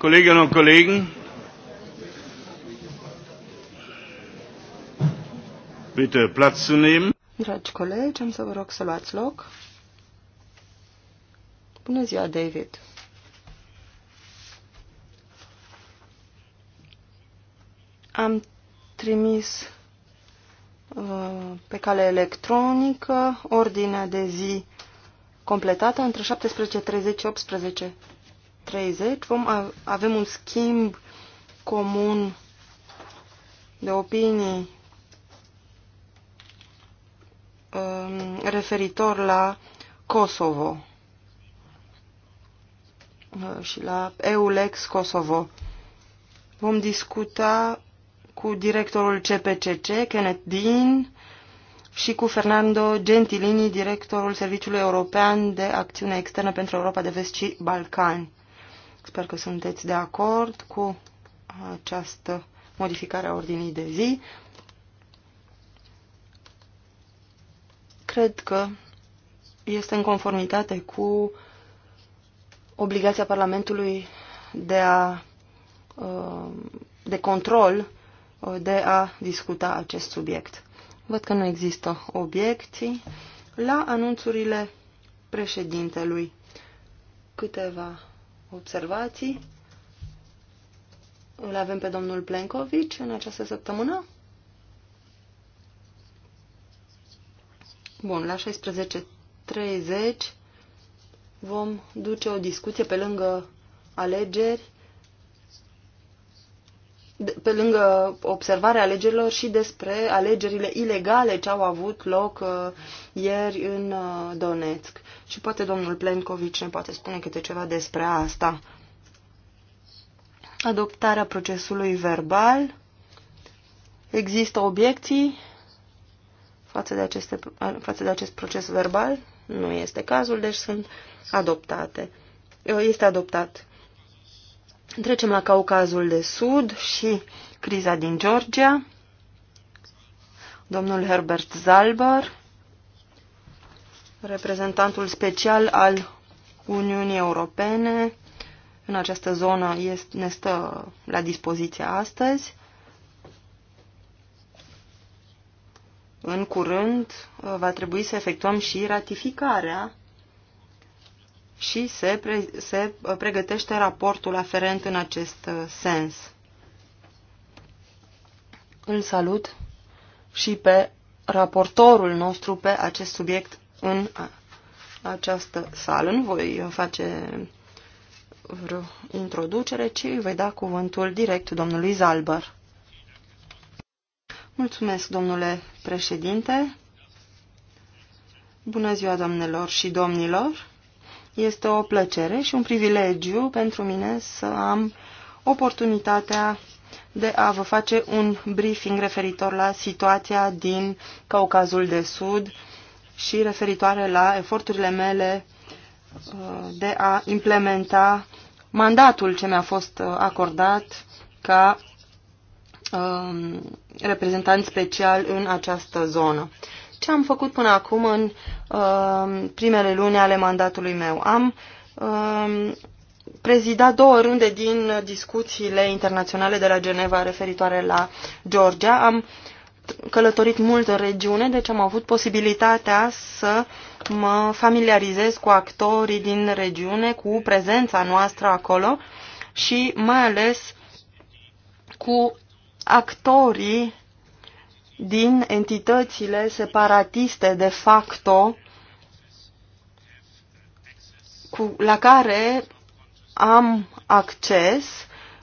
Kolleginnen und Kollegen, bitte Platz zu nehmen. Dragi colegi, am să vă rog să luați loc. Bună ziua, David. Am trimis uh, pe cale electronică ordinea de zi completată între 17.30 și 18. 30 vom, avem un schimb comun de opinii um, referitor la Kosovo uh, și la EULEX Kosovo. Vom discuta cu directorul CPCC, Kenneth Dean, și cu Fernando Gentilini, directorul Serviciului European de Acțiune Externă pentru Europa de Vest și Balcani. Sper că sunteți de acord cu această modificare a ordinii de zi. Cred că este în conformitate cu obligația Parlamentului de a uh, de control uh, de a discuta acest subiect. Văd că nu există obiecții la anunțurile președintelui. Câteva observații. Îl avem pe domnul Plenkovici în această săptămână. Bun, la 16.30 vom duce o discuție pe lângă alegeri pe lângă observarea alegerilor și despre alegerile ilegale ce au avut loc uh, ieri în uh, Donetsk. Și poate domnul Plenković ne poate spune câte ceva despre asta. Adoptarea procesului verbal. Există obiecții față de, aceste, față de acest proces verbal? Nu este cazul, deci sunt adoptate. Este adoptat Trecem la Caucazul de Sud și criza din Georgia. Domnul Herbert Zalber, reprezentantul special al Uniunii Europene, în această zonă este, ne stă la dispoziție astăzi. În curând va trebui să efectuăm și ratificarea și se, pre, se uh, pregătește raportul aferent în acest uh, sens. Îl salut și pe raportorul nostru pe acest subiect în această sală. Nu voi face vreo introducere, ci voi da cuvântul direct domnului Zalbăr. Mulțumesc, domnule președinte. Bună ziua, doamnelor și domnilor. Este o plăcere și un privilegiu pentru mine să am oportunitatea de a vă face un briefing referitor la situația din Caucazul de Sud și referitoare la eforturile mele uh, de a implementa mandatul ce mi-a fost uh, acordat ca um, reprezentant special în această zonă ce am făcut până acum în uh, primele luni ale mandatului meu. Am uh, prezidat două runde din discuțiile internaționale de la Geneva referitoare la Georgia. Am călătorit mult în regiune, deci am avut posibilitatea să mă familiarizez cu actorii din regiune, cu prezența noastră acolo și mai ales cu actorii din entitățile separatiste de facto cu, la care am acces,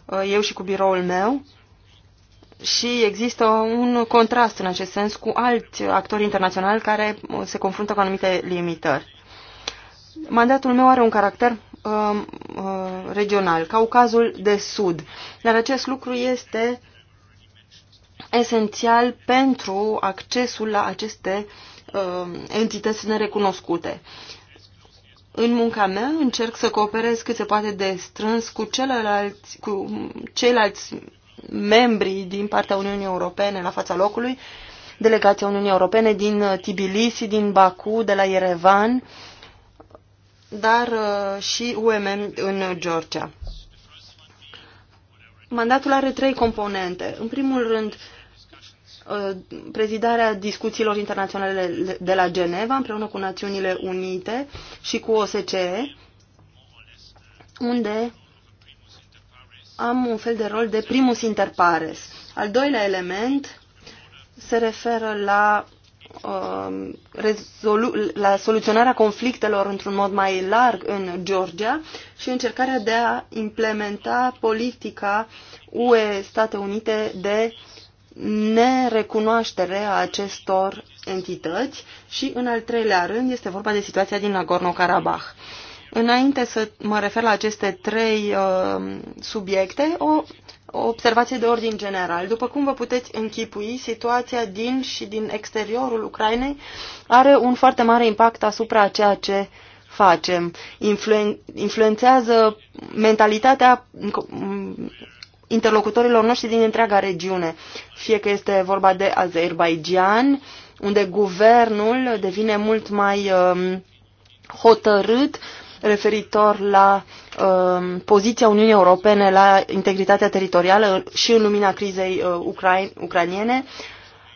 uh, eu și cu biroul meu, și există un contrast în acest sens cu alți actori internaționali care uh, se confruntă cu anumite limitări. Mandatul meu are un caracter uh, uh, regional, cazul de Sud, dar acest lucru este esențial pentru accesul la aceste uh, entități nerecunoscute. În munca mea încerc să cooperez cât se poate de strâns cu ceilalți, cu ceilalți membri din partea Uniunii Europene la fața locului, delegația Uniunii Europene din uh, Tbilisi, din Baku, de la Yerevan, dar uh, și UMM în Georgia. Mandatul are trei componente. În primul rând, uh, Uh, prezidarea discuțiilor internaționale de la Geneva împreună cu Națiunile Unite și cu OSCE, unde am un fel de rol de primus inter pares. Al doilea element se referă la, uh, la soluționarea conflictelor într-un mod mai larg în Georgia și încercarea de a implementa politica UE State Unite de nerecunoaștere a acestor entități și, în al treilea rând, este vorba de situația din Nagorno-Karabakh. Înainte să mă refer la aceste trei uh, subiecte, o, o observație de ordin general. După cum vă puteți închipui, situația din și din exteriorul Ucrainei are un foarte mare impact asupra ceea ce facem. Influen, influențează mentalitatea interlocutorilor noștri din întreaga regiune. Fie că este vorba de Azerbaijan, unde guvernul devine mult mai um, hotărât referitor la um, poziția Uniunii Europene la integritatea teritorială și în lumina crizei uh, ucrain, ucraniene,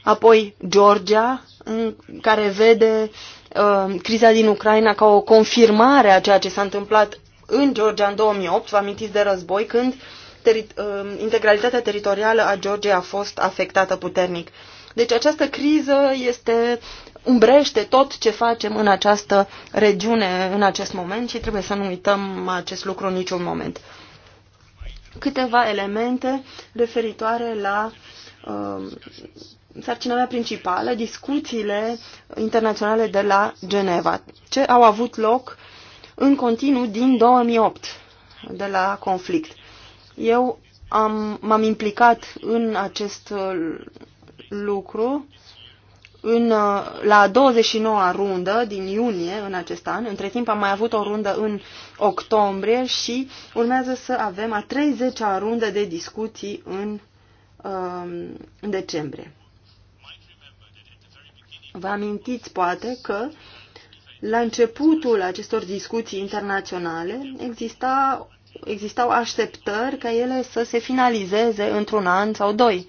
apoi Georgia, în care vede uh, criza din Ucraina ca o confirmare a ceea ce s-a întâmplat în Georgia în 2008, vă amintiți de război, când uh, teri uh, integralitatea teritorială a Georgiei a fost afectată puternic. Deci această criză este umbrește tot ce facem în această regiune în acest moment și trebuie să nu uităm acest lucru în niciun moment. Câteva elemente referitoare la uh, sarcina mea principală, discuțiile internaționale de la Geneva, ce au avut loc în continuu din 2008 de la conflict. Eu am, m-am implicat în acest uh, lucru în, uh, la 29-a rundă din iunie în acest an. Între timp am mai avut o rundă în octombrie și urmează să avem a 30-a rundă de discuții în, um, în decembrie. Vă amintiți poate că la începutul acestor discuții internaționale exista existau așteptări ca ele să se finalizeze într-un an sau doi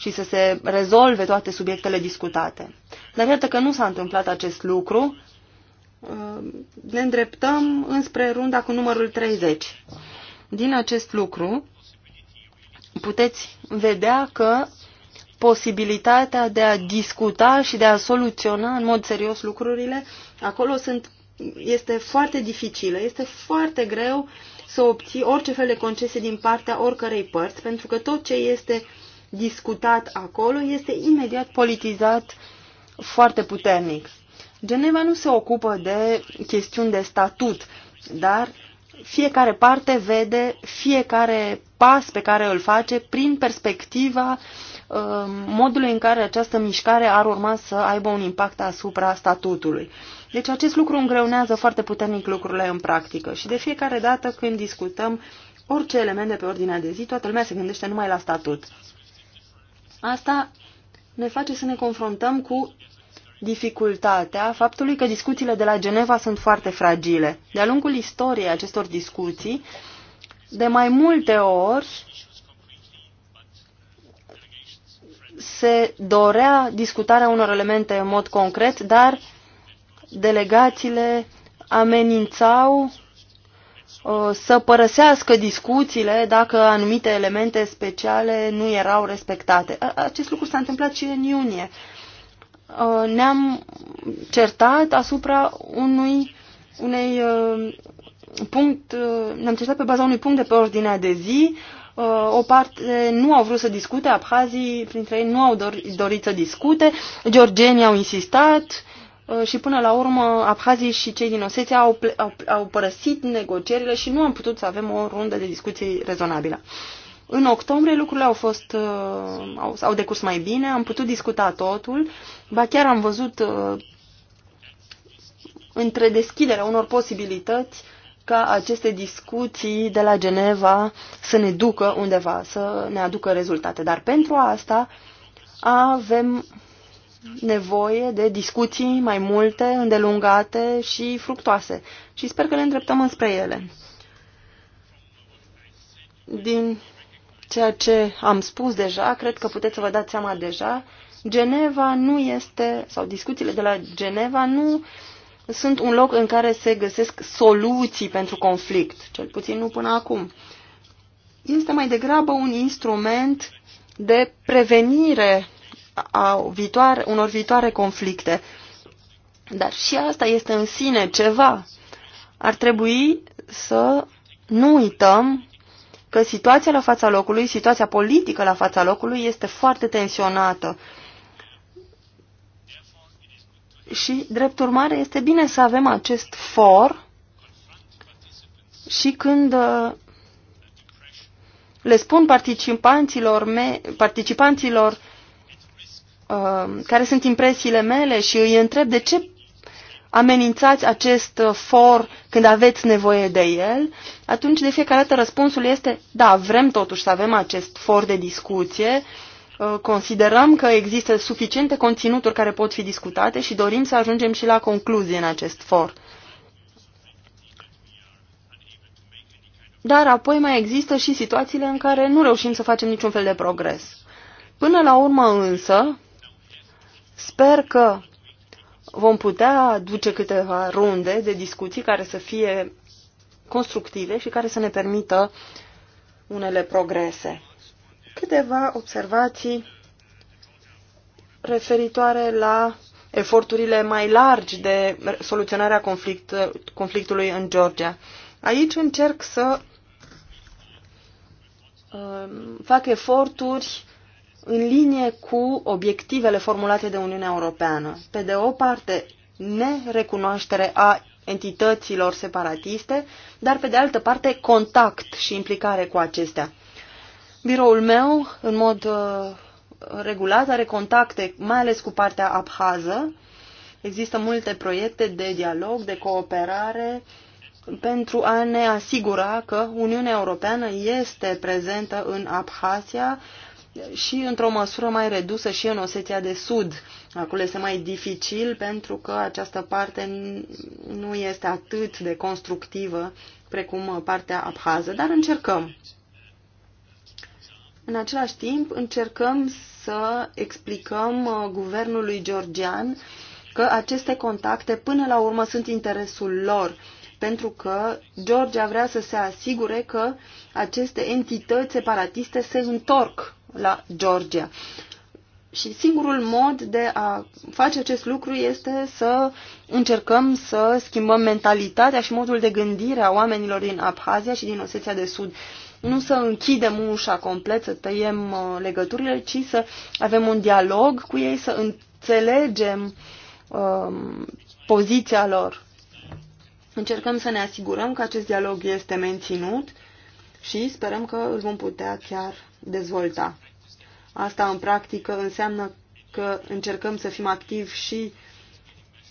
și să se rezolve toate subiectele discutate. Dar iată că nu s-a întâmplat acest lucru. Uh, ne îndreptăm înspre runda cu numărul 30. Din acest lucru puteți vedea că posibilitatea de a discuta și de a soluționa în mod serios lucrurile, acolo sunt, este foarte dificilă, este foarte greu uh, să obții orice fel de concese din partea oricărei părți, pentru că tot ce este discutat acolo este imediat politizat foarte puternic. Geneva nu se ocupă de chestiuni de statut, dar fiecare parte vede fiecare pas pe care îl face prin perspectiva modul uh, modului în care această mișcare ar urma să aibă un impact asupra statutului. Deci acest lucru îngreunează foarte puternic lucrurile în practică și de fiecare dată când discutăm orice element de pe ordinea de zi, toată lumea se gândește numai la statut. Asta ne face să ne confruntăm cu dificultatea faptului că discuțiile de la Geneva sunt foarte fragile. De-a lungul istoriei acestor discuții, de mai multe ori se dorea discutarea unor elemente în mod concret, dar delegațiile amenințau uh, să părăsească discuțiile dacă anumite elemente speciale nu erau respectate. Acest lucru s-a întâmplat și în iunie. Uh, ne-am certat asupra unui unei uh, punct, ne-am certat pe baza unui punct de pe ordinea de zi. O parte nu au vrut să discute, abhazii printre ei nu au dorit să discute, georgenii au insistat, Uh, și până la urmă Abhazii și cei din Osetia au, au, au părăsit negocierile și nu am putut să avem o rundă de discuții rezonabilă. În octombrie lucrurile au fost uh, au, au decurs mai bine, am putut discuta totul, ba chiar am văzut uh, între deschiderea unor posibilități ca aceste discuții de la Geneva să ne ducă undeva, să ne aducă rezultate. Dar pentru asta avem nevoie de discuții mai multe, îndelungate și fructoase și sper că le îndreptăm înspre ele. Din ceea ce am spus deja, cred că puteți să vă dați seama deja, Geneva nu este, sau discuțiile de la Geneva nu sunt un loc în care se găsesc soluții pentru conflict, cel puțin nu până acum. Este mai degrabă un instrument de prevenire a viitoare, unor viitoare conflicte. Dar și asta este în sine ceva. Ar trebui să nu uităm că situația la fața locului, situația politică la fața locului este foarte tensionată. Și, drept urmare, este bine să avem acest for și când uh, le spun participanților, me, participanților Uh, care sunt impresiile mele și îi întreb de ce amenințați acest uh, for când aveți nevoie de el, atunci de fiecare dată răspunsul este da, vrem totuși să avem acest for de discuție, uh, considerăm că există suficiente conținuturi care pot fi discutate și dorim să ajungem și la concluzie în acest for. Dar apoi mai există și situațiile în care nu reușim să facem niciun fel de progres. Până la urmă însă, Sper că vom putea duce câteva runde de discuții care să fie constructive și care să ne permită unele progrese. Câteva observații referitoare la eforturile mai largi de soluționare a conflict, conflictului în Georgia. Aici încerc să um, fac eforturi în linie cu obiectivele formulate de Uniunea Europeană. Pe de o parte, nerecunoaștere a entităților separatiste, dar pe de altă parte contact și implicare cu acestea. Biroul meu, în mod uh, regulat, are contacte, mai ales cu partea abhază. Există multe proiecte de dialog, de cooperare, pentru a ne asigura că Uniunea Europeană este prezentă în Abhazia, și într-o măsură mai redusă și în Osetia de Sud. Acolo este mai dificil pentru că această parte nu este atât de constructivă precum partea abhază, dar încercăm. În același timp, încercăm să explicăm uh, guvernului georgian că aceste contacte până la urmă sunt interesul lor, pentru că Georgia vrea să se asigure că aceste entități separatiste se întorc la Georgia. Și singurul mod de a face acest lucru este să încercăm să schimbăm mentalitatea și modul de gândire a oamenilor din Abhazia și din Oseția de Sud. Nu să închidem ușa complet, să tăiem uh, legăturile, ci să avem un dialog cu ei, să înțelegem um, poziția lor. Încercăm să ne asigurăm că acest dialog este menținut și sperăm că îl vom putea chiar dezvolta. Asta în practică înseamnă că încercăm să fim activi și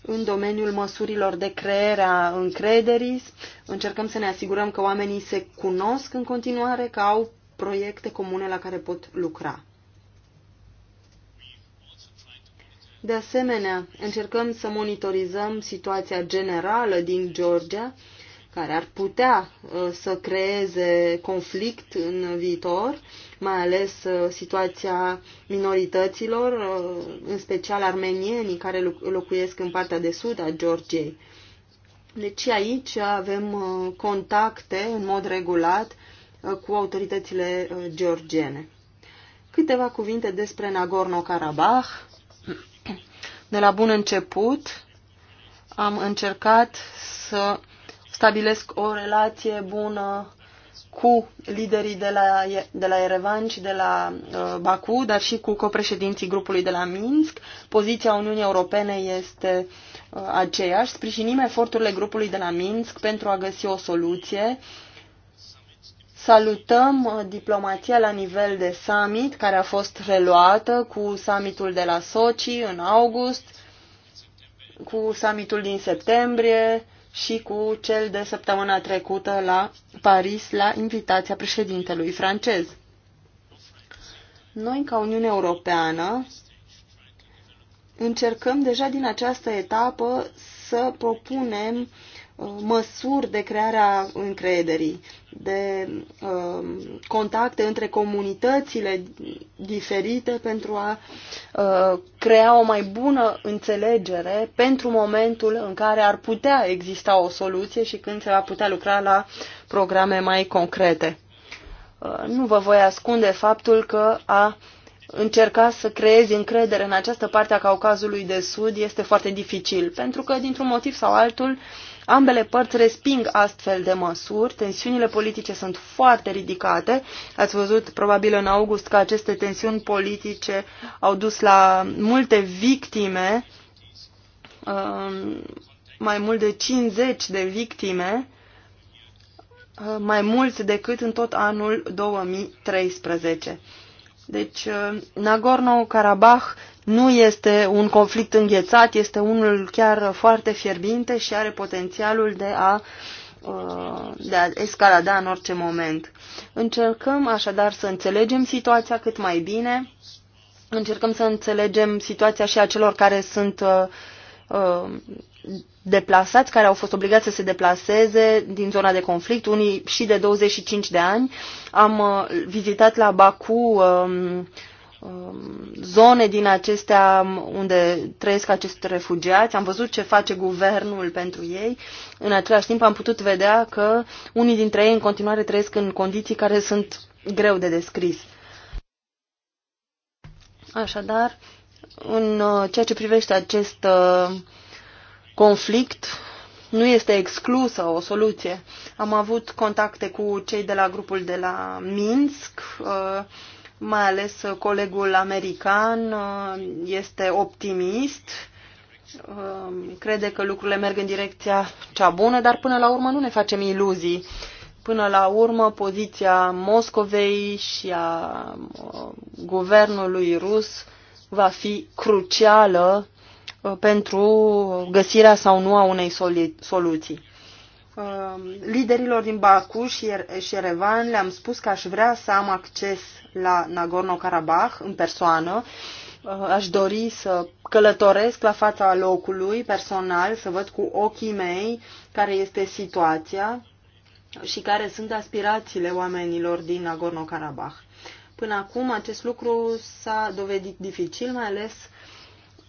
în domeniul măsurilor de creere a încrederii. Încercăm să ne asigurăm că oamenii se cunosc în continuare, că au proiecte comune la care pot lucra. De asemenea, încercăm să monitorizăm situația generală din Georgia care ar putea uh, să creeze conflict în viitor, mai ales uh, situația minorităților, uh, în special armenienii care locuiesc în partea de sud a Georgiei. Deci aici avem contacte în mod regulat cu autoritățile georgiene. Câteva cuvinte despre Nagorno-Karabakh. De la bun început am încercat să stabilesc o relație bună cu liderii de la, de la Erevan și de la uh, Baku, dar și cu copreședinții grupului de la Minsk. Poziția Uniunii Europene este uh, aceeași. Sprijinim eforturile grupului de la Minsk pentru a găsi o soluție. Salutăm uh, diplomația la nivel de summit, care a fost reluată cu summitul de la Sochi în august, cu summitul din septembrie, și cu cel de săptămâna trecută la Paris la invitația președintelui francez. Noi, ca Uniune Europeană, încercăm deja din această etapă să propunem măsuri de crearea încrederii, de um, contacte între comunitățile diferite pentru a uh, crea o mai bună înțelegere pentru momentul în care ar putea exista o soluție și când se va putea lucra la programe mai concrete. Uh, nu vă voi ascunde faptul că a încerca să creezi încredere în această parte a Caucazului de Sud este foarte dificil, pentru că, dintr-un motiv sau altul, uh, Ambele părți resping astfel de măsuri, tensiunile politice sunt foarte ridicate. Ați văzut probabil în august că aceste tensiuni politice au dus la multe victime, um, mai mult de 50 de victime, uh, mai mulți decât în tot anul 2013. Deci, uh, Nagorno-Karabakh nu este un conflict înghețat, este unul chiar foarte fierbinte și are potențialul de a, uh, de a escalada în orice moment. Încercăm așadar să înțelegem situația cât mai bine, încercăm să înțelegem situația și a celor care sunt uh, uh, deplasați, care au fost obligați să se deplaseze din zona de conflict, unii și de 25 de ani. Am vizitat la Baku um, Um, zone din acestea unde trăiesc acești refugiați, am văzut ce face guvernul pentru ei. În același timp am putut vedea că unii dintre ei în continuare trăiesc în condiții care sunt greu de descris. Așadar, în uh, ceea ce privește acest uh, conflict, nu este exclusă o soluție. Am avut contacte cu cei de la grupul de la Minsk, uh, mai ales colegul american este optimist, crede că lucrurile merg în direcția cea bună, dar până la urmă nu ne facem iluzii. Până la urmă, poziția Moscovei și a uh, guvernului rus va fi crucială uh, pentru găsirea sau nu a unei soluții liderilor din Baku er- și Erevan le-am spus că aș vrea să am acces la Nagorno-Karabakh în persoană. Uh, aș dori să călătoresc la fața locului personal, să văd cu ochii mei care este situația și care sunt aspirațiile oamenilor din Nagorno-Karabakh. Până acum acest lucru s-a dovedit dificil, mai ales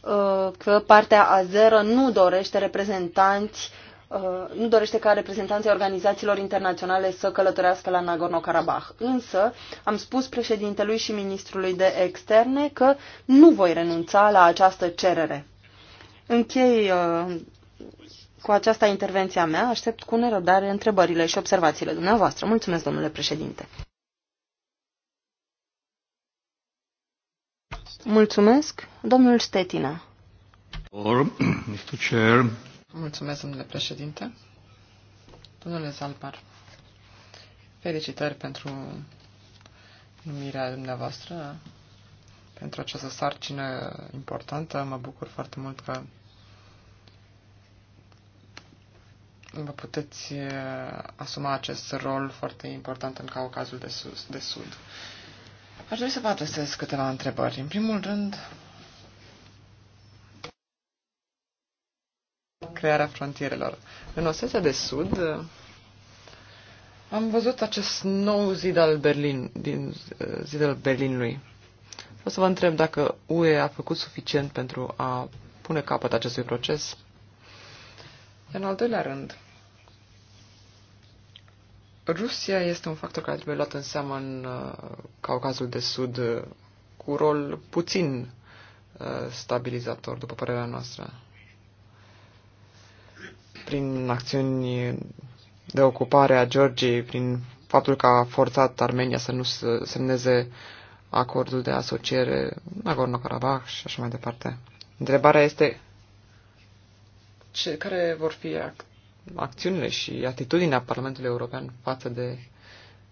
uh, că partea azeră nu dorește reprezentanți uh, Uh, nu dorește ca reprezentanții organizațiilor internaționale să călătorească la Nagorno-Karabakh. Însă am spus președintelui și ministrului de externe că nu voi renunța la această cerere. Închei uh, cu aceasta intervenția mea, aștept cu nerăbdare întrebările și observațiile dumneavoastră. Mulțumesc, domnule președinte. Mulțumesc, domnul Stetina. Or, Mr. Chair, Mulțumesc, domnule președinte. Domnule Zalpar, felicitări pentru numirea dumneavoastră, pentru această sarcină importantă. Mă bucur foarte mult că vă puteți eh, asuma acest rol foarte important în Caucazul de, sus, de Sud. Aș dori să vă adresez câteva întrebări. În primul rând, crearea frontierelor. În Osetia de Sud am văzut acest nou zid al Berlin, din eh, zidul Berlinului. O să vă întreb dacă UE a făcut suficient pentru a pune capăt acestui proces. În al doilea rând, Rusia este un factor care trebuie luat în seamă în eh, Caucazul de Sud eh, cu rol puțin stabilizator, după părerea noastră prin acțiuni de ocupare a Georgiei, prin faptul că a forțat Armenia să nu semneze acordul de asociere Nagorno-Karabakh și așa mai departe. Întrebarea este ce, care vor fi ac- acțiunile și atitudinea Parlamentului European față de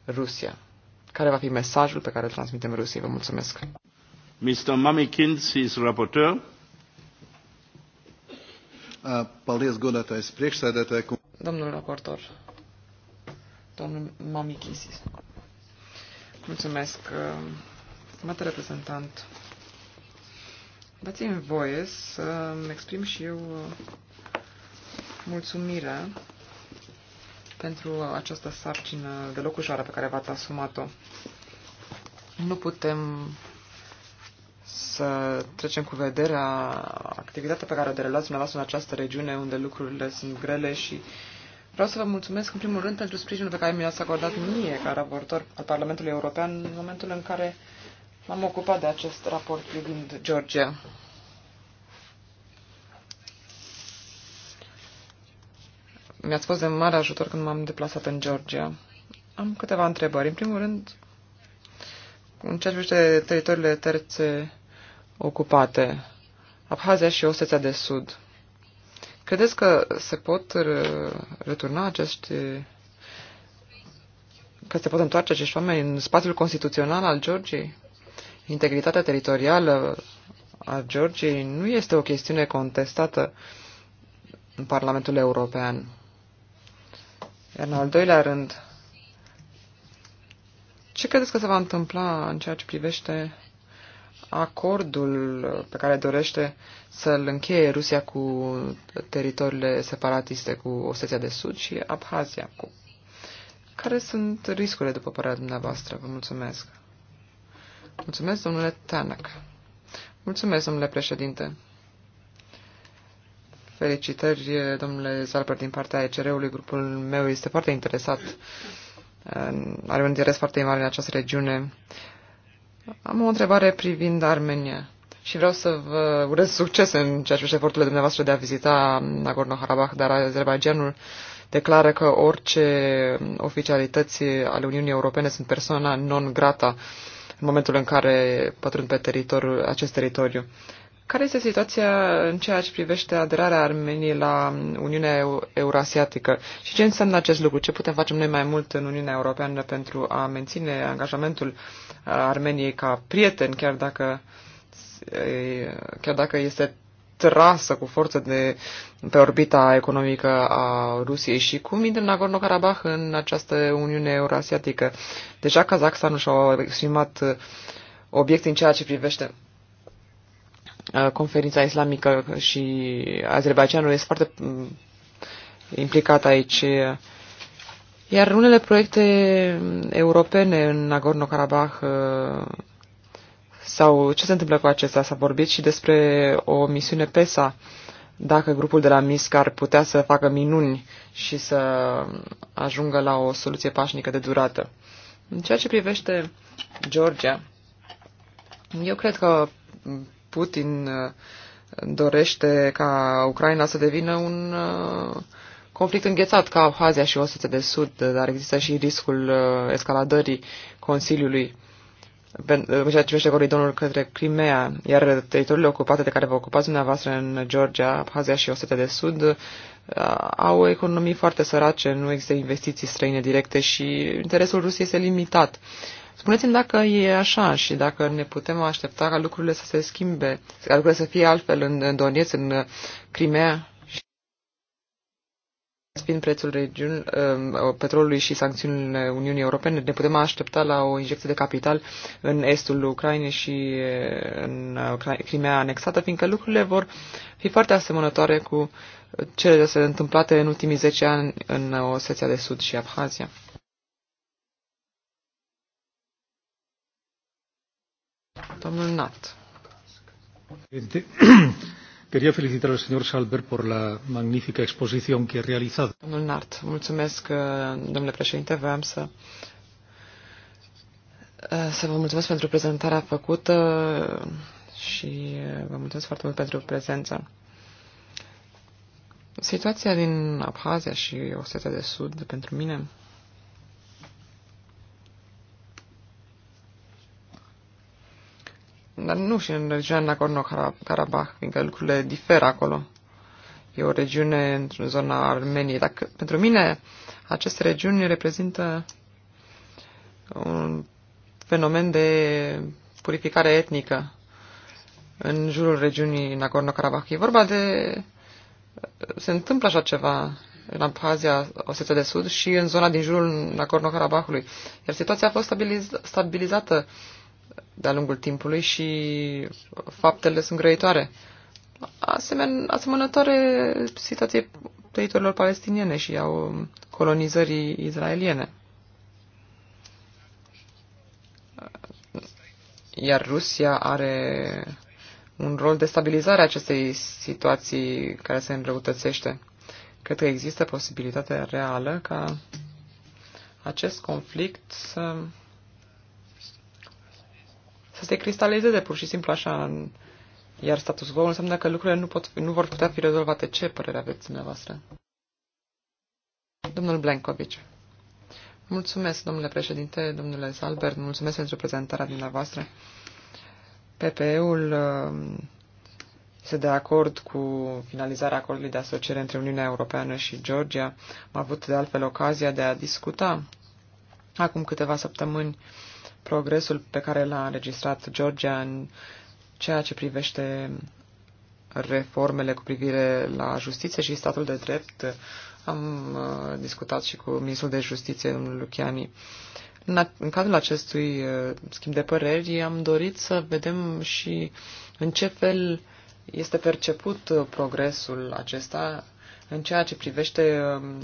Rusia. Care va fi mesajul pe care îl transmitem Rusiei? Vă mulțumesc. Mr. Mamikins is rapporteur. Paldies, godātais priekšsēdētāji. Domnul raportor, domnul Mamikisis. Mulțumesc, stimate uh, reprezentant. Dați-mi voie să exprim și eu uh, mulțumire pentru această sarcină de locușoară pe care v-ați asumat-o. Nu putem să trecem cu vederea activitatea pe care o derelați dumneavoastră în această regiune unde lucrurile sunt grele și vreau să vă mulțumesc în primul rând pentru sprijinul pe care mi l-ați acordat mie ca raportor al Parlamentului European în momentul în care m-am ocupat de acest raport privind Georgia. Mi-ați fost de mare ajutor când m-am deplasat în Georgia. Am câteva întrebări. În primul rând, în ceea ce privește teritoriile terțe ocupate, Abhazia și Oseția de Sud. Credeți că se pot returna acești că se pot întoarce acești oameni în spațiul constituțional al Georgiei? Integritatea teritorială a Georgiei nu este o chestiune contestată în Parlamentul European. Iar în al doilea rând, ce credeți că se va întâmpla în ceea ce privește acordul pe care dorește să-l încheie Rusia cu teritoriile separatiste, cu Osetia de Sud și Abhazia? Cu... Care sunt riscurile, după părerea dumneavoastră? Vă mulțumesc. Mulțumesc, domnule Tanak. Mulțumesc, domnule președinte. Felicitări, domnule Zalper, din partea ECR-ului. Grupul meu este foarte interesat are un interes foarte mare în această regiune. Am o întrebare privind Armenia și vreau să vă urez succes în ceea ce privește eforturile dumneavoastră de a vizita Nagorno-Karabakh, dar Azerbaijanul declară că orice oficialități ale Uniunii Europene sunt persoana non grata în momentul în care pătrund pe teritoriul, acest teritoriu. Care este situația în ceea ce privește aderarea Armeniei la Uniunea Eurasiatică și ce înseamnă acest lucru? Ce putem face noi mai mult în Uniunea Europeană pentru a menține angajamentul uh, Armeniei ca prieten, chiar dacă, chiar dacă este trasă cu forță de, pe orbita economică a Rusiei și cum intră Nagorno-Karabakh în această Uniune Eurasiatică? Deja Kazakhstanul și-a exprimat uh, obiect în ceea ce privește Uh, conferința islamică și Azerbaijanul este foarte mm, implicat aici. Iar unele proiecte europene în Nagorno-Karabakh uh, sau ce se întâmplă cu acestea? S-a vorbit și despre o misiune PESA, dacă grupul de la MISC ar putea să facă minuni și să ajungă la o soluție pașnică de durată. În ceea ce privește Georgia, eu cred că Putin uh, dorește ca Ucraina să devină un uh, conflict înghețat ca Abhazia și Oseția de Sud, uh, dar există și riscul escaladării Consiliului în ceea ce privește coridorul către Crimea, iar teritoriile ocupate de care vă ocupați dumneavoastră în Georgia, Abhazia și Osetia de Sud au economii foarte sărace, nu există investiții străine directe și interesul Rusiei este limitat. Spuneți-mi dacă e așa și dacă ne putem aștepta ca lucrurile să se schimbe, ca lucrurile să fie altfel în Donetsk, în uh, Crimea fiind prețul regiun, um, uh, petrolului și sancțiunile Uniunii Europene, ne putem aștepta la o injecție de capital în estul Ucrainei și uh, în Crimea anexată, fiindcă lucrurile vor fi foarte asemănătoare cu cele se întâmplate în ultimii 10 ani în Osetia de Sud și Abhazia. Domnul Nat. Quería felicitar al señor Salber por la magnífica exposición que ha realizado. Domnul Nart, mulțumesc, uh, domnule președinte, vreau să uh, să vă mulțumesc pentru prezentarea făcută uh, și vă mulțumesc foarte mult pentru prezența. Situația din Abhazia și Osetia de Sud, pentru mine, dar nu și în regiunea Nagorno-Karabakh, fiindcă lucrurile diferă acolo. E o regiune în zona Armeniei. Dacă, pentru mine, aceste regiuni reprezintă un fenomen de purificare etnică în jurul regiunii Nagorno-Karabakh. E vorba de... Se întâmplă așa ceva în Abhazia, Osetia de Sud și în zona din jurul Nagorno-Karabahului. Iar situația a fost stabiliz- stabilizată de-a lungul timpului și faptele sunt grăitoare. Asemen, asemănătoare situației teritoriilor palestiniene și au um, colonizării izraeliene. Iar Rusia are un rol de stabilizare a acestei situații care se înrăutățește. Cred că există posibilitatea reală ca acest conflict să să se cristalizeze pur și simplu așa în, iar status quo înseamnă că lucrurile nu, pot, nu vor putea fi rezolvate. Ce părere aveți dumneavoastră? Domnul Blankovic. Mulțumesc, domnule președinte, domnule Salbert, mulțumesc pentru prezentarea dumneavoastră. PPE-ul um, este de acord cu finalizarea acordului de asociere între Uniunea Europeană și Georgia. Am avut de altfel ocazia de a discuta acum câteva săptămâni uh, progresul pe care l-a înregistrat Georgia în ceea ce privește reformele cu privire la justiție și statul de drept. Am uh, discutat și cu ministrul de justiție, domnul Luciani. În cadrul acestui uh, schimb de păreri am dorit să vedem și în ce fel este perceput uh, progresul acesta în ceea ce privește um,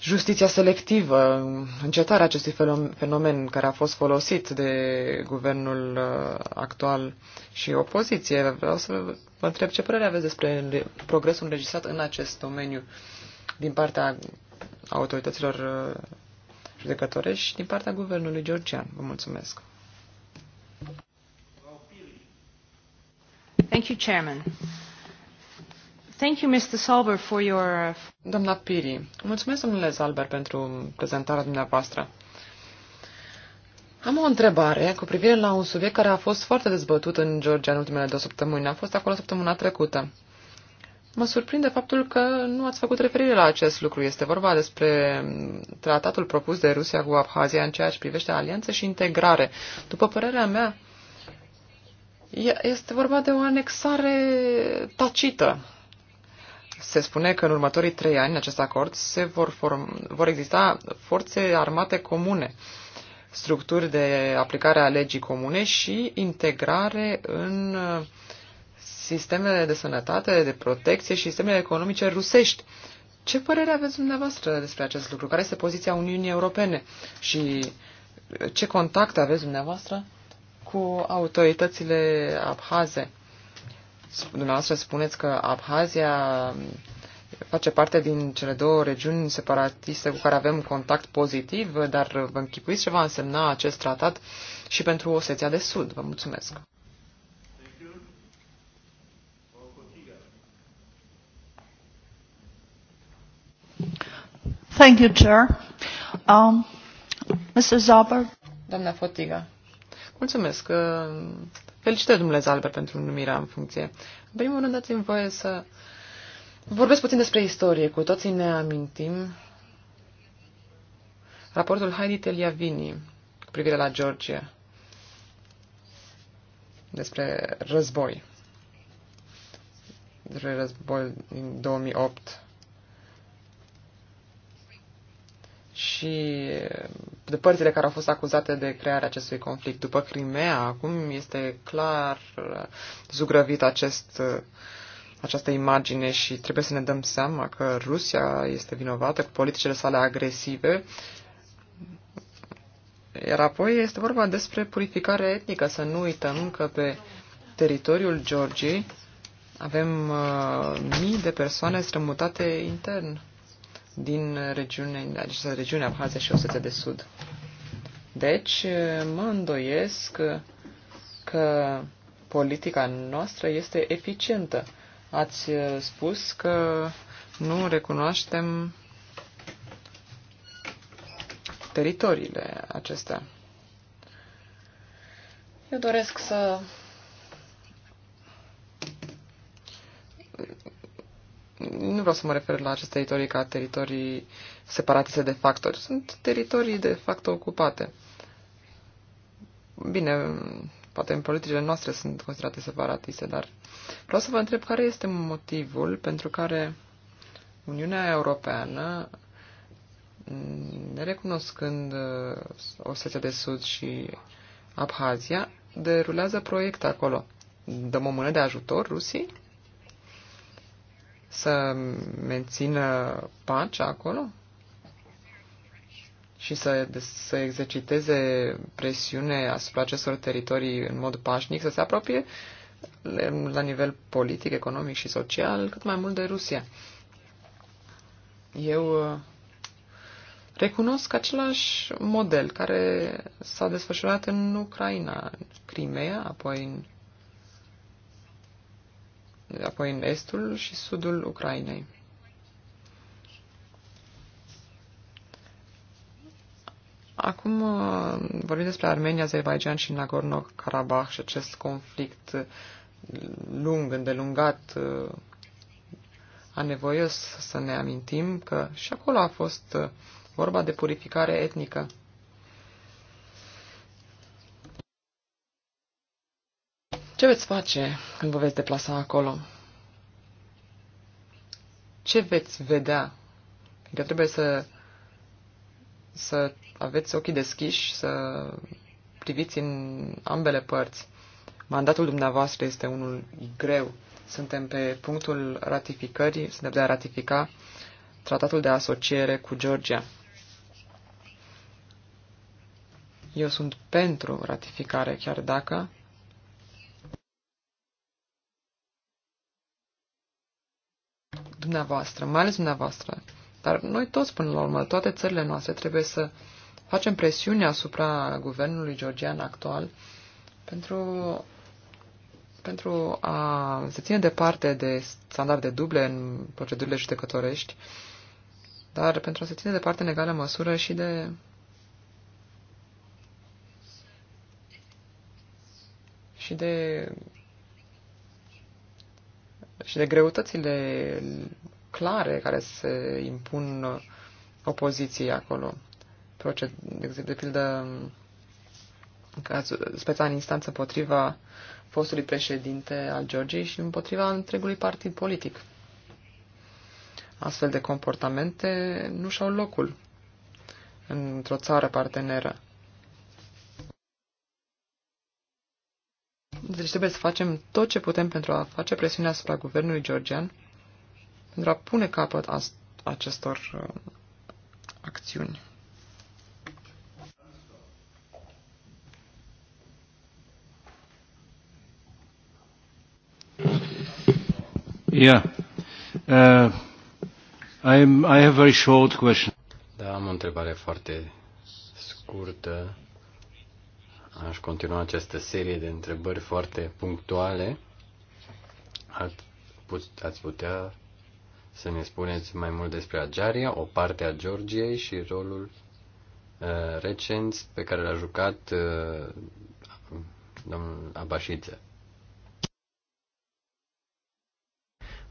justiția selectivă, încetarea acestui fenomen care a fost folosit de guvernul uh, actual și opoziție. Vreau să vă întreb ce părere aveți despre progresul înregistrat în acest domeniu din partea autorităților uh, judecătorești și din partea guvernului georgian. Vă mulțumesc. Thank you, Chairman. Thank you, Mr. Salber, for your... Uh, Doamna Piri, mulțumesc, domnule Salber, pentru prezentarea dumneavoastră. Am o întrebare cu privire la un subiect care a fost foarte dezbătut în Georgia în ultimele două săptămâni. A fost acolo săptămâna trecută. Mă surprinde faptul că nu ați făcut referire la acest lucru. Este vorba despre tratatul propus de Rusia cu Abhazia în ceea ce privește alianțe și integrare. După părerea mea, este vorba de o anexare tacită se spune că în următorii trei ani, în acest acord, se vor, form, vor exista forțe armate comune, structuri de aplicare a legii comune și integrare în uh, sistemele de sănătate, de protecție și sistemele economice rusești. Ce părere aveți dumneavoastră despre acest lucru? Care este poziția Uniunii Europene? Și ce contact aveți dumneavoastră cu autoritățile abhaze? Dumneavoastră spuneți că Abhazia face parte din cele două regiuni separatiste cu care avem contact pozitiv, dar vă închipuiți ce va însemna acest tratat și pentru Oseția de Sud. Vă mulțumesc. Thank you, Chair. Um, Mr. Zaber. Doamna Fotiga. Mulțumesc. Felicitări, domnule Zalber, pentru numirea în funcție. În primul rând, dați-mi voie să vorbesc puțin despre istorie. Cu toții ne amintim raportul Heidi Teliavini cu privire la Georgia despre război. Despre război din 2008 și de părțile care au fost acuzate de crearea acestui conflict. După Crimea, acum este clar uh, zugrăvit acest, uh, această imagine și trebuie să ne dăm seama că Rusia este vinovată cu politicile sale agresive. Iar apoi este vorba despre purificare etnică. Să nu uităm că pe teritoriul Georgiei avem uh, mii de persoane strămutate intern din regiune, această regiune Abhazia și Osetia de Sud. Deci, mă îndoiesc că politica noastră este eficientă. Ați spus că nu recunoaștem teritoriile acestea. Eu doresc să nu vreau să mă refer la aceste teritorii ca teritorii separatiste de facto. Sunt teritorii de facto ocupate. Bine, poate în politicile noastre sunt considerate separatiste, dar vreau să vă întreb care este motivul pentru care Uniunea Europeană, nerecunoscând uh, Osetia de Sud și Abhazia, derulează proiecte acolo. Dăm o mână de ajutor Rusiei? să mențină pacea acolo și să, să exerciteze presiune asupra acestor teritorii în mod pașnic, să se apropie la nivel politic, economic și social cât mai mult de Rusia. Eu uh, recunosc același model care s-a desfășurat în Ucraina, în Crimea, apoi în apoi în estul și sudul Ucrainei. Acum uh, vorbim despre Armenia, Azerbaijan și Nagorno-Karabakh și acest conflict lung, îndelungat, uh, anevoios să ne amintim că și acolo a fost uh, vorba de purificare etnică. Ce veți face când vă veți deplasa acolo? Ce veți vedea? Că trebuie să, să aveți ochii deschiși, să priviți în ambele părți. Mandatul dumneavoastră este unul greu. Suntem pe punctul ratificării, suntem de a ratifica tratatul de asociere cu Georgia. Eu sunt pentru ratificare, chiar dacă dumneavoastră, mai ales dumneavoastră, dar noi toți până la urmă, toate țările noastre trebuie să facem presiune asupra guvernului georgian actual pentru, pentru a se ține departe de standarde duble în procedurile judecătorești, dar pentru a se ține departe în egală măsură și de și de și de greutățile clare care se impun opoziției acolo. Proced, de, exemplu de pildă, cazul, speța în instanță împotriva fostului președinte al Georgiei și împotriva întregului partid politic. Astfel de comportamente nu și-au locul într-o țară parteneră. Deci trebuie să facem tot ce putem pentru a face presiune asupra guvernului georgian, pentru a pune capăt a acestor uh, acțiuni. Yeah. Uh, I, am, I have a very short question. Da, am o întrebare foarte scurtă Aș continua această serie de întrebări foarte punctuale. Ați putea să ne spuneți mai mult despre Ageria, o parte a Georgiei și rolul uh, recent pe care l-a jucat uh, domnul Abașiță.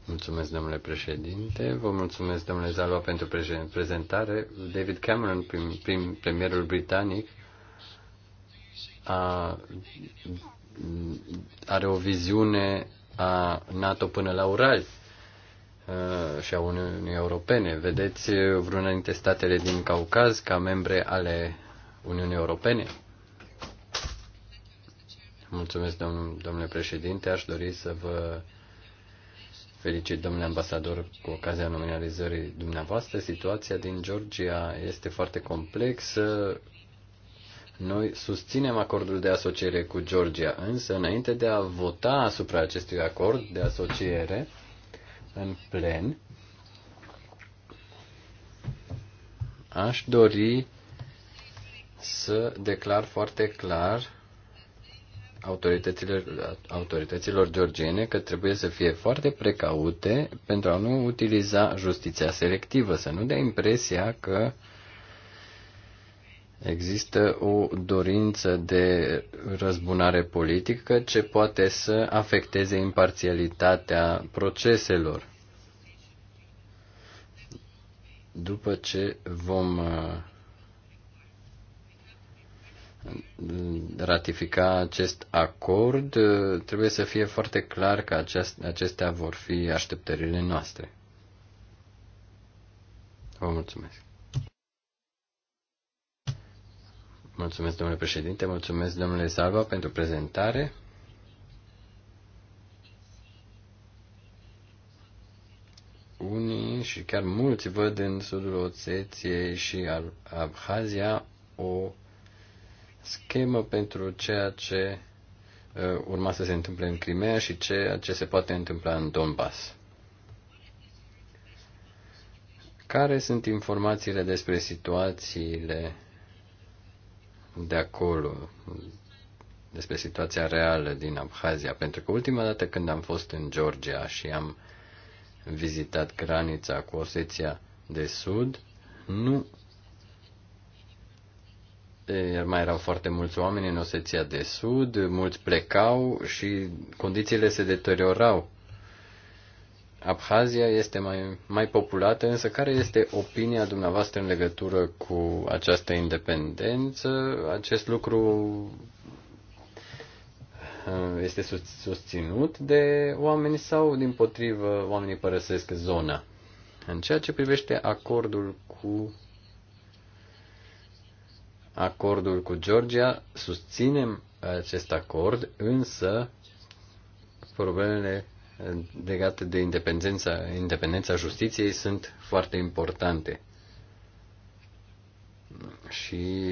Mulțumesc, domnule președinte. Vă mulțumesc, domnule Zalua, pentru prezentare. David Cameron, prim, prim, premierul britanic, a, are o viziune a NATO până la Ural și a Uniunii Europene. Vedeți vreuna dintre statele din Caucaz ca membre ale Uniunii Europene? Mulțumesc, domn, domnule președinte. Aș dori să vă felicit, domnule ambasador, cu ocazia nominalizării dumneavoastră. Situația din Georgia este foarte complexă. Noi susținem acordul de asociere cu Georgia, însă înainte de a vota asupra acestui acord de asociere în plen, aș dori să declar foarte clar autorităților, autorităților georgiene că trebuie să fie foarte precaute pentru a nu utiliza justiția selectivă, să nu dea impresia că uh, Există o dorință de răzbunare politică ce poate să afecteze imparțialitatea proceselor. După ce vom uh, ratifica acest acord, uh, trebuie să fie foarte clar că acestea vor fi așteptările noastre. Vă mulțumesc. Mulțumesc, domnule președinte, mulțumesc, domnule Salva, pentru prezentare. Unii și chiar mulți văd în sudul Oțeției și Abhazia o schemă pentru ceea ce uh, urma să se întâmple în Crimea și ceea ce se poate întâmpla în Donbass. Care sunt informațiile despre situațiile de acolo, despre situația reală din Abhazia, pentru că ultima dată când am fost în Georgia și am vizitat granița cu Oseția de Sud, nu mai erau foarte mulți oameni în Oseția de Sud, mulți plecau și condițiile se deteriorau. Abhazia este mai, mai populată, însă care este opinia dumneavoastră în legătură cu această independență? Acest lucru uh, este susținut de oameni sau, din potrivă, oamenii părăsesc zona? În ceea ce privește acordul cu acordul cu Georgia, susținem acest acord, însă problemele legate de independența, independența justiției sunt foarte importante. Și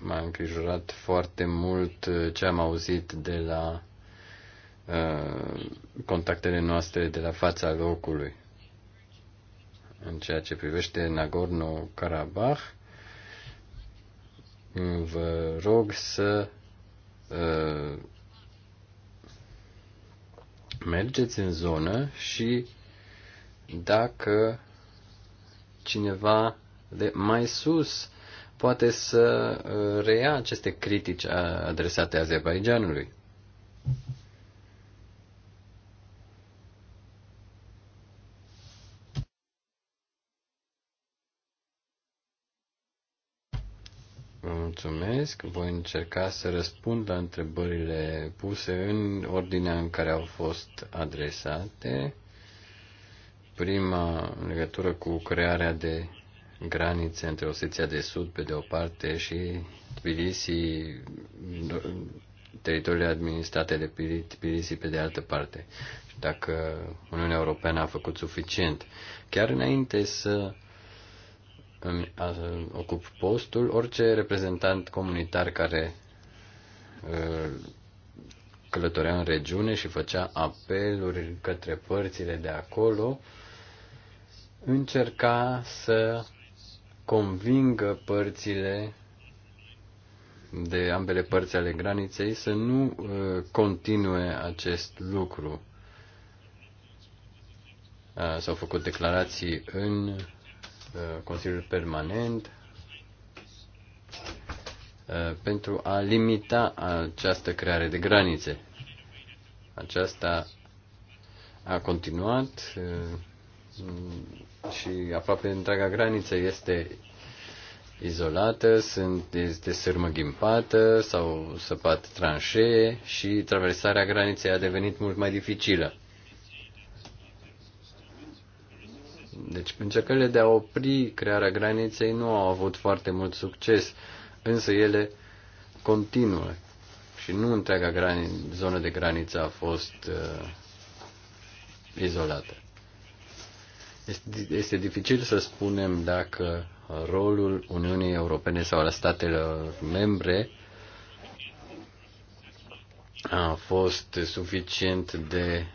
m-a, îngrijorat foarte mult uh, ce am auzit de la uh, contactele noastre de la fața locului. În ceea ce privește Nagorno-Karabakh, vă rog să uh, mergeți în zonă și dacă cineva de mai sus poate să uh, reia aceste critici adresate Azerbaijanului. mulțumesc. Voi încerca să răspund la întrebările puse în ordinea în care au fost adresate. Prima, în legătură cu crearea de granițe între Oseția de Sud, pe de o parte, și Tbilisi, teritoriile administrate de Tbilisi, pe de altă parte. dacă Uniunea Europeană a făcut suficient. Chiar înainte să îmi ocup postul, orice reprezentant comunitar care călătorea în regiune și făcea apeluri către părțile de acolo, încerca să convingă părțile de ambele părți ale graniței să nu continue acest lucru. S-au făcut declarații în Uh, Consiliul Permanent uh, pentru a limita această creare de granițe. Aceasta a continuat uh, și aproape întreaga graniță este izolată, sunt, este sârmă ghimpată sau săpat tranșee și traversarea graniței a devenit mult mai dificilă. Deci încercările de a opri crearea graniței nu au avut foarte mult succes, însă ele continuă și nu întreaga grani- zonă de graniță a fost uh, izolată. Este, este dificil să spunem dacă rolul Uniunii Europene sau al statelor membre a fost suficient de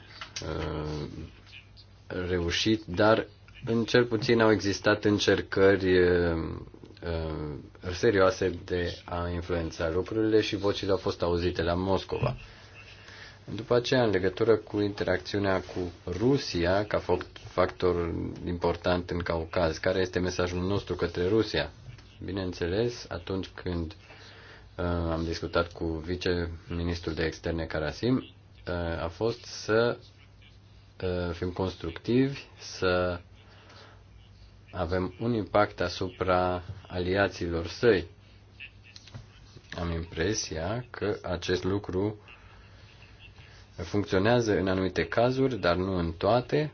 uh, reușit, dar în cel puțin au existat încercări eh, eh, serioase de a influența lucrurile și vocile au fost auzite la Moscova. După aceea, în legătură cu interacțiunea cu Rusia, ca factor important în Caucaz, care este mesajul nostru către Rusia? Bineînțeles, atunci când uh, am discutat cu viceministrul de externe Karasim, uh, a fost să uh, fim constructivi, să avem un impact asupra aliaților săi. Am impresia că acest lucru funcționează în anumite cazuri, dar nu în toate.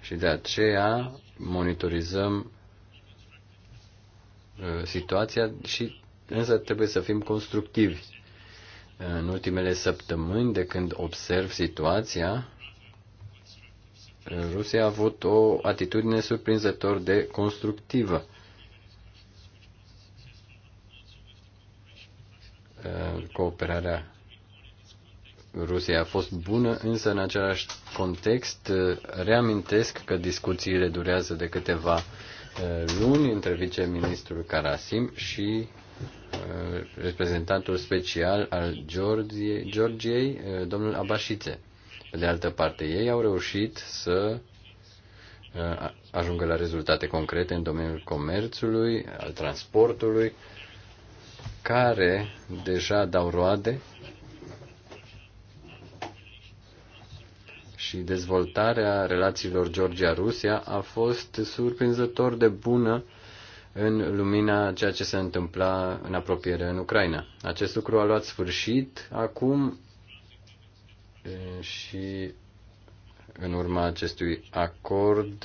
Și de aceea monitorizăm uh, situația și însă trebuie să fim constructivi. În ultimele săptămâni, de când observ situația, Rusia a avut o atitudine surprinzător de constructivă. Uh, cooperarea Rusia a fost bună, însă în același context uh, reamintesc că discuțiile durează de câteva uh, luni între viceministrul Karasim și reprezentantul special al Georgiei, Georgiei domnul Abașițe. Pe de altă parte, ei au reușit să uh, ajungă la rezultate concrete în domeniul comerțului, al transportului, care deja dau roade și dezvoltarea relațiilor Georgia-Rusia a fost surprinzător de bună în lumina ceea ce se întâmpla în apropiere în Ucraina. Acest lucru a luat sfârșit acum și în urma acestui acord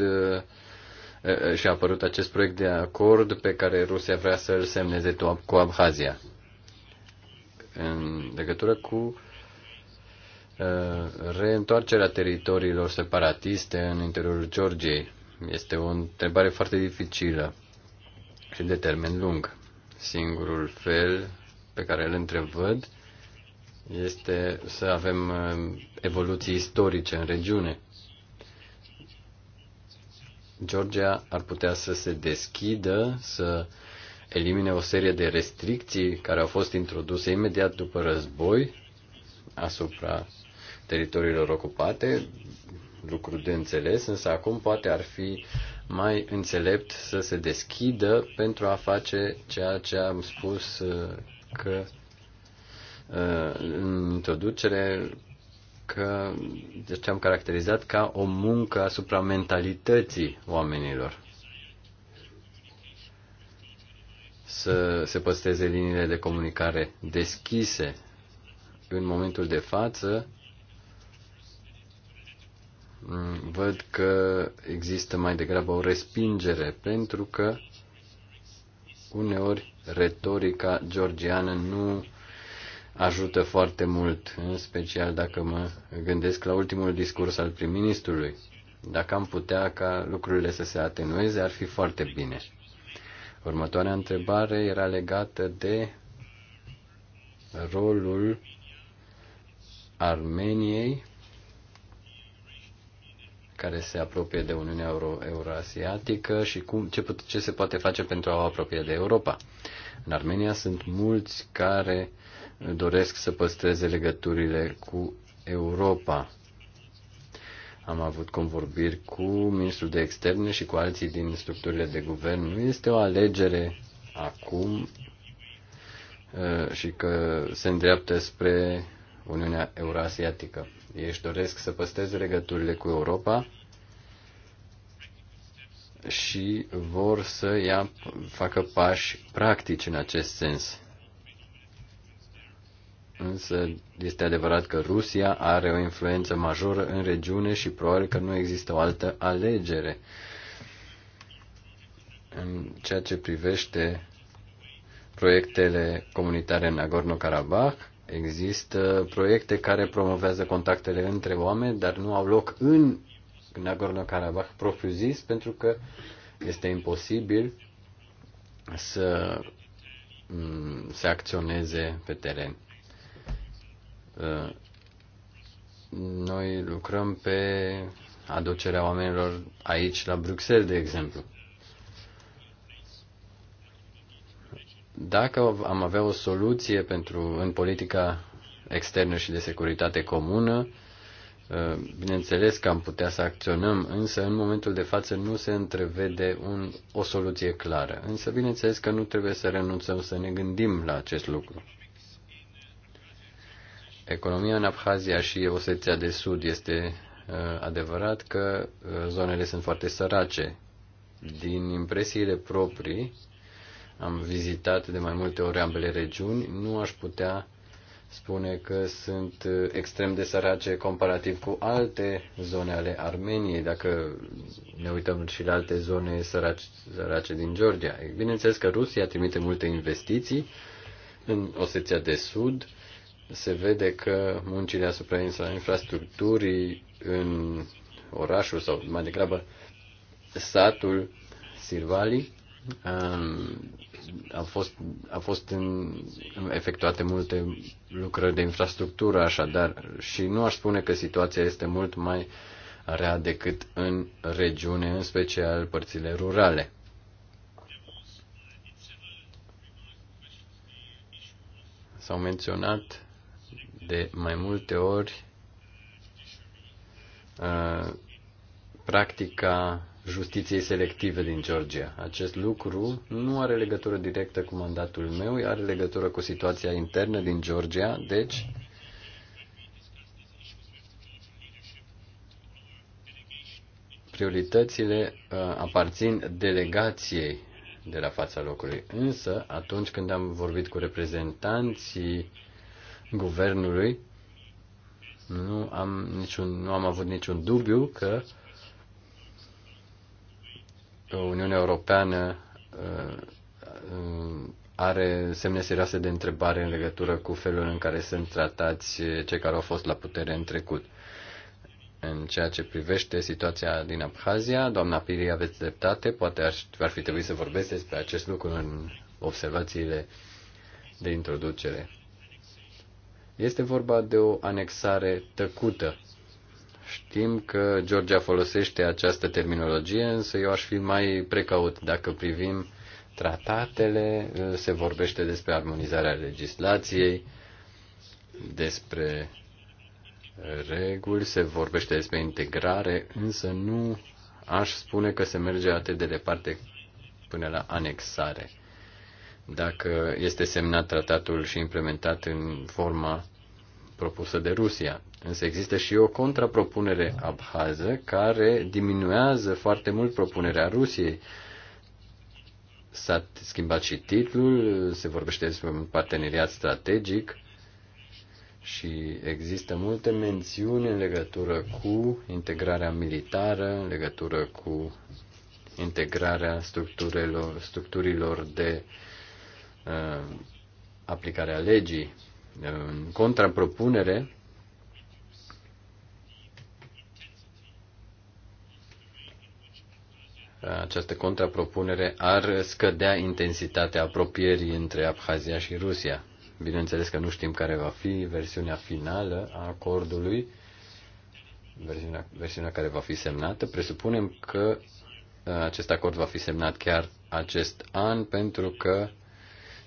și a apărut acest proiect de acord pe care Rusia vrea să îl semneze cu Abhazia. În legătură cu reîntoarcerea teritoriilor separatiste în interiorul Georgiei. Este o întrebare foarte dificilă și de termen lung. Singurul fel pe care îl întrevăd este să avem uh, evoluții istorice în regiune. Georgia ar putea să se deschidă, să elimine o serie de restricții care au fost introduse imediat după război asupra teritoriilor ocupate, lucru de înțeles, însă acum poate ar fi mai înțelept să se deschidă pentru a face ceea ce am spus uh, că Uh, în introducere că deci am caracterizat ca o muncă asupra mentalității oamenilor. Să se păsteze liniile de comunicare deschise în momentul de față. Mm, văd că există mai degrabă o respingere pentru că uneori retorica georgiană nu ajută foarte mult, în special dacă mă gândesc la ultimul discurs al prim-ministrului. Dacă am putea ca lucrurile să se atenueze, ar fi foarte bine. Următoarea întrebare era legată de rolul Armeniei, care se apropie de Uniunea Euro- Euroasiatică și cum, ce, put, ce se poate face pentru a o apropie de Europa. În Armenia sunt mulți care doresc să păstreze legăturile cu Europa. Am avut convorbiri cu ministrul de externe și cu alții din structurile de guvern. Nu este o alegere acum uh, și că se îndreaptă spre Uniunea Eurasiatică. Ei își doresc să păstreze legăturile cu Europa și vor să ia, facă pași practici în acest sens. Însă este adevărat că Rusia are o influență majoră în regiune și probabil că nu există o altă alegere. În ceea ce privește proiectele comunitare în Nagorno-Karabakh, există proiecte care promovează contactele între oameni, dar nu au loc în Nagorno-Karabakh propriu-zis, pentru că este imposibil să mm, se acționeze pe teren. Uh, noi lucrăm pe aducerea oamenilor aici, la Bruxelles, de exemplu. Dacă am avea o soluție pentru, în politica externă și de securitate comună, uh, bineînțeles că am putea să acționăm, însă în momentul de față nu se întrevede un, o soluție clară. Însă bineînțeles că nu trebuie să renunțăm să ne gândim la acest lucru. Economia în Abhazia și Osetia de Sud este uh, adevărat că uh, zonele sunt foarte sărace. Din impresiile proprii, am vizitat de mai multe ori ambele regiuni, nu aș putea spune că sunt uh, extrem de sărace comparativ cu alte zone ale Armeniei, dacă ne uităm și la alte zone sărace, sărace din Georgia. Bineînțeles că Rusia trimite multe investiții în Oseția de Sud, se vede că muncile asupra infrastructurii în orașul sau mai degrabă satul Sirvali um, a fost, a fost în, efectuate multe lucrări de infrastructură, așadar, și nu aș spune că situația este mult mai rea decât în regiune, în special părțile rurale. S-au menționat de mai multe ori uh, practica justiției selective din Georgia. Acest lucru nu are legătură directă cu mandatul meu, are legătură cu situația internă din Georgia, deci prioritățile uh, aparțin delegației de la fața locului. Însă, atunci când am vorbit cu reprezentanții guvernului, nu am, niciun, nu am avut niciun dubiu că Uniunea Europeană uh, are semne serioase de întrebare în legătură cu felul în care sunt tratați cei care au fost la putere în trecut. În ceea ce privește situația din Abhazia, doamna Piri, aveți dreptate, poate ar, ar fi trebuit să vorbesc despre acest lucru în observațiile de introducere. Este vorba de o anexare tăcută. Știm că Georgia folosește această terminologie, însă eu aș fi mai precaut dacă privim tratatele, se vorbește despre armonizarea legislației, despre reguli, se vorbește despre integrare, însă nu aș spune că se merge atât de departe până la anexare dacă este semnat tratatul și implementat în forma propusă de Rusia. Însă există și o contrapropunere abhază care diminuează foarte mult propunerea Rusiei. S-a schimbat și titlul, se vorbește despre un parteneriat strategic și există multe mențiuni în legătură cu integrarea militară, în legătură cu integrarea structurilor, structurilor de uh, Uh, aplicarea legii. Uh, în contrapropunere, această contrapropunere ar scădea intensitatea apropierii între Abhazia și Rusia. Bineînțeles că nu știm care va fi versiunea finală a acordului, versiunea, versiunea care va fi semnată. Presupunem că uh, acest acord va fi semnat chiar acest an, pentru că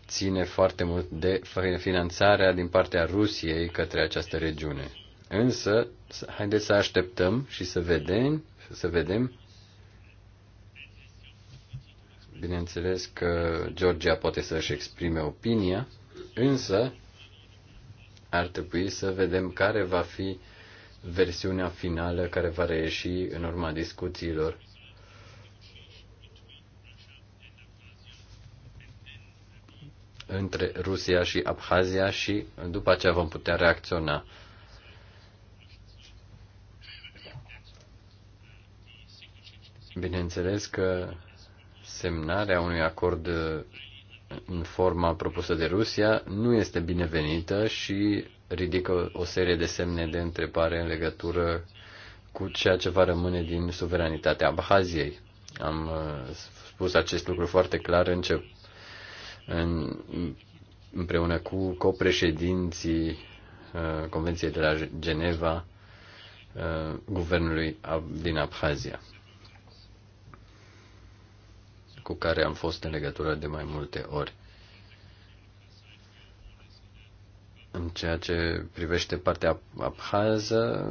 ține foarte mult de finanțarea din partea Rusiei către această regiune. Însă, haideți să așteptăm și să vedem, să vedem. Bineînțeles că Georgia poate să-și exprime opinia, însă ar trebui să vedem care va fi versiunea finală care va reieși în urma discuțiilor între Rusia și Abhazia și după aceea vom putea reacționa. Bineînțeles că semnarea unui acord în forma propusă de Rusia nu este binevenită și ridică o serie de semne de întrebare în legătură cu ceea ce va rămâne din suveranitatea Abhaziei. Am uh, spus acest lucru foarte clar încep, în, împreună cu copreședinții uh, Convenției de la Geneva uh, guvernului din Abhazia, cu care am fost în legătură de mai multe ori. În ceea ce privește partea abhază,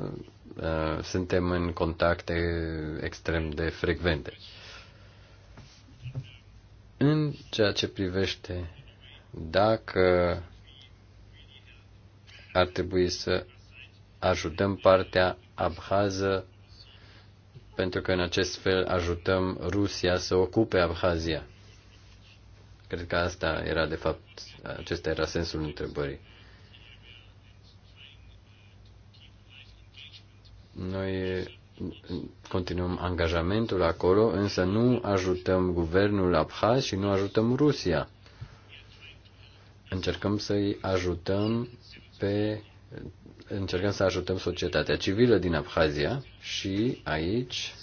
uh, suntem în contacte extrem de frecvente. În ceea ce privește dacă ar trebui să ajutăm partea abhază, pentru că în acest fel ajutăm Rusia să ocupe Abhazia. Cred că asta era, de fapt, acesta era sensul întrebării. Noi continuăm angajamentul acolo, însă nu ajutăm guvernul Abhaz și nu ajutăm Rusia. Încercăm să-i ajutăm pe încercăm să ajutăm societatea civilă din Abhazia și aici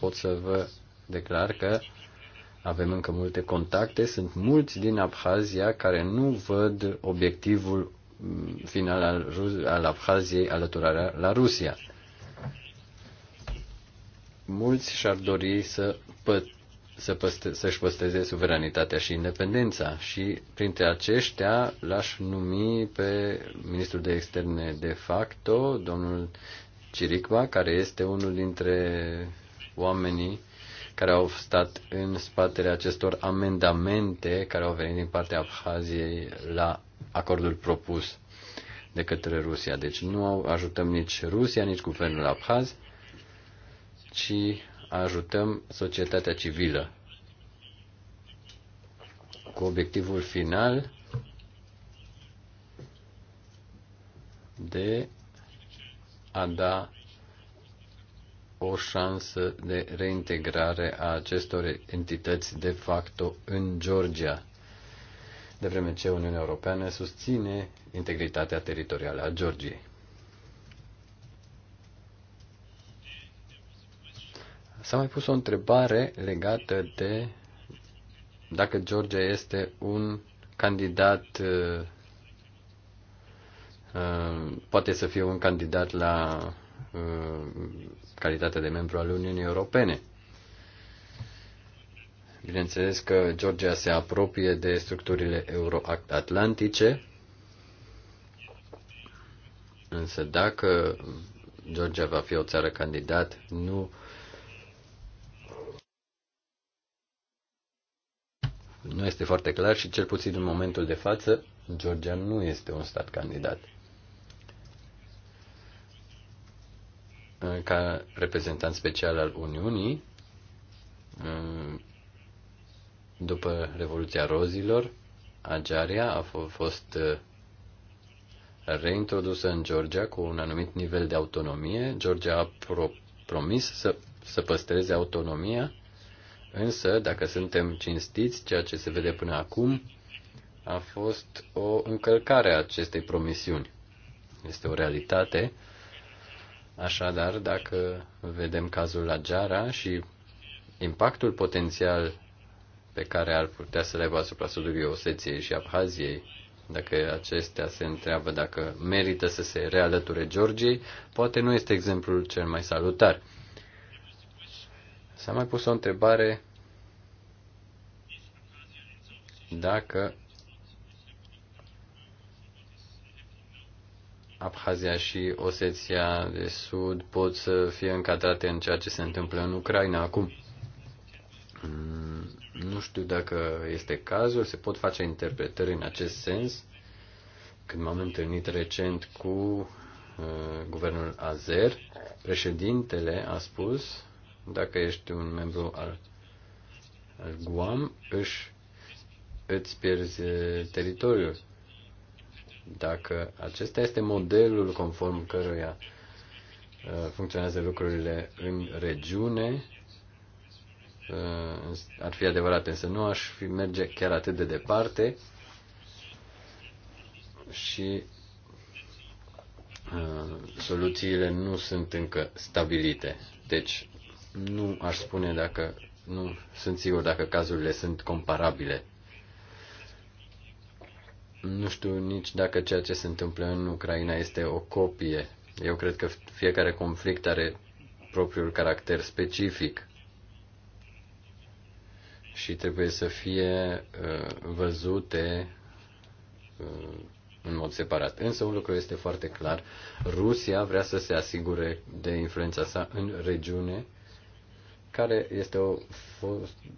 pot să vă declar că avem încă multe contacte, sunt mulți din Abhazia care nu văd obiectivul mm, final al, al Abhaziei alăturarea la Rusia mulți și-ar dori să pă- să păste- să-și păsteze suveranitatea și independența și printre aceștia l-aș numi pe ministrul de externe de facto, domnul Ciricba, care este unul dintre oamenii care au stat în spatele acestor amendamente care au venit din partea Abhaziei la acordul propus de către Rusia. Deci nu ajutăm nici Rusia, nici guvernul Abhaz, ci ajutăm societatea civilă cu obiectivul final de a da o șansă de reintegrare a acestor entități de facto în Georgia, de vreme ce Uniunea Europeană susține integritatea teritorială a Georgiei. S-a mai pus o întrebare legată de dacă George este un candidat uh, uh, poate să fie un candidat la uh, calitatea de membru al Uniunii Europene. Bineînțeles că Georgia se apropie de structurile euroatlantice, însă dacă Georgia va fi o țară candidat, nu Nu este foarte clar și cel puțin în momentul de față, Georgia nu este un stat candidat. Ca reprezentant special al Uniunii, după Revoluția Rozilor, Ajaria a fost uh, reintrodusă în Georgia cu un anumit nivel de autonomie. Georgia a pro- promis să, să păstreze autonomia Însă, dacă suntem cinstiți, ceea ce se vede până acum a fost o încălcare a acestei promisiuni. Este o realitate. Așadar, dacă vedem cazul la Geara și impactul potențial pe care ar putea să le aibă asupra sudului Oseției și Abhaziei, dacă acestea se întreabă dacă merită să se realăture Georgiei, poate nu este exemplul cel mai salutar. S-a mai pus o întrebare dacă Abhazia și Oseția de Sud pot să fie încadrate în ceea ce se întâmplă în Ucraina acum. Mm, nu știu dacă este cazul, se pot face interpretări în acest sens. Când m-am întâlnit recent cu uh, guvernul Azer, președintele a spus dacă ești un membru al, al Guam, își, îți pierzi teritoriul. Dacă acesta este modelul conform căruia funcționează lucrurile în regiune, ar fi adevărat, însă nu aș fi merge chiar atât de departe și soluțiile nu sunt încă stabilite. Deci, nu aș spune dacă, nu sunt sigur dacă cazurile sunt comparabile. Nu știu nici dacă ceea ce se întâmplă în Ucraina este o copie. Eu cred că fiecare conflict are propriul caracter specific și trebuie să fie uh, văzute uh, în mod separat. Însă un lucru este foarte clar. Rusia vrea să se asigure de influența sa în regiune care este o,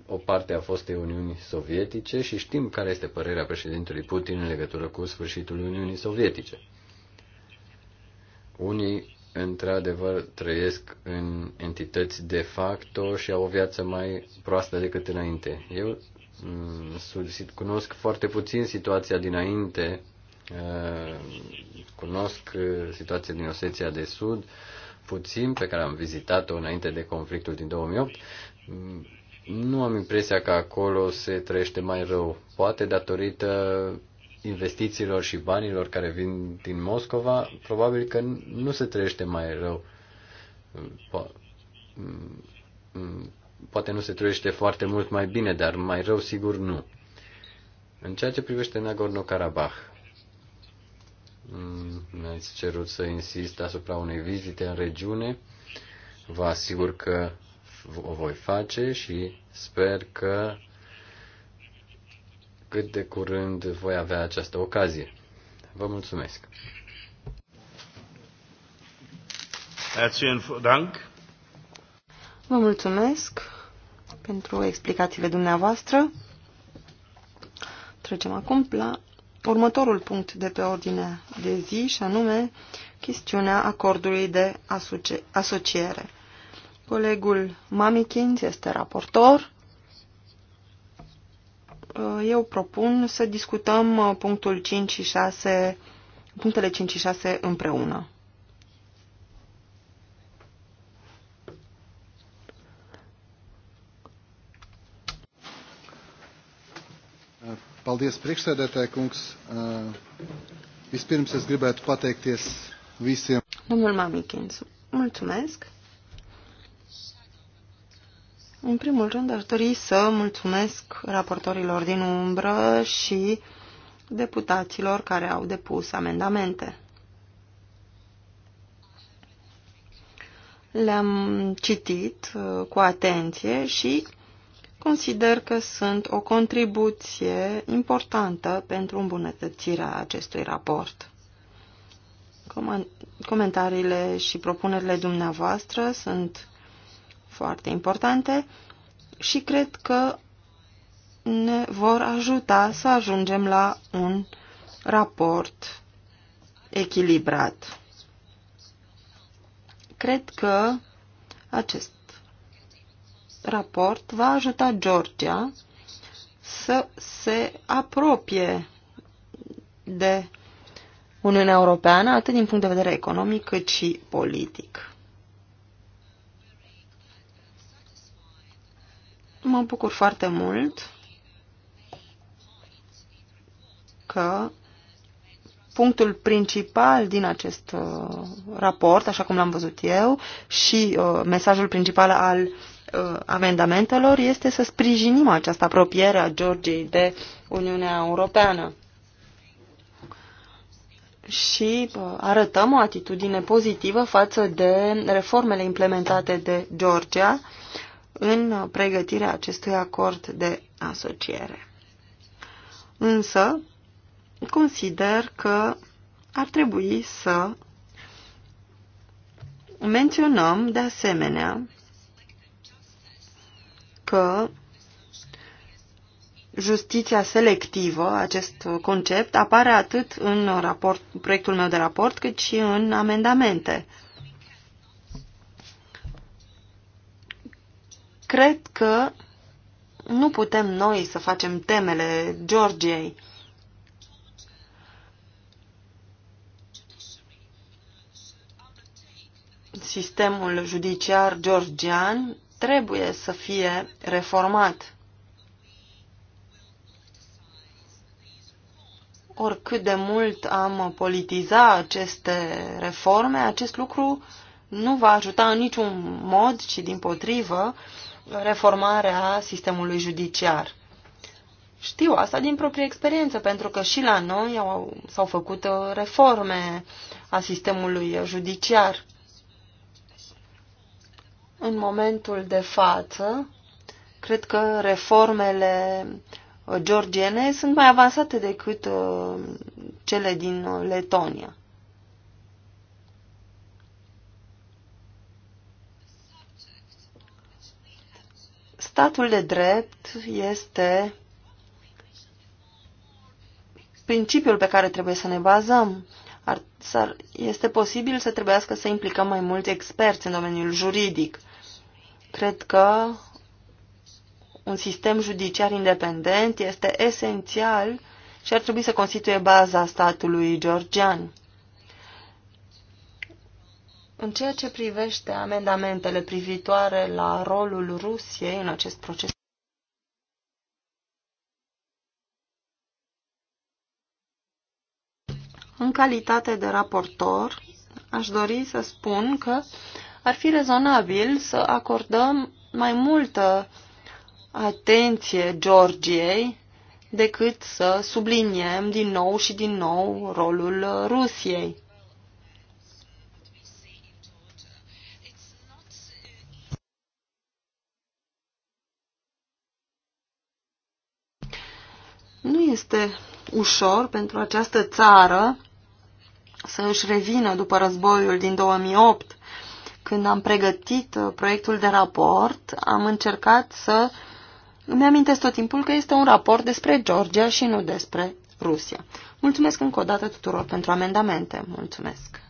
o parte a fostei Uniuni Sovietice și știm care este părerea președintelui Putin în legătură cu sfârșitul Uniunii Sovietice. Unii, într-adevăr, trăiesc în entități de facto și au o viață mai proastă decât înainte. Eu mm, cunosc foarte puțin situația dinainte, uh, cunosc uh, situația din Oseția de Sud, puțin pe care am vizitat-o înainte de conflictul din 2008, nu am impresia că acolo se trăiește mai rău. Poate datorită investițiilor și banilor care vin din Moscova, probabil că nu se trăiește mai rău. Po- poate nu se trăiește foarte mult mai bine, dar mai rău sigur nu. În ceea ce privește Nagorno-Karabakh, Mm, mi-ați cerut să insist asupra unei vizite în regiune. Vă asigur că o voi face și sper că cât de curând voi avea această ocazie. Vă mulțumesc! Vă mulțumesc pentru explicațiile dumneavoastră. Trecem acum la următorul punct de pe ordinea de zi și anume chestiunea acordului de asoci asociere. Colegul Mamikins este raportor. Uh, eu propun să discutăm uh, punctul 5 și 6, punctele 5 și 6 împreună. Paldies, priekšsēdētāji kungs. Eh, vispirms es gribētu pateikties visiem. Domnul Mamikins, mulțumesc. În primul rând aș dori să mulțumesc raportorilor din umbră și deputaților care au depus amendamente. Le-am citit eh, cu atenție și consider că sunt o contribuție importantă pentru îmbunătățirea acestui raport. Comentariile și propunerile dumneavoastră sunt foarte importante și cred că ne vor ajuta să ajungem la un raport echilibrat. Cred că acest raport va ajuta Georgia să se apropie de Uniunea Europeană, atât din punct de vedere economic cât și politic. Mă bucur foarte mult că punctul principal din acest uh, raport, așa cum l-am văzut eu, și uh, mesajul principal al Uh, amendamentelor este să sprijinim această apropiere a Georgiei de Uniunea Europeană și uh, arătăm o atitudine pozitivă față de reformele implementate de Georgia în pregătirea acestui acord de asociere. Însă, consider că ar trebui să menționăm, de asemenea, că justiția selectivă, acest concept, apare atât în raport, proiectul meu de raport, cât și în amendamente. Cred că nu putem noi să facem temele Georgiei. Sistemul judiciar georgian trebuie să fie reformat. Oricât de mult am politiza aceste reforme, acest lucru nu va ajuta în niciun mod, ci din potrivă, reformarea sistemului judiciar. Știu asta din proprie experiență, pentru că și la noi s-au făcut uh, reforme a sistemului judiciar. În momentul de față, cred că reformele uh, georgiene sunt mai avansate decât uh, cele din uh, Letonia. Statul de drept este principiul pe care trebuie să ne bazăm. Ar, ar, este posibil să trebuiască să implicăm mai mulți experți în domeniul juridic. Cred că un sistem judiciar independent este esențial și ar trebui să constituie baza statului georgian. În ceea ce privește amendamentele privitoare la rolul Rusiei în acest proces, În calitate de raportor, aș dori să spun că ar fi rezonabil să acordăm mai multă atenție Georgiei decât să subliniem din nou și din nou rolul Rusiei. Nu este ușor pentru această țară să își revină după războiul din 2008 când am pregătit uh, proiectul de raport, am încercat să îmi amintesc tot timpul că este un raport despre Georgia și nu despre Rusia. Mulțumesc încă o dată tuturor pentru amendamente. Mulțumesc.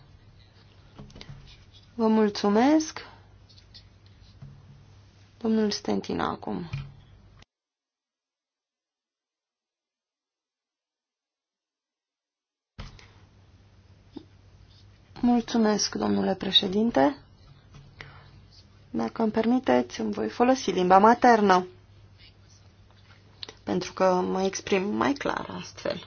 Vă mulțumesc. Domnul Stentina acum. Mulțumesc, domnule președinte. Dacă îmi permiteți, îmi voi folosi limba maternă, pentru că mă exprim mai clar astfel.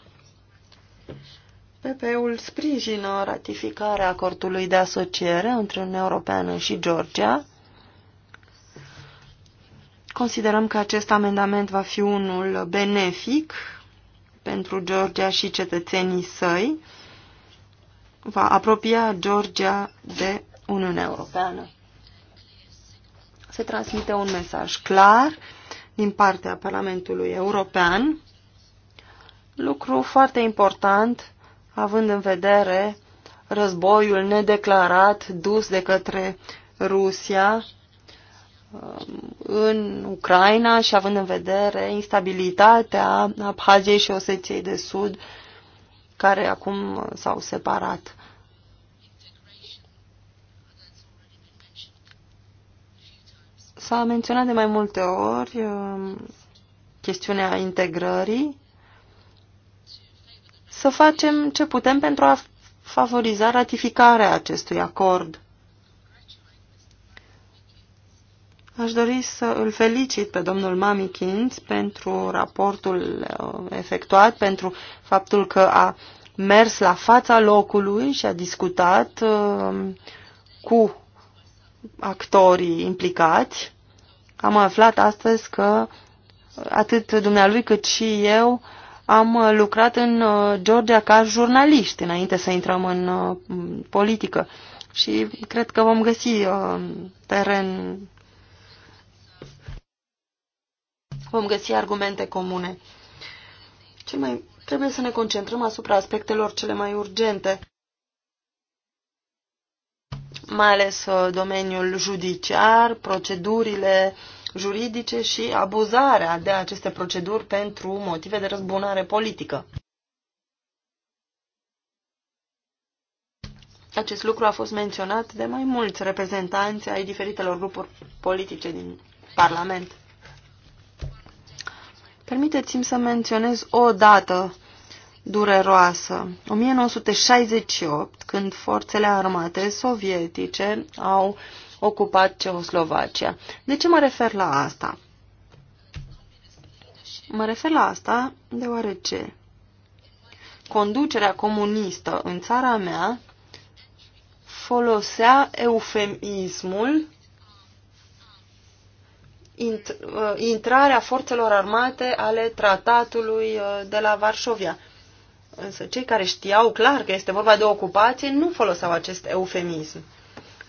PP-ul sprijină ratificarea acordului de asociere între Uniunea Europeană și Georgia. Considerăm că acest amendament va fi unul benefic pentru Georgia și cetățenii săi. Va apropia Georgia de Uniunea Europeană se transmite un mesaj clar din partea Parlamentului European, lucru foarte important având în vedere războiul nedeclarat dus de către Rusia um, în Ucraina și având în vedere instabilitatea Abhaziei și Oseției de Sud, care acum s-au separat. S-a menționat de mai multe ori um, chestiunea integrării. Să facem ce putem pentru a favoriza ratificarea acestui acord. Aș dori să îl felicit pe domnul Mami Mamikins pentru raportul uh, efectuat, pentru faptul că a mers la fața locului și a discutat um, cu actorii implicați. Am aflat astăzi că atât dumnealui cât și eu am lucrat în uh, Georgia ca jurnaliști înainte să intrăm în uh, politică și cred că vom găsi uh, teren, vom găsi argumente comune. Cel mai, trebuie să ne concentrăm asupra aspectelor cele mai urgente mai ales uh, domeniul judiciar, procedurile juridice și abuzarea de aceste proceduri pentru motive de răzbunare politică. Acest lucru a fost menționat de mai mulți reprezentanți ai diferitelor grupuri politice din Parlament. Permiteți-mi să menționez o dată dureroasă. 1968, când forțele armate sovietice au ocupat Cehoslovacia. De ce mă refer la asta? Mă refer la asta deoarece conducerea comunistă în țara mea folosea eufemismul uh, intrarea forțelor armate ale tratatului uh, de la Varșovia. Însă cei care știau clar că este vorba de ocupație nu foloseau acest eufemism.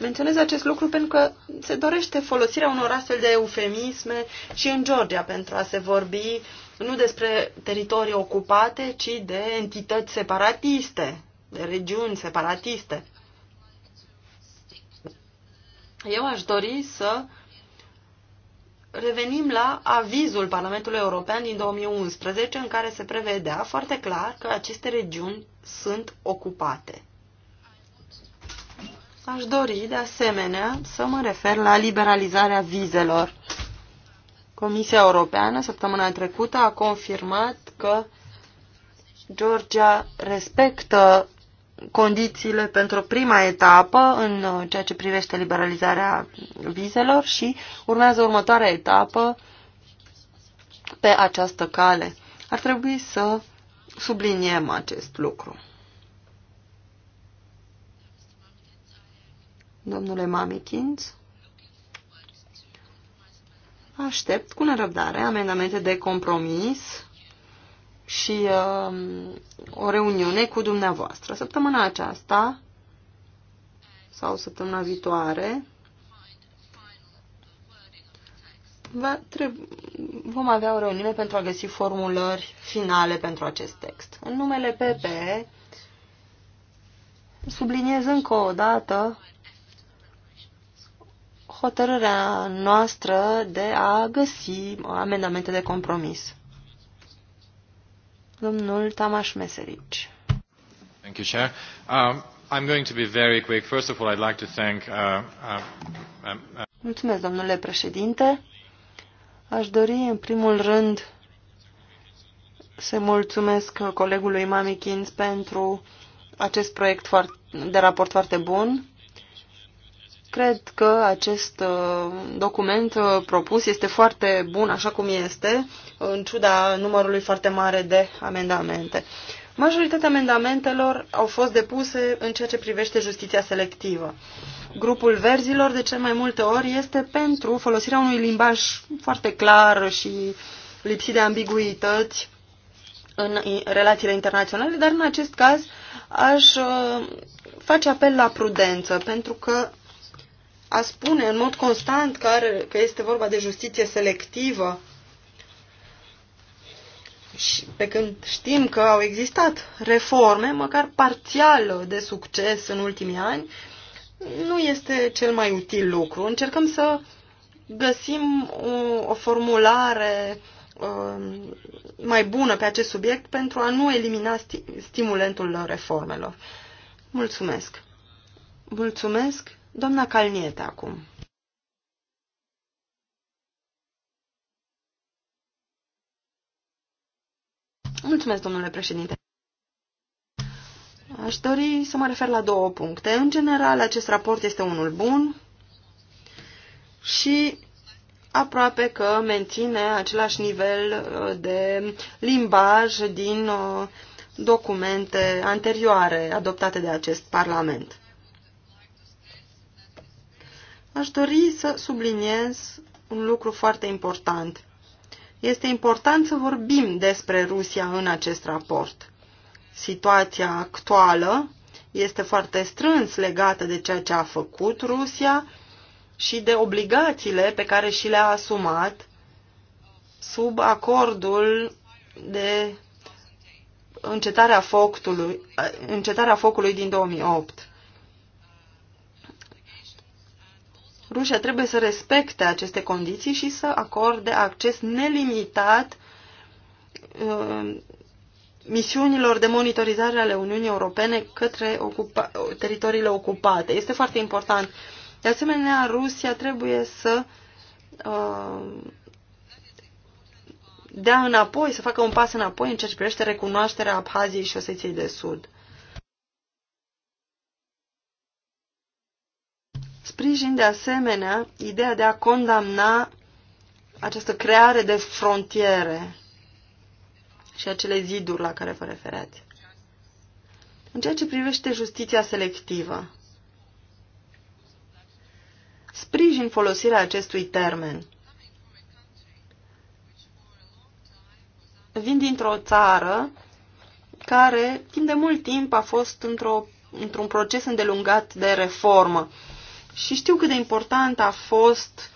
Menționez acest lucru pentru că se dorește folosirea unor astfel de eufemisme și în Georgia pentru a se vorbi nu despre teritorii ocupate, ci de entități separatiste, de regiuni separatiste. Eu aș dori să uh, revenim la avizul Parlamentului European din 2011, în care se prevedea foarte clar că aceste regiuni sunt ocupate. Aș dori, de asemenea, să mă refer la liberalizarea vizelor. Comisia Europeană, săptămâna trecută, a confirmat că Georgia respectă condițiile pentru prima etapă în uh, ceea ce privește liberalizarea vizelor și urmează următoarea etapă pe această cale. Ar trebui să subliniem acest lucru. Domnule Mamikins, aștept cu nerăbdare amendamente de compromis și uh, o reuniune cu dumneavoastră. Săptămâna aceasta sau săptămâna viitoare va vom avea o reuniune pentru a găsi formulări finale pentru acest text. În numele PP subliniez încă o dată hotărârea noastră de a găsi amendamente de compromis. Domnul Tamas Meserici. Thank you, Chair. Um, I'm going to be very quick. First of all, I'd like to thank... Uh, uh, um, uh, Mulțumesc, domnule președinte. Aș dori, în primul rând, să mulțumesc colegului Mamikins pentru acest proiect de raport foarte bun. Cred că acest uh, document uh, propus este foarte bun așa cum este, în ciuda numărului foarte mare de amendamente. Majoritatea amendamentelor au fost depuse în ceea ce privește justiția selectivă. Grupul verzilor, de cel mai multe ori, este pentru folosirea unui limbaj foarte clar și lipsit de ambiguități în relațiile internaționale, dar în acest caz aș uh, face apel la prudență, pentru că a spune în mod constant că, are, că este vorba de justiție selectivă, și pe când știm că au existat reforme, măcar parțial de succes în ultimii ani, nu este cel mai util lucru. Încercăm să găsim o, o formulare um, mai bună pe acest subiect pentru a nu elimina sti stimulentul reformelor. Mulțumesc! Mulțumesc! Doamna Calniete acum. Mulțumesc, domnule președinte. Aș dori să mă refer la două puncte. În general, acest raport este unul bun și aproape că menține același nivel uh, de limbaj din uh, documente anterioare adoptate de acest Parlament. Aș dori să subliniez un lucru foarte important. Este important să vorbim despre Rusia în acest raport. Situația actuală este foarte strâns legată de ceea ce a făcut Rusia și de obligațiile pe care și le-a asumat sub acordul de încetarea focului, încetarea focului din 2008. Rusia trebuie să respecte aceste condiții și să acorde acces nelimitat uh, misiunilor de monitorizare ale Uniunii Europene către ocupa teritoriile ocupate. Este foarte important. De asemenea, Rusia trebuie să uh, dea înapoi, să facă un pas înapoi în ceea ce privește recunoașterea Abhaziei și Oseției de Sud. Sprijin de asemenea ideea de a condamna această creare de frontiere și acele ziduri la care vă refereați. În ceea ce privește justiția selectivă, sprijin folosirea acestui termen. Vin dintr-o țară care, timp de mult timp, a fost într-un într, într proces îndelungat de reformă și știu cât de important a fost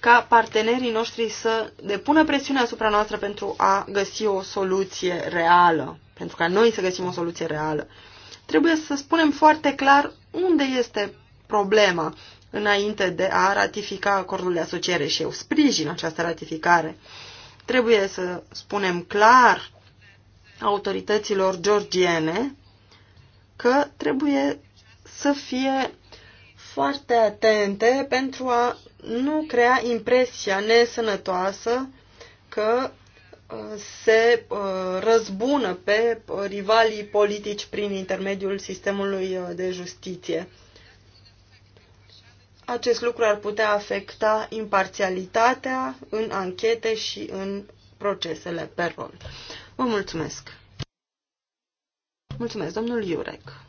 ca partenerii noștri să depună presiune asupra noastră pentru a găsi o soluție reală, pentru ca noi să găsim o soluție reală. Trebuie să spunem foarte clar unde este problema înainte de a ratifica acordul de asociere și eu sprijin această ratificare. Trebuie să spunem clar autorităților georgiene că trebuie să fie foarte atente pentru a nu crea impresia nesănătoasă că uh, se uh, răzbună pe uh, rivalii politici prin intermediul sistemului de justiție. Acest lucru ar putea afecta imparțialitatea în anchete și în procesele pe rol. Vă mulțumesc! Mulțumesc, domnul Iurec!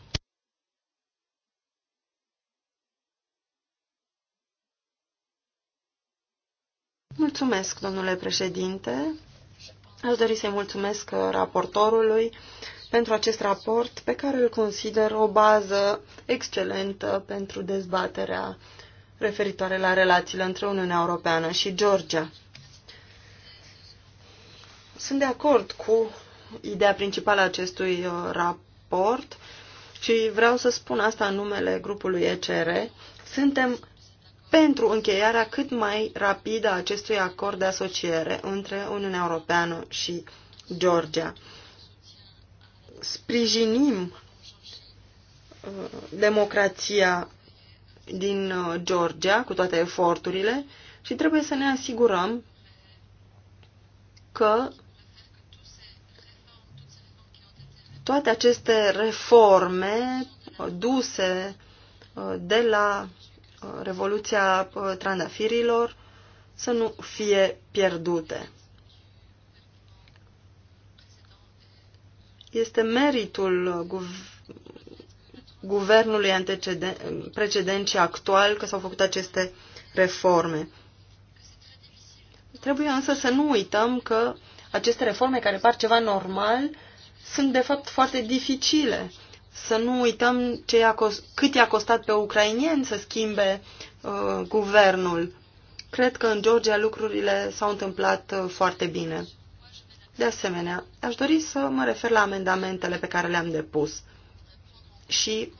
Mulțumesc, domnule președinte. Aș dori să-i mulțumesc raportorului pentru acest raport pe care îl consider o bază excelentă pentru dezbaterea referitoare la relațiile între Uniunea Europeană și Georgia. Sunt de acord cu ideea principală a acestui uh, raport și vreau să spun asta în numele grupului ECR. Suntem pentru încheierea cât mai rapidă a acestui acord de asociere între Uniunea Europeană și Georgia. Sprijinim uh, democrația din uh, Georgia cu toate eforturile și trebuie să ne asigurăm că toate aceste reforme uh, duse de la revoluția uh, trandafirilor să nu fie pierdute. Este meritul uh, guv- guvernului precedent și actual că s-au făcut aceste reforme. Trebuie însă să nu uităm că aceste reforme care par ceva normal sunt de fapt foarte dificile să nu uităm ce i-a cost, cât i-a costat pe ucrainieni să schimbe uh, guvernul. Cred că în Georgia lucrurile s-au întâmplat uh, foarte bine. De asemenea, aș dori să mă refer la amendamentele pe care le-am depus și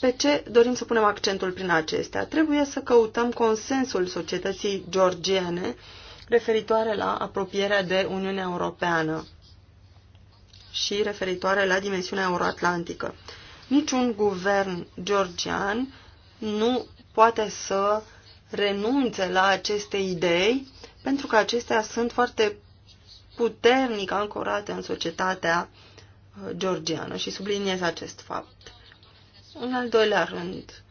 pe ce dorim să punem accentul prin acestea. Trebuie să căutăm consensul societății georgiene referitoare la apropierea de Uniunea Europeană și referitoare la dimensiunea euroatlantică. Niciun guvern georgian nu poate să renunțe la aceste idei, pentru că acestea sunt foarte puternic ancorate în societatea uh, georgiană și subliniez acest fapt. În al doilea rând,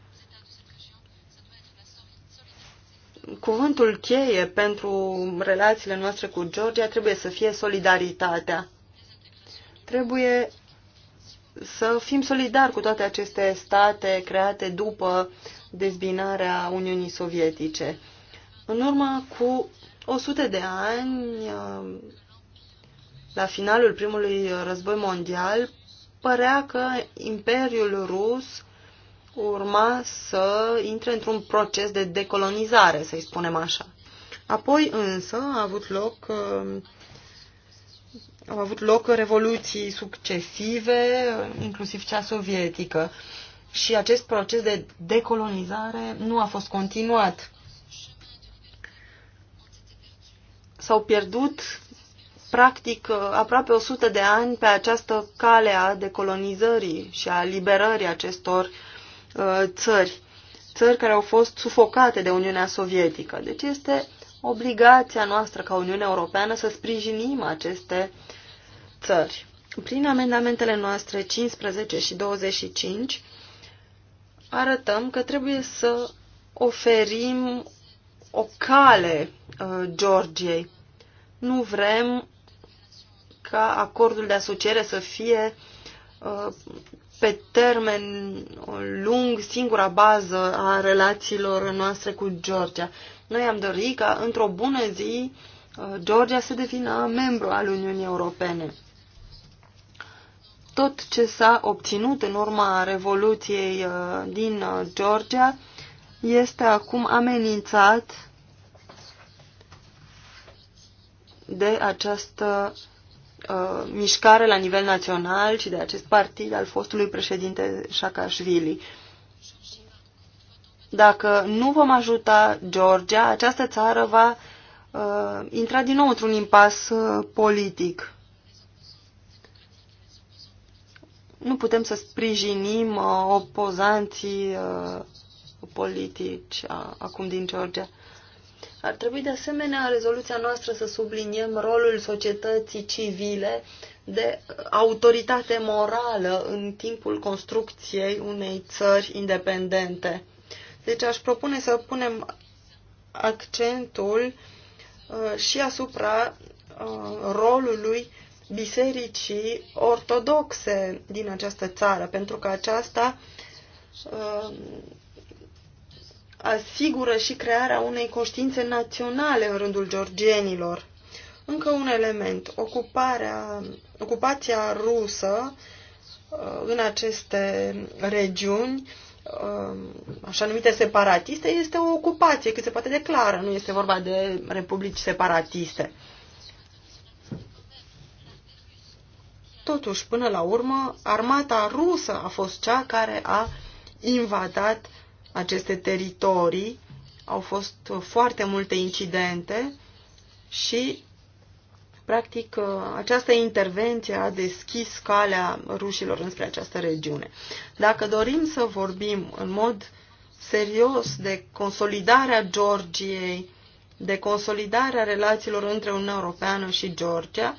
cuvântul cheie pentru relațiile noastre cu Georgia trebuie să fie solidaritatea. Trebuie să fim solidari cu toate aceste state create după dezbinarea Uniunii Sovietice. În urmă cu 100 de ani, uh, la finalul primului război mondial, părea că Imperiul Rus urma să intre într-un proces de decolonizare, să-i spunem așa. Apoi însă a avut loc uh, au avut loc revoluții succesive, inclusiv cea sovietică. Și acest proces de decolonizare nu a fost continuat. S-au pierdut practic aproape 100 de ani pe această cale a decolonizării și a liberării acestor uh, țări, țări care au fost sufocate de Uniunea Sovietică. Deci este obligația noastră ca Uniunea Europeană să sprijinim aceste uh, țări. Prin amendamentele noastre 15 și 25 arătăm că trebuie să oferim o cale uh, Georgiei. Nu vrem ca acordul de asociere să fie uh, pe termen lung singura bază a relațiilor noastre cu Georgia. Noi am dorit ca într-o bună zi uh, Georgia să devină membru al Uniunii Europene tot ce s-a obținut în urma Revoluției uh, din uh, Georgia este acum amenințat de această uh, mișcare la nivel național și de acest partid al fostului președinte Shakashvili. Dacă nu vom ajuta Georgia, această țară va uh, intra din nou într-un impas uh, politic. nu putem să sprijinim uh, opozanții uh, politici a, acum din Georgia. Ar trebui de asemenea rezoluția noastră să subliniem rolul societății civile de uh, autoritate morală în timpul construcției unei țări independente. Deci aș propune să punem accentul uh, și asupra uh, rolului bisericii ortodoxe din această țară, pentru că aceasta uh, asigură și crearea unei conștiințe naționale în rândul georgienilor. Încă un element, ocuparea, ocupația rusă uh, în aceste regiuni um, așa numite separatiste, este o ocupație cât se poate declară, nu este vorba de republici separatiste. Totuși, până la urmă, armata rusă a fost cea care a invadat aceste teritorii. Au fost foarte multe incidente și, practic, această intervenție a deschis calea rușilor înspre această regiune. Dacă dorim să vorbim în mod serios de consolidarea Georgiei, de consolidarea relațiilor între Uniunea Europeană și Georgia,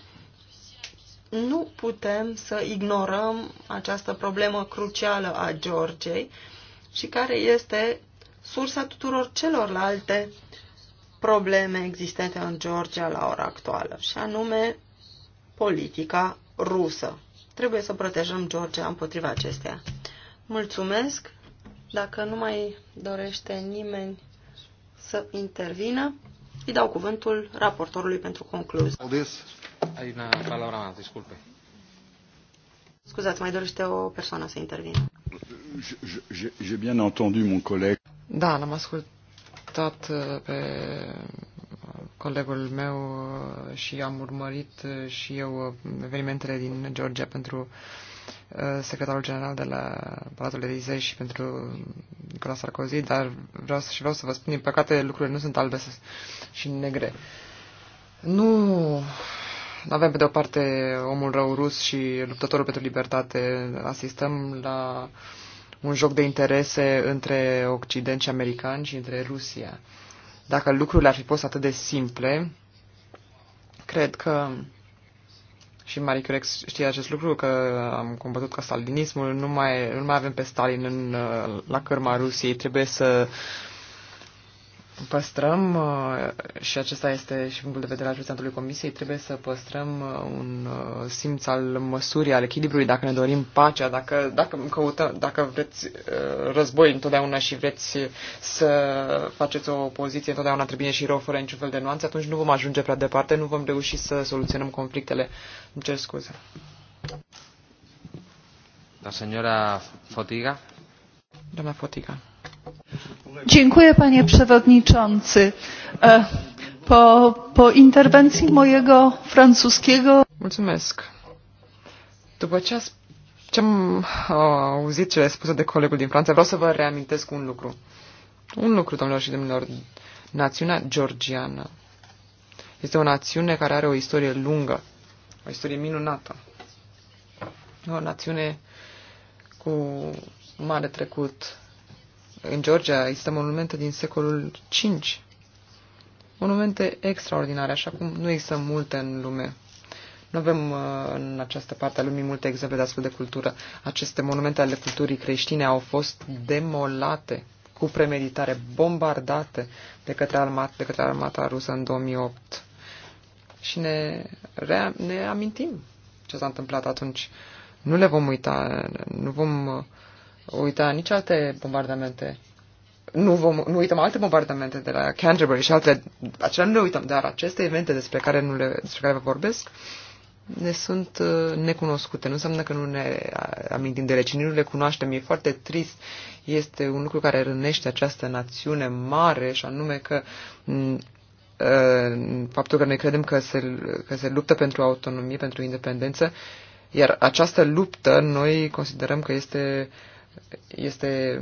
nu putem să ignorăm această problemă crucială a Georgiei și care este sursa tuturor celorlalte probleme existente în Georgia la ora actuală, și anume politica rusă. Trebuie să protejăm Georgia împotriva acesteia. Mulțumesc! Dacă nu mai dorește nimeni să intervină, îi dau cuvântul raportorului pentru concluzie. Ai una palabra más, disculpe. Scuzați, mai dorește o persoană să intervină. J'ai bien entendu mon coleg. Da, l-am ascultat uh, pe uh, colegul meu uh, și am urmărit și eu evenimentele din Georgia pentru secretarul general de la Palatul Elisei și pentru Nicola Sarkozy, dar vreau să, și vreau să vă spun, din păcate, lucrurile nu sunt albe și negre. Nu avem pe de o parte omul rău rus și luptătorul pentru libertate. Asistăm la un joc de interese între Occident și americani și între Rusia. Dacă lucrurile ar fi fost atât de simple, cred că și Marie Curex știe acest lucru, că am combătut ca stalinismul, nu mai, nu mai avem pe Stalin în, la cărma Rusiei, trebuie să uh, păstrăm, uh, și acesta este și punctul de vedere al președintelui Comisiei, trebuie să păstrăm uh, un uh, simț al măsurii, al echilibrului, dacă ne dorim pacea, dacă, dacă, căută, dacă vreți război întotdeauna și vreți să faceți o poziție întotdeauna între bine și rău, fără niciun fel de nuanțe, atunci nu vom ajunge prea departe, nu vom reuși să soluționăm conflictele. Îmi cer scuze. La señora Fotiga. Doamna Fotiga. Dziękuję, panie przewodniczący. Po, po interwencji mojego francuskiego... Mulțumesc. După ce, ce am auzit cele spuse de colegul din Franța, vreau să vă reamintesc un lucru. Un lucru, domnilor și domnilor, națiunea georgiană este o națiune care are o istorie lungă, o istorie minunată. O națiune cu mare trecut în Georgia există monumente din secolul V. Monumente extraordinare, așa cum nu există multe în lume. Nu avem uh, în această parte a lumii multe exemple de astfel de cultură. Aceste monumente ale culturii creștine au fost demolate cu premeditare, bombardate de către, armat, de către armata rusă în 2008. Și ne, rea, ne amintim ce s-a întâmplat atunci. Nu le vom uita, nu vom uh, uita nici alte bombardamente. Nu, vom, nu uităm alte bombardamente de la Canterbury și alte acelea nu le uităm, dar aceste evente despre care, nu le, despre care vă vorbesc ne sunt uh, necunoscute. Nu înseamnă că nu ne amintim de ele, nu le cunoaștem. E foarte trist. Este un lucru care rănește această națiune mare și anume că mm, uh, faptul că noi credem că se, că se luptă pentru autonomie, pentru independență, iar această luptă noi considerăm că este uh, este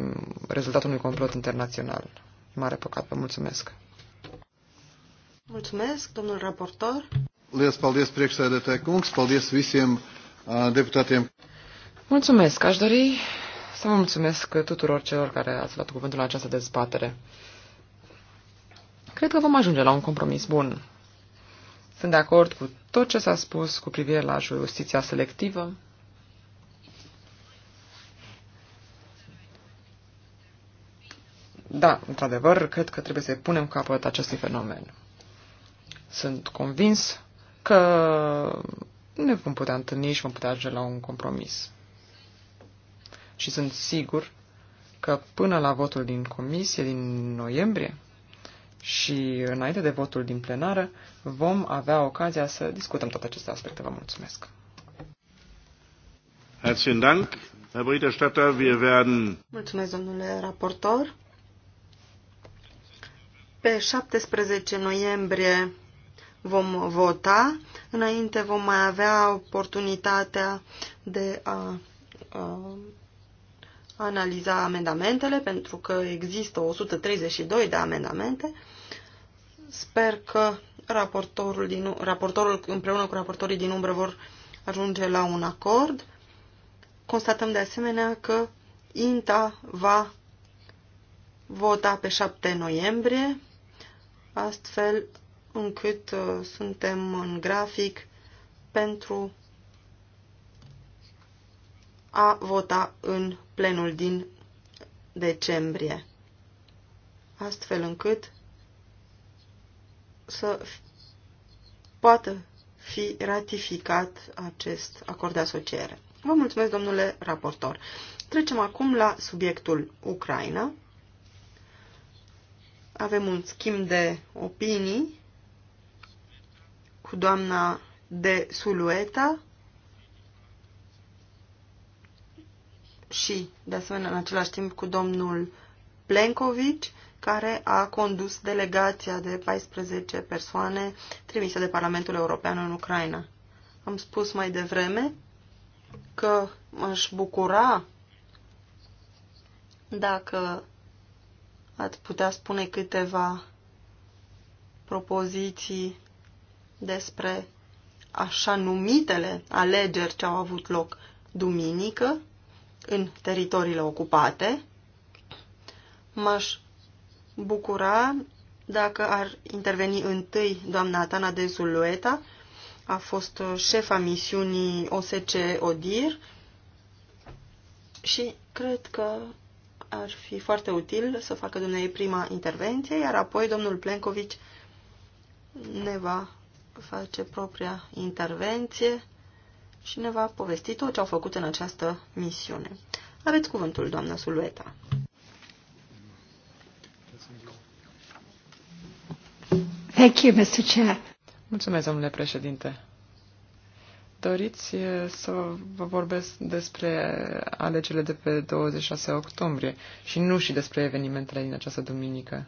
rezultatul unui complot internațional. Mare păcat, vă mulțumesc. Mulțumesc, domnul raportor. Lies, paldies, priekšsēdētāji kungs, paldies visiem deputatiem. Mulțumesc, aș dori să vă mulțumesc tuturor celor care ați luat cuvântul la această dezbatere. Cred că vom ajunge la un compromis bun. Sunt de acord cu tot ce s-a spus cu privire la justiția selectivă, Da, într-adevăr, cred că trebuie să punem capăt acestui fenomen. Sunt convins că ne vom putea întâlni și vom putea ajunge la un compromis. Și sunt sigur că până la votul din comisie din noiembrie și înainte de votul din plenară vom avea ocazia să discutăm toate aceste aspecte. Vă mulțumesc! Herzlichen Dank, Herr Berichterstatter. Wir werden. Mulțumesc, domnule raportor. Pe 17 noiembrie vom vota. Înainte vom mai avea oportunitatea de a, a analiza amendamentele, pentru că există 132 de amendamente. Sper că raportorul, din, raportorul împreună cu raportorii din umbră vor ajunge la un acord. Constatăm de asemenea că INTA va vota pe 7 noiembrie astfel încât uh, suntem în grafic pentru a vota în plenul din decembrie, astfel încât să poată fi ratificat acest acord de asociere. Vă mulțumesc, domnule raportor. Trecem acum la subiectul Ucraina avem un schimb de opinii cu doamna de Sulueta și, de asemenea, în același timp cu domnul Plenkovic, care a condus delegația de 14 persoane trimise de Parlamentul European în Ucraina. Am spus mai devreme că m-aș bucura dacă Ați putea spune câteva propoziții despre așa numitele alegeri ce au avut loc duminică în teritoriile ocupate. M-aș bucura dacă ar interveni întâi doamna Atana de Zulueta, a fost șefa misiunii OSCE ODIR și cred că ar fi foarte util să facă dumneavoastră prima intervenție, iar apoi domnul Plenković ne va face propria intervenție și ne va povesti tot ce au făcut în această misiune. Aveți cuvântul, doamna Sulueta. Thank you, Mr. Chair. Mulțumesc, domnule președinte doriți să vă vorbesc despre alegerile de pe 26 octombrie și nu și despre evenimentele din această duminică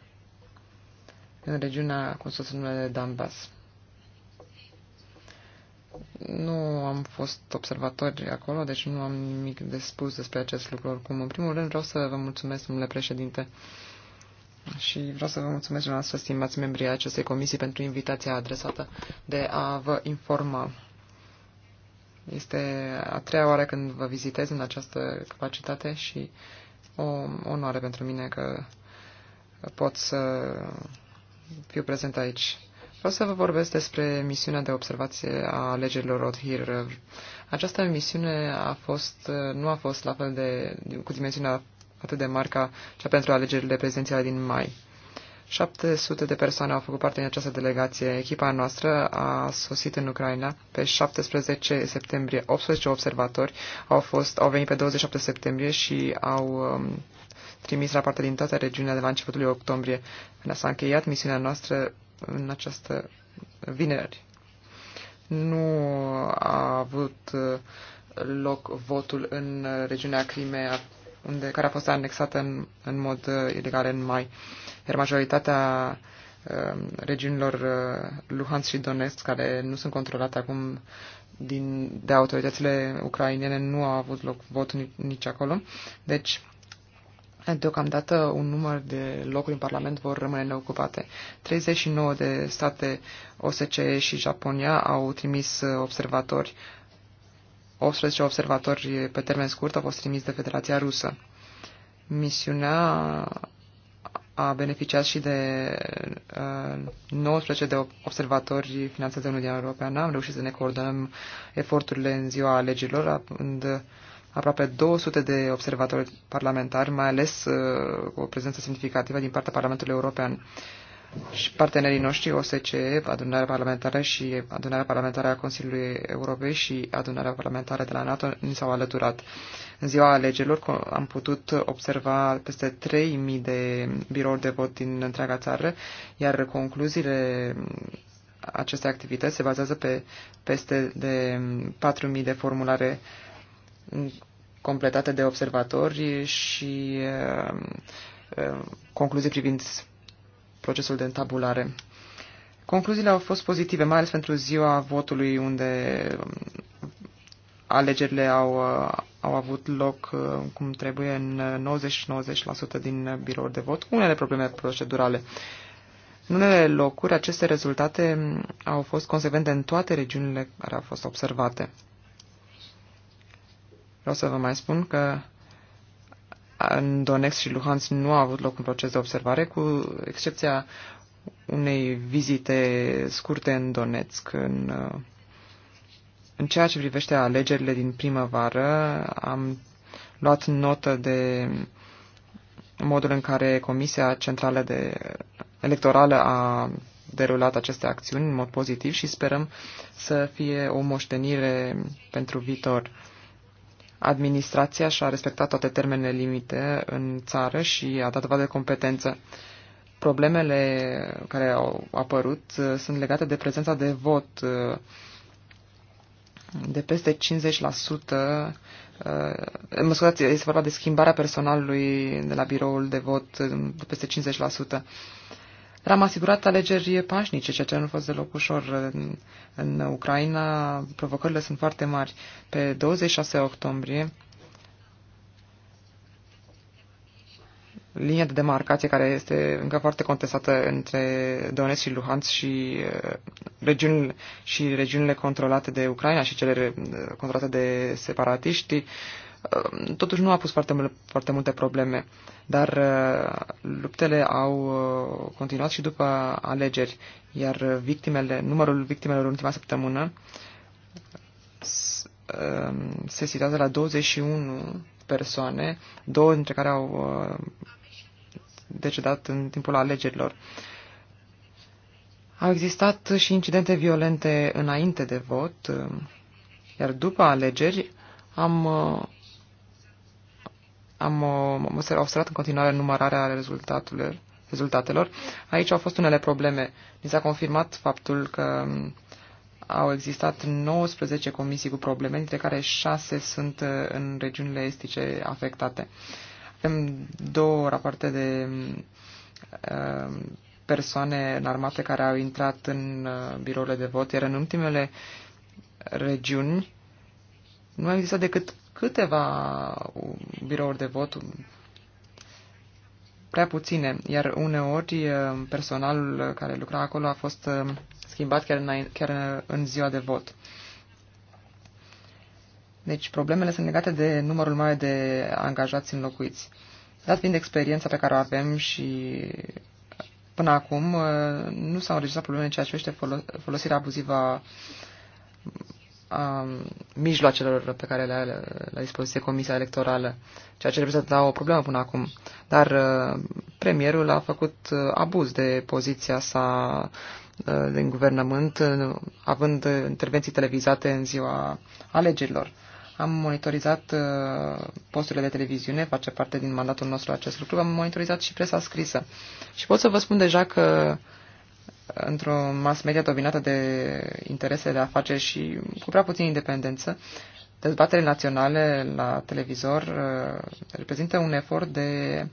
în regiunea consorțiului de Donbass. Nu am fost observatori acolo, deci nu am nimic de spus despre acest lucru oricum. În primul rând vreau să vă mulțumesc, domnule președinte, și vreau să vă mulțumesc dumneavoastră, stimați membrii acestei comisii, pentru invitația adresată de a vă informa este a treia oară când vă vizitez în această capacitate și o onoare pentru mine că pot să fiu prezent aici. Vreau să vă vorbesc despre misiunea de observație a alegerilor Othir. Această misiune a fost, nu a fost la fel de, cu dimensiunea atât de mare ca cea pentru alegerile prezidențiale din mai. 700 de persoane au făcut parte din această delegație. Echipa noastră a sosit în Ucraina pe 17 septembrie. 18 observatori au, fost, au venit pe 27 septembrie și au um, trimis rapoarte din toată regiunea de la începutul octombrie. S-a încheiat misiunea noastră în această vineri. Nu a avut uh, loc votul în regiunea Crimea unde, care a fost anexată în, în mod uh, ilegal în mai. Iar majoritatea uh, regiunilor uh, Luhansk și Donetsk, care nu sunt controlate acum din, de autoritățile ucrainene, nu au avut loc vot nici acolo. Deci, Deocamdată un număr de locuri în Parlament vor rămâne neocupate. 39 de state OSCE și Japonia au trimis uh, observatori 18 observatori pe termen scurt au fost trimis de Federația Rusă. Misiunea a beneficiat și de uh, 19 de observatori finanțați de Uniunea Europeană. Am reușit să ne coordonăm eforturile în ziua alegerilor, având aproape 200 de observatori parlamentari, mai ales uh, cu o prezență semnificativă din partea Parlamentului European. Uh, și partenerii noștri, OSCE, adunarea parlamentară și adunarea parlamentară a Consiliului Europei și adunarea parlamentară de la NATO ni s-au alăturat. În ziua alegerilor am putut observa peste 3.000 de birouri de vot din întreaga țară, iar concluziile acestei activități se bazează pe peste de 4.000 de formulare completate de observatori și uh, uh, concluzii privind procesul de întabulare. Concluziile au fost pozitive, mai ales pentru ziua votului unde um, alegerile au, uh, au avut loc uh, cum trebuie în 90-90% uh, din birouri de vot, unele probleme procedurale. În unele locuri, aceste rezultate um, au fost consecvente în toate regiunile care au fost observate. Vreau să vă mai spun că în Donetsk și Luhansk nu a avut loc un proces de observare, cu excepția unei vizite scurte în Donetsk. În, în ceea ce privește alegerile din primăvară, am luat notă de modul în care Comisia Centrală de Electorală a derulat aceste acțiuni în mod pozitiv și sperăm să fie o moștenire pentru viitor. Administrația și-a respectat toate termenele limite în țară și a dat dovadă de competență. Problemele care au apărut uh, sunt legate de prezența de vot uh, de peste 50%. Uh, mă scuzați, este vorba de schimbarea personalului de la biroul de vot de peste 50% am asigurat alegeri pașnice, ceea ce nu a fost deloc ușor. În, în Ucraina provocările sunt foarte mari. Pe 26 octombrie, linia de demarcație care este încă foarte contestată între Donetsk și Luhansk și uh, regiunile, și regiunile controlate de Ucraina și cele uh, controlate de separatiști, Ehm, totuși nu a pus foarte, foarte multe probleme, dar eh, luptele au eh, continuat și după alegeri, iar victimele, numărul victimelor în ultima săptămână ehm, se situează la 21 persoane, două dintre care au eh, decedat în timpul alegerilor. Au existat și incidente violente înainte de vot, ehm, iar după alegeri am Uh, am, observat în continuare numărarea rezultatelor. rezultatelor. Aici au fost unele probleme. Ni s-a confirmat faptul că um, au existat 19 comisii cu probleme, dintre care 6 sunt uh, în regiunile estice afectate. Avem două rapoarte de um, uh, persoane armate care au intrat în birourile de vot, iar în ultimele regiuni nu a existat decât câteva birouri de vot, prea puține, iar uneori eh, personalul care lucra acolo a fost eh, schimbat chiar în, chiar eh, în ziua de vot. Deci problemele sunt legate de numărul mare de angajați înlocuiți. Dat fiind experiența pe care o avem și până acum nu s-au înregistrat probleme în ceea ce privește folosirea abuzivă a um, mijloacelor pe care le are la dispoziție Comisia Electorală, ceea ce reprezenta da, o problemă până acum. Dar uh, premierul a făcut uh, abuz de poziția sa uh, din guvernământ, uh, având intervenții televizate în ziua alegerilor. Am monitorizat uh, posturile de televiziune, face parte din mandatul nostru acest lucru, am monitorizat și presa scrisă. Și pot să vă spun deja că într-o mass media dominată de interese de afaceri și cu prea puțin independență, dezbaterile naționale la televizor uh, reprezintă un efort de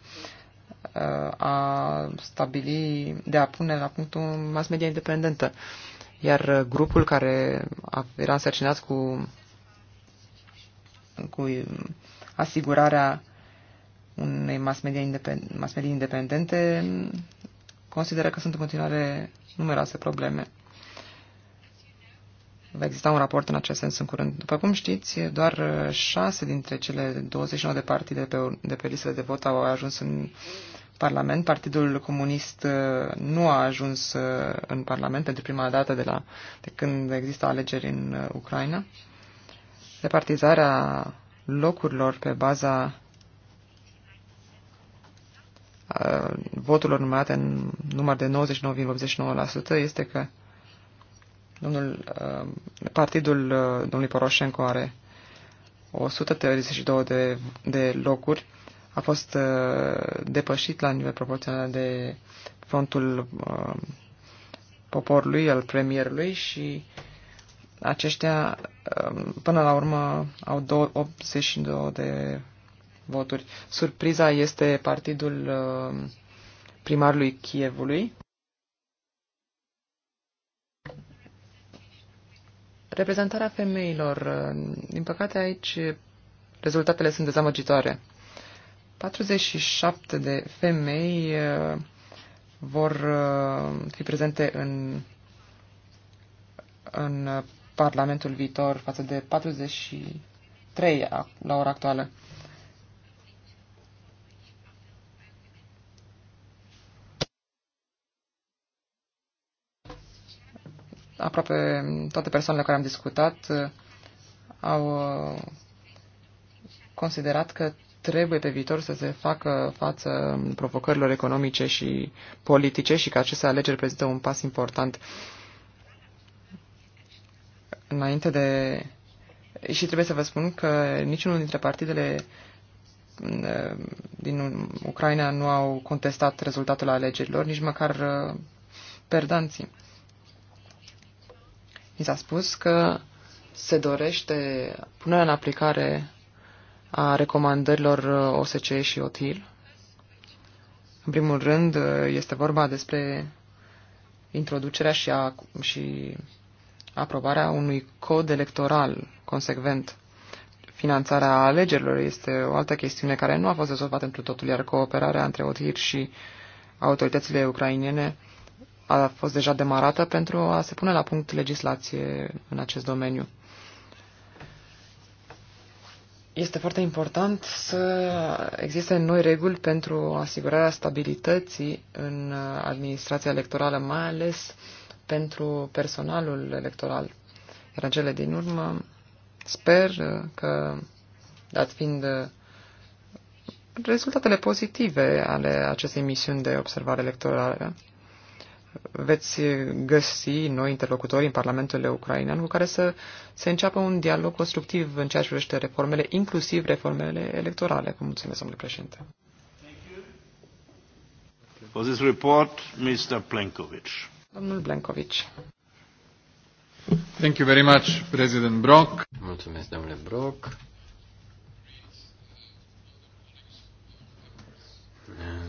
uh, a stabili, de a pune la punct o mass media independentă. Iar uh, grupul care era însărcinat cu, cu asigurarea unei mass media, independ, mass media independente consideră că sunt în continuare numeroase probleme. Va exista un raport în acest sens în curând. După cum știți, doar uh, șase dintre cele 29 de partide de pe, de pe listele de vot au ajuns în Parlament. Partidul Comunist uh, nu a ajuns uh, în Parlament pentru prima dată de, la, de când există alegeri în Ucraina. Repartizarea locurilor pe baza Uh, voturilor numărate în număr de 99,89% este că domnul, uh, partidul uh, domnului Poroșenco are 132 de, de locuri, a fost depășit la nivel proporțional de frontul poporului, al premierului și aceștia până la urmă au 82 de voturi. Surpriza este partidul uh, primarului Kievului. Reprezentarea femeilor. Uh, din păcate aici rezultatele sunt dezamăgitoare. 47 de femei uh, vor fi prezente în, în Parlamentul viitor față de 43 la ora actuală. aproape toate persoanele care am discutat uh, au uh, considerat că trebuie pe viitor să se facă față provocărilor economice și politice și că aceste alegeri prezintă un pas important înainte de... Și trebuie să vă spun că niciunul dintre partidele uh, din Ucraina nu au contestat rezultatul alegerilor, nici măcar perdanții mi s-a spus că se dorește punerea în aplicare a recomandărilor uh, OSCE și OTIL. În primul rând, uh, este vorba despre introducerea și, a, și aprobarea unui cod electoral consecvent. Finanțarea alegerilor este o altă chestiune care nu a fost rezolvată întru totul, iar cooperarea între OTIR și autoritățile ucrainene a fost deja demarată pentru a se pune la punct legislație în acest domeniu. Este foarte important să existe noi reguli pentru asigurarea stabilității în administrația electorală, mai ales pentru personalul electoral. Iar în cele din urmă, sper că, dat fiind rezultatele pozitive ale acestei misiuni de observare electorală, veți găsi noi interlocutori în Parlamentul ucrainean cu care să se înceapă un dialog constructiv în ceea ce privește reformele, inclusiv reformele electorale. Vă mulțumesc, domnule președinte. For this report, Mr. Plenkovic. Domnul Plenkovic. Thank you very much, President Brock. Mulțumesc, domnule Brock.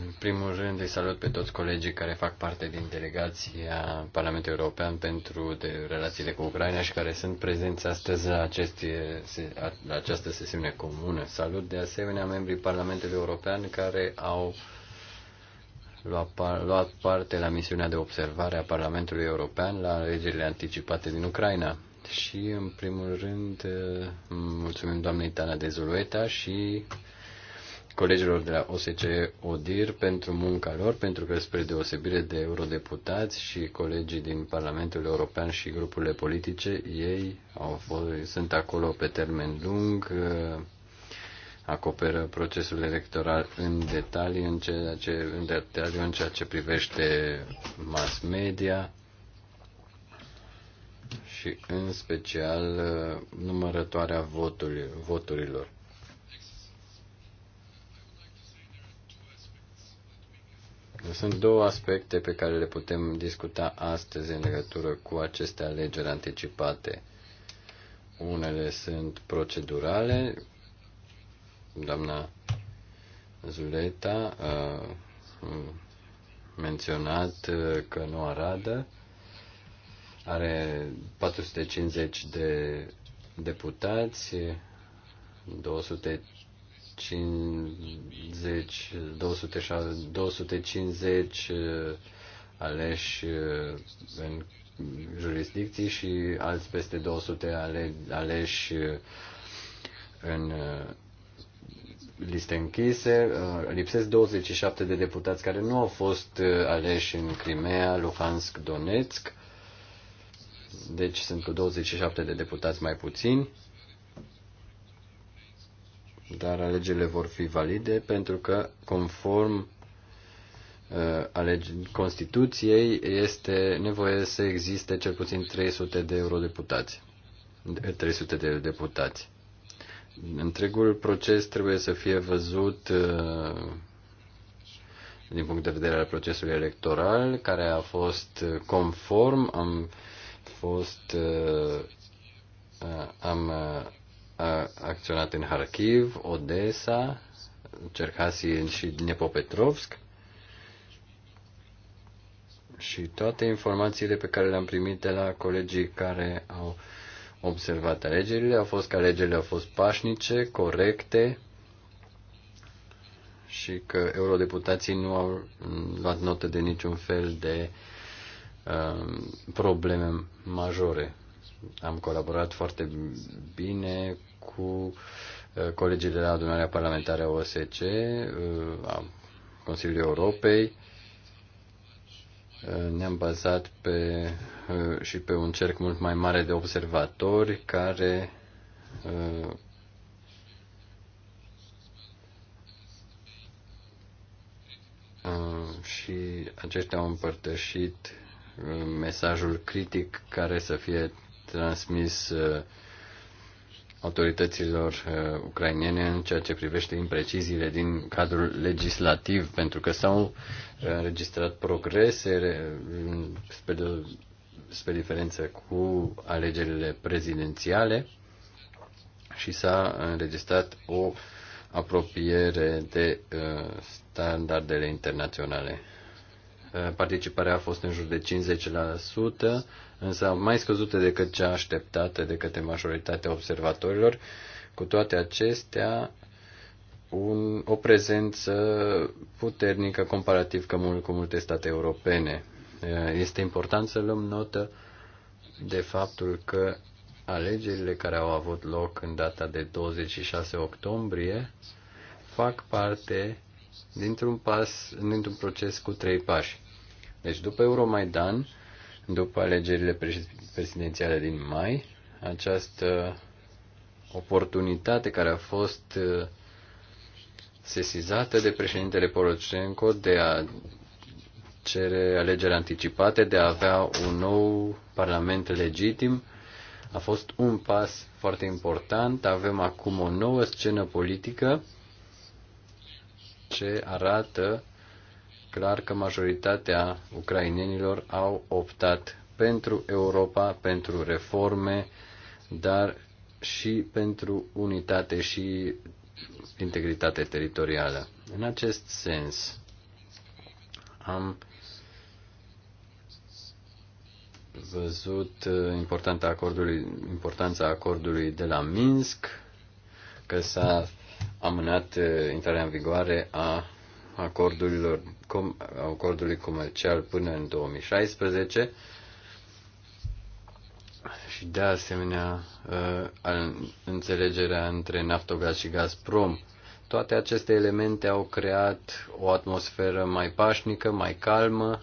În primul rând îi salut pe toți colegii care fac parte din delegația Parlamentului European pentru de relațiile cu Ucraina și care sunt prezenți astăzi la, aceste, la această sesiune comună. Salut de asemenea membrii Parlamentului European care au luat parte la misiunea de observare a Parlamentului European la alegerile anticipate din Ucraina. Și, în primul rând, mulțumim doamnei Tana de Zulueta și colegilor de la OSCE ODIR pentru munca lor, pentru că spre deosebire de eurodeputați și colegii din Parlamentul European și grupurile politice, ei au fost, sunt acolo pe termen lung, uh, acoperă procesul electoral în detaliu în ceea ce, în detaliu în ceea ce privește mass media și în special uh, numărătoarea voturilor Sunt două aspecte pe care le putem discuta astăzi în legătură cu aceste alegeri anticipate. Unele sunt procedurale. Doamna Zuleta a uh, menționat uh, că nu aradă. Are 450 de deputați, 200 250, 250 uh, aleși uh, în jurisdicții și alți peste 200 ale, aleși uh, în liste închise. Lipsesc 27 de deputați care nu au fost aleși în Crimea, Luhansk, Donetsk. Deci sunt cu 27 de deputați mai puțini dar alegerile vor fi valide pentru că, conform uh, alege, Constituției, este nevoie să existe cel puțin 300 de eurodeputați. 300 de deputați. Întregul proces trebuie să fie văzut uh, din punct de vedere al procesului electoral, care a fost conform, am fost uh, am a acționat în Kharkiv, Odessa, Cerhasien și Dnepopetrovsk și toate informațiile pe care le-am primit de la colegii care au observat alegerile au fost că alegerile au fost pașnice, corecte și că eurodeputații nu au luat notă de niciun fel de um, probleme majore. Am colaborat foarte bine cu uh, colegii de la adunarea parlamentară OSCE, uh, a Consiliului Europei. Uh, ne-am bazat pe, și pe un cerc mult mai mare de observatori care și aceștia au împărtășit mesajul critic care să fie transmis autorităților uh, ucrainene în ceea ce privește impreciziile din cadrul legislativ, pentru că s-au uh, înregistrat progrese spre, spre diferență cu alegerile prezidențiale și s-a înregistrat o apropiere de uh, standardele internaționale. Eh, participarea a fost în jur de 50%, însă mai scăzută decât cea așteptată de către majoritatea observatorilor. Cu toate acestea, un, o prezență puternică comparativ cu, mult, cu multe state europene. Eh, este important să luăm notă de faptul că alegerile care au avut loc în data de 26 octombrie fac parte dintr-un pas, dintr-un proces cu trei pași. Deci după Euromaidan, după alegerile prezidențiale din mai, această oportunitate care a fost uh, sesizată de președintele Poroșenko de a cere alegeri anticipate, de a avea un nou parlament legitim, a fost un pas foarte important. Avem acum o nouă scenă politică ce arată clar că majoritatea ucrainenilor au optat pentru Europa, pentru reforme, dar și pentru unitate și integritate teritorială. În acest sens, am văzut importanța acordului, importanța acordului de la Minsk, că s-a amânat eh, intrarea în vigoare a acordurilor, com, acordului comercial până în 2016 și de asemenea eh, înțelegerea între Naftogaz și Gazprom. Toate aceste elemente au creat o atmosferă mai pașnică, mai calmă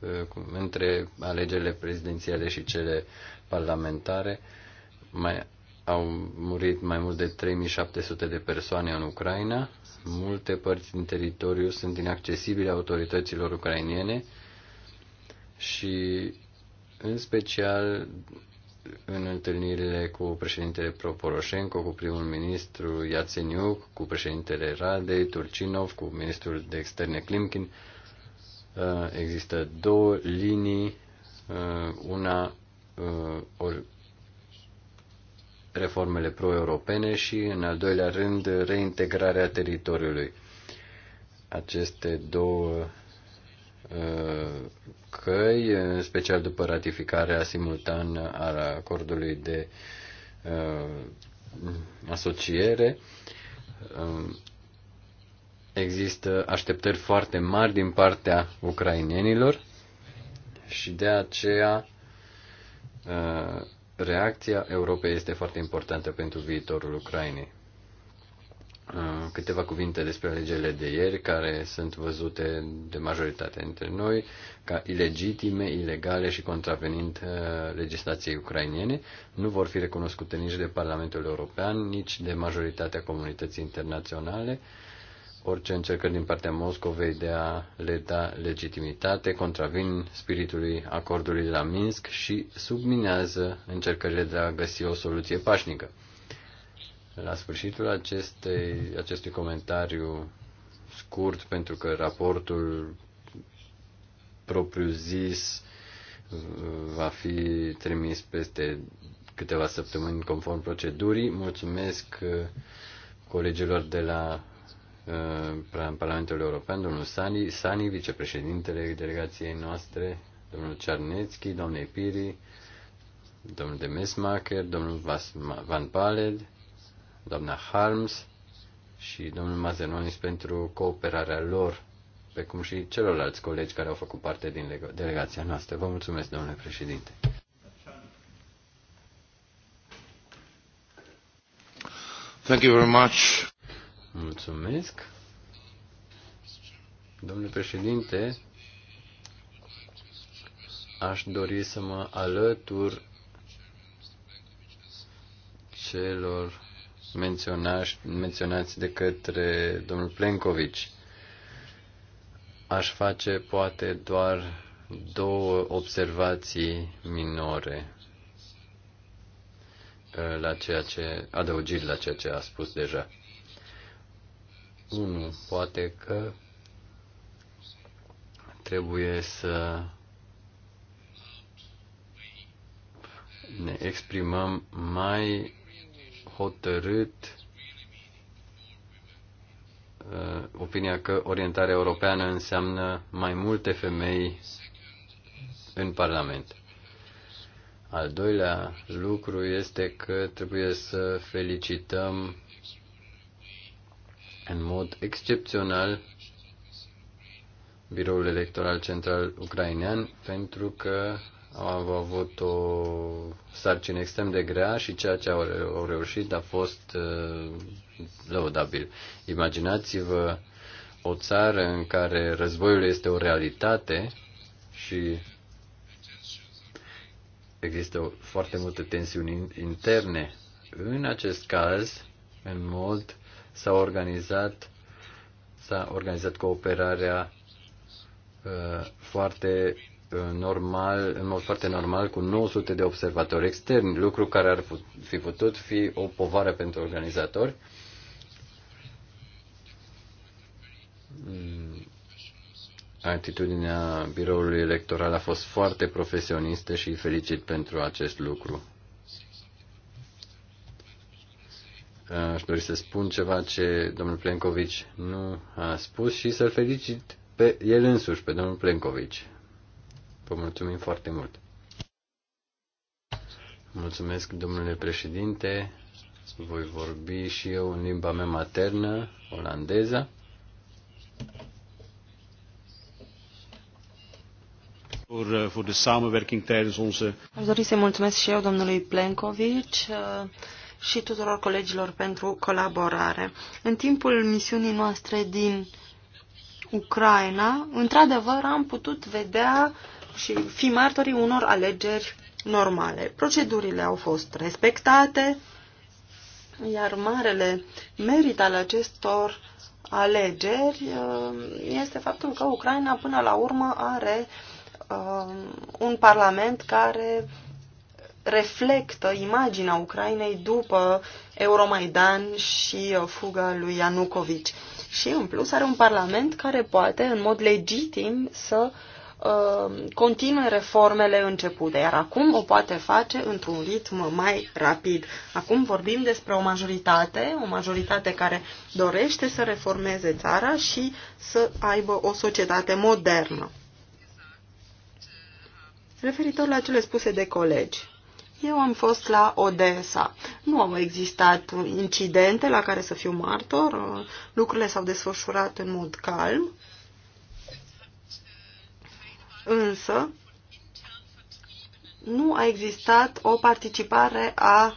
eh, între alegerile prezidențiale și cele parlamentare, mai au murit mai mult de 3700 de persoane în Ucraina. Multe părți din teritoriu sunt inaccesibile autorităților ucrainiene și în special în întâlnirile cu președintele Proporoșenko, cu primul ministru Iațeniuc, cu președintele Radei, Turcinov, cu ministrul de externe Klimkin, uh, există două linii, uh, una uh, reformele pro-europene și, în al doilea rând, reintegrarea teritoriului. Aceste două uh, căi, în special după ratificarea simultană a acordului de uh, asociere, um, există așteptări foarte mari din partea ucrainenilor și de aceea uh, reacția Europei este foarte importantă pentru viitorul Ucrainei. Uh, câteva cuvinte despre alegerile de ieri, care sunt văzute de majoritatea dintre noi ca ilegitime, ilegale și contravenind uh, legislației ucrainiene, nu vor fi recunoscute nici de Parlamentul European, nici de majoritatea comunității internaționale, orice încercări din partea Moscovei de a le da legitimitate contravin spiritului acordului de la Minsk și subminează încercările de a găsi o soluție pașnică. La sfârșitul acestei, acestui comentariu scurt, pentru că raportul propriu-zis va fi trimis peste câteva săptămâni conform procedurii, mulțumesc colegilor de la Uh, Parlamentul European, domnul Sani, Sani, vicepreședintele delegației noastre, domnul Cernețchi, domnul Epiri, domnul de Mesmacher, domnul Van Paled, doamna Harms și domnul Mazenonis pentru cooperarea lor, precum și celorlalți colegi care au făcut parte din delegația noastră. Vă mulțumesc, domnule președinte. Thank you very much. Mulțumesc. Domnule președinte, aș dori să mă alătur celor menționați, menționați de către domnul Plenkovici. Aș face poate doar două observații minore uh, la ceea ce, adăugiri la ceea ce a spus deja. 1. Poate că trebuie să ne exprimăm mai hotărât uh, opinia că orientarea europeană înseamnă mai multe femei în Parlament. Al doilea lucru este că trebuie să felicităm în mod excepțional, Biroul Electoral Central Ucrainean, pentru că au avut o sarcină extrem de grea și ceea ce au, au reușit a fost uh, lăudabil. Imaginați-vă o țară în care războiul este o realitate și există foarte multe tensiuni interne. În acest caz, în mod s-a organizat, s-a organizat cooperarea uh, foarte uh, normal, în mod foarte normal cu 900 de observatori externi, lucru care ar fi putut fi o povară pentru organizatori. Mm. Atitudinea biroului electoral a fost foarte profesionistă și felicit pentru acest lucru. Aș dori să spun ceva ce domnul Plencovici nu a spus și să-l felicit pe el însuși, pe domnul Plencovici. Vă mulțumim foarte mult. Mulțumesc, domnule președinte. Voi vorbi și eu în limba mea maternă, olandeză. Voor, eh, voor de samenwerking tijdens onze. Aș dori să mulțumesc și eu domnului Plenković eh, și tuturor colegilor pentru colaborare. În timpul misiunii noastre din Ucraina, într-adevăr, am putut vedea și fi martorii unor alegeri normale. Procedurile au fost respectate, iar marele merit al acestor alegeri uh, este faptul că Ucraina până la urmă are uh, un parlament care reflectă imaginea Ucrainei după Euromaidan și uh, fuga lui Ianucovici. Și în plus are un parlament care poate în mod legitim să uh, continue reformele începute, iar acum o poate face într-un ritm mai rapid. Acum vorbim despre o majoritate, o majoritate care dorește să reformeze țara și să aibă o societate modernă. Referitor la cele spuse de colegi, eu am fost la Odessa. Nu au existat incidente la care să fiu martor. Uh, lucrurile s-au desfășurat în mod calm. Însă, nu a existat o participare, a,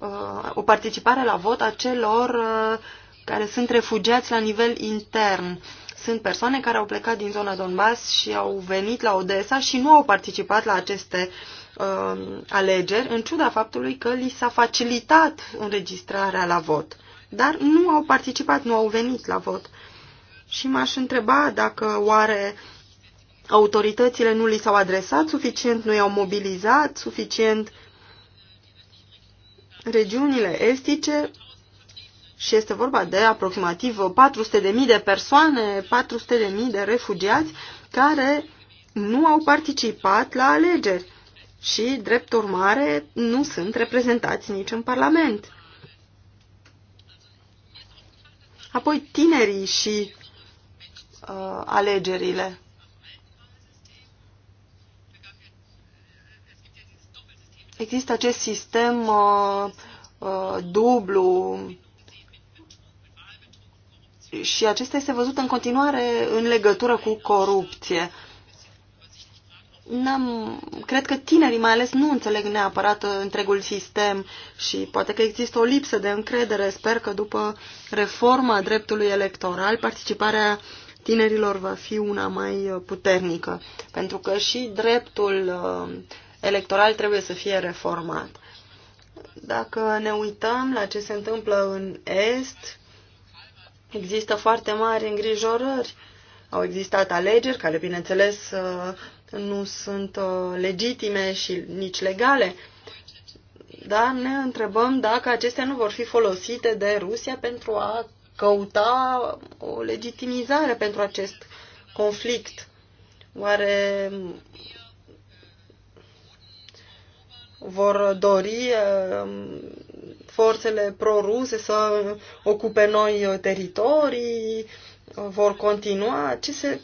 uh, o participare la vot a celor uh, care sunt refugiați la nivel intern. Sunt persoane care au plecat din zona Donbass și au venit la Odessa și nu au participat la aceste uh, uh, alegeri, în ciuda faptului că li s-a facilitat înregistrarea la vot. Dar nu au participat, nu au venit la vot. Și m-aș întreba dacă oare autoritățile nu li s-au adresat suficient, nu i-au mobilizat suficient regiunile estice și este vorba de aproximativ 400.000 de persoane, 400.000 de refugiați care nu au participat la alegeri și, drept urmare, nu sunt reprezentați nici în Parlament. Apoi tinerii și uh, alegerile. Există acest sistem uh, uh, dublu și acesta este văzut în continuare în legătură cu corupție n-am, cred că tinerii mai ales nu înțeleg neapărat uh, întregul sistem și poate că există o lipsă de încredere. Sper că după reforma dreptului electoral, participarea tinerilor va fi una mai uh, puternică, pentru că și dreptul uh, electoral trebuie să fie reformat. Dacă ne uităm la ce se întâmplă în Est, există foarte mari îngrijorări. Au existat alegeri care, bineînțeles, nu sunt uh, legitime și nici legale, dar ne întrebăm dacă acestea nu vor fi folosite de Rusia pentru a căuta o legitimizare pentru acest conflict. Oare vor dori um, forțele proruse să ocupe noi teritorii, vor continua, ce se,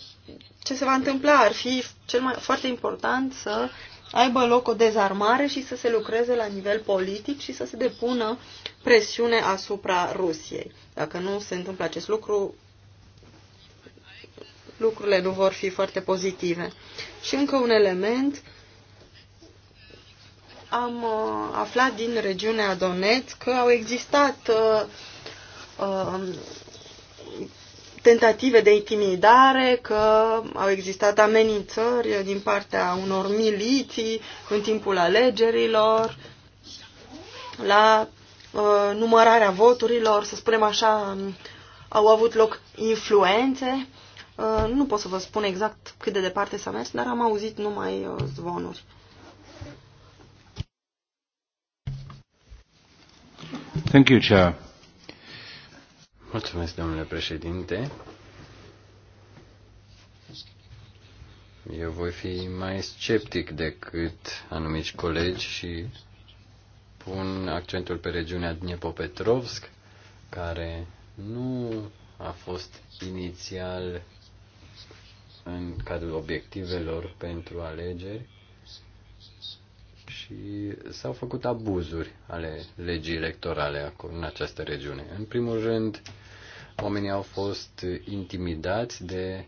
ce se va întâmpla. Ar fi cel mai, foarte important să aibă loc o dezarmare și să se lucreze la nivel politic și să se depună presiune asupra Rusiei. Dacă nu se întâmplă acest lucru, lucrurile nu vor fi foarte pozitive. Și încă un element, am uh, aflat din regiunea Donetsk că au existat uh, uh, tentative de intimidare, că au existat amenințări din partea unor miliții în timpul alegerilor, la uh, numărarea voturilor, să spunem așa, au avut loc influențe. Uh, nu pot să vă spun exact cât de departe s-a mers, dar am auzit numai uh, zvonuri. Thank you, Chair. Mulțumesc, domnule președinte. Eu voi fi mai sceptic decât anumiți colegi și pun accentul pe regiunea Dniepopetrovsk, care nu a fost inițial în cadrul obiectivelor pentru alegeri și s-au făcut abuzuri ale legii electorale în această regiune. În primul rând, Oamenii au fost intimidați de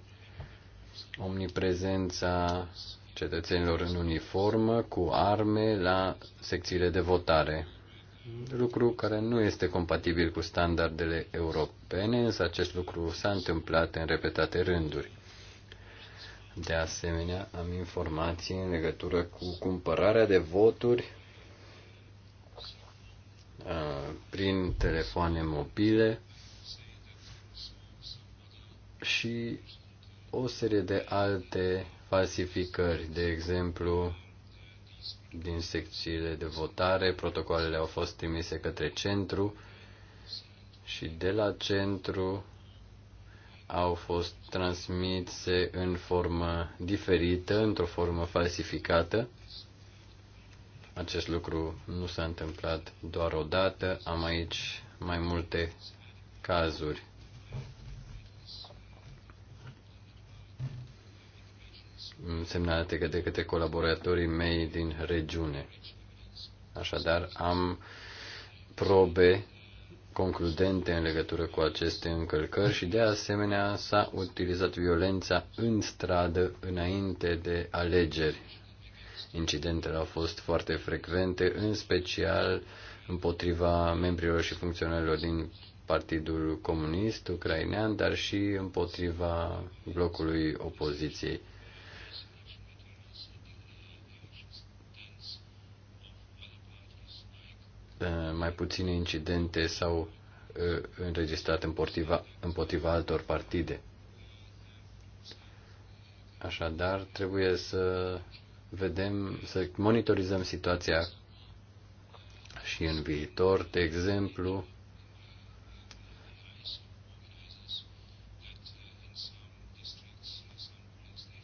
omniprezența cetățenilor în uniformă cu arme la secțiile de votare. Lucru care nu este compatibil cu standardele europene, însă acest lucru s-a întâmplat în repetate rânduri. De asemenea, am informații în legătură cu cumpărarea de voturi uh, prin telefoane mobile și o serie de alte falsificări. De exemplu, din secțiile de votare, protocoalele au fost trimise către centru și de la centru au fost transmise în formă diferită, într-o formă falsificată. Acest lucru nu s-a întâmplat doar o dată, am aici mai multe cazuri. semnalate de către colaboratorii mei din regiune. Așadar, am probe concludente în legătură cu aceste încălcări și de asemenea s-a utilizat violența în stradă înainte de alegeri. Incidentele au fost foarte frecvente, în special împotriva membrilor și funcționarilor din Partidul Comunist Ucrainean, dar și împotriva blocului opoziției. mai puține incidente s-au ă, înregistrat împotriva, împotriva altor partide. Așadar, trebuie să vedem, să monitorizăm situația și în viitor, de exemplu,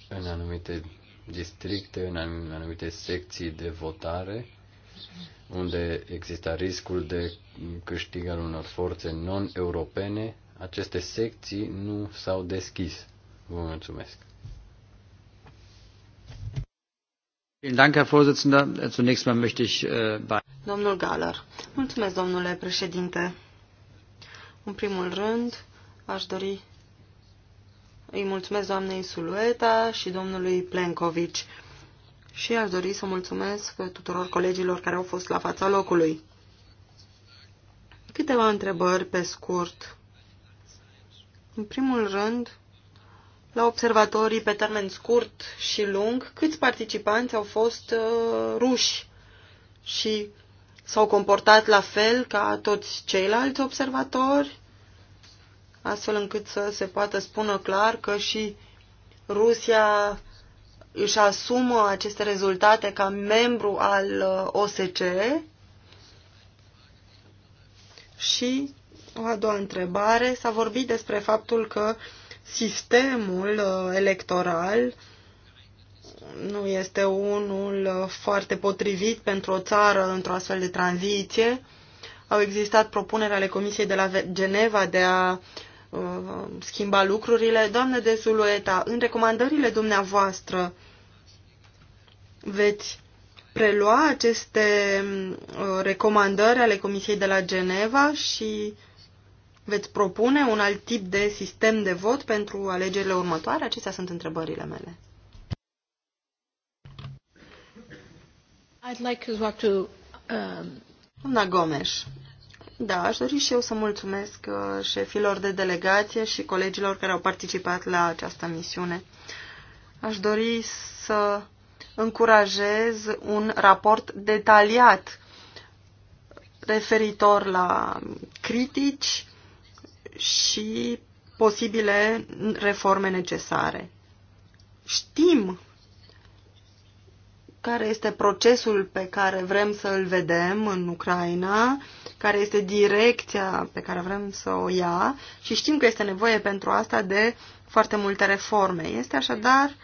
în anumite districte, în anumite secții de votare, unde exista riscul de câștig al unor forțe non-europene, aceste secții nu s-au deschis. Vă mulțumesc. Äh, Domnul Galler. Mulțumesc, domnule președinte. În primul rând, aș dori îi mulțumesc doamnei Sulueta și domnului Plenkovici și aș dori să mulțumesc tuturor colegilor care au fost la fața locului. Câteva întrebări pe scurt. În primul rând, la observatorii pe termen scurt și lung, câți participanți au fost uh, ruși și s-au comportat la fel ca toți ceilalți observatori, astfel încât să se poată spună clar că și Rusia își asumă aceste rezultate ca membru al uh, OSCE? Și o a doua întrebare, s-a vorbit despre faptul că sistemul uh, electoral nu este unul uh, foarte potrivit pentru o țară într-o astfel de tranziție. Au existat propuneri ale Comisiei de la Geneva de a Uh, schimba lucrurile. doamne de Zulueta, în recomandările dumneavoastră veți prelua aceste uh, recomandări ale Comisiei de la Geneva și veți propune un alt tip de sistem de vot pentru alegerile următoare? Acestea sunt întrebările mele. I'd like to, to um... Doamna Gomes, da, aș dori și eu să mulțumesc uh, șefilor de delegație și colegilor care au participat la această misiune. Aș dori să încurajez un raport detaliat referitor la critici și posibile reforme necesare. Știm care este procesul pe care vrem să îl vedem în Ucraina, care este direcția pe care vrem să o ia și știm că este nevoie pentru asta de foarte multe reforme. Este așadar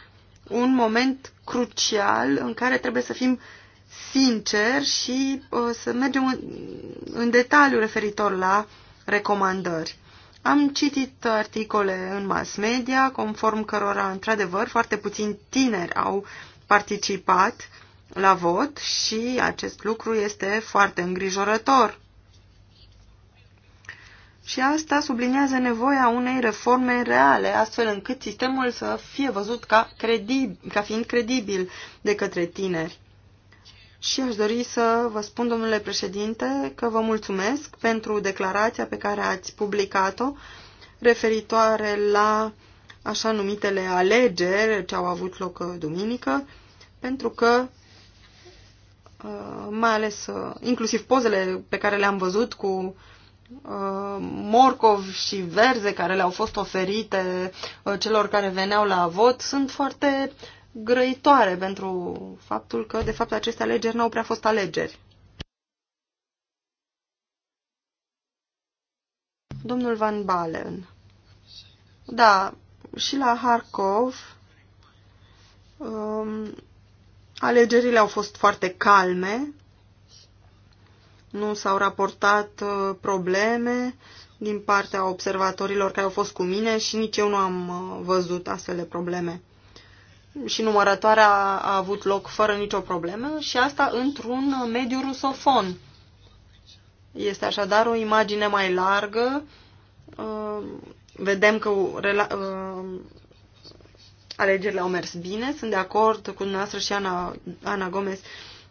un moment crucial în care trebuie să fim sinceri și uh, să mergem în, în detaliu referitor la recomandări. Am citit articole în mass media, conform cărora, într-adevăr, foarte puțini tineri au participat la vot și acest lucru este foarte îngrijorător. Și asta subliniază nevoia unei reforme reale, astfel încât sistemul să fie văzut ca, credib, ca fiind credibil de către tineri. Și aș dori să vă spun, domnule președinte, că vă mulțumesc pentru declarația pe care ați publicat-o referitoare la așa numitele alegeri ce au avut loc uh, duminică, pentru că uh, mai ales uh, inclusiv pozele pe care le-am văzut cu Uh, morcov și verze care le-au fost oferite uh, celor care veneau la vot sunt foarte grăitoare pentru faptul că, de fapt, aceste alegeri n-au prea fost alegeri. Domnul Van Balen. Da, și la Harkov um, alegerile au fost foarte calme, nu s-au raportat uh, probleme din partea observatorilor care au fost cu mine și nici eu nu am uh, văzut astfel de probleme. Și numărătoarea a avut loc fără nicio problemă și asta într-un mediu rusofon. Este așadar o imagine mai largă. Uh, vedem că alegerile au mers bine. Sunt de acord cu dumneavoastră și Ana, Ana Gomez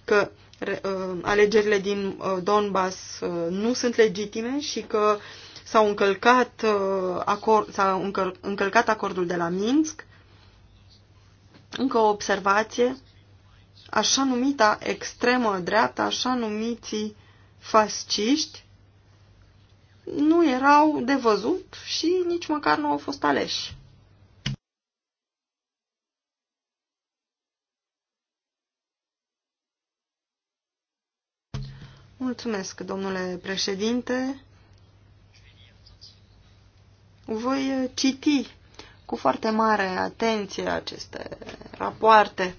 că uh, alegerile din uh, Donbass uh, nu sunt legitime și că s-au încălcat, acord, încălcat acordul de la Minsk. Încă o observație, așa numita extremă dreaptă, așa numiții fasciști, nu erau de văzut și nici măcar nu au fost aleși. Mulțumesc, domnule președinte. Voi citi cu foarte mare atenție aceste rapoarte.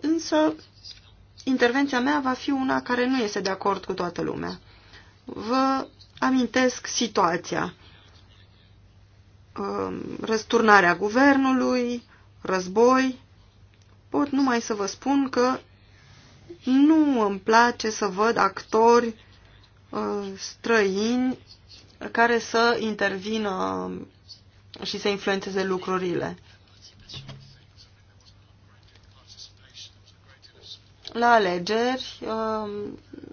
Însă, intervenția mea va fi una care nu este de acord cu toată lumea. Vă amintesc situația. Răsturnarea guvernului, război, Pot numai să vă spun că nu îmi place să văd actori uh, străini care să intervină și să influențeze lucrurile. La alegeri uh,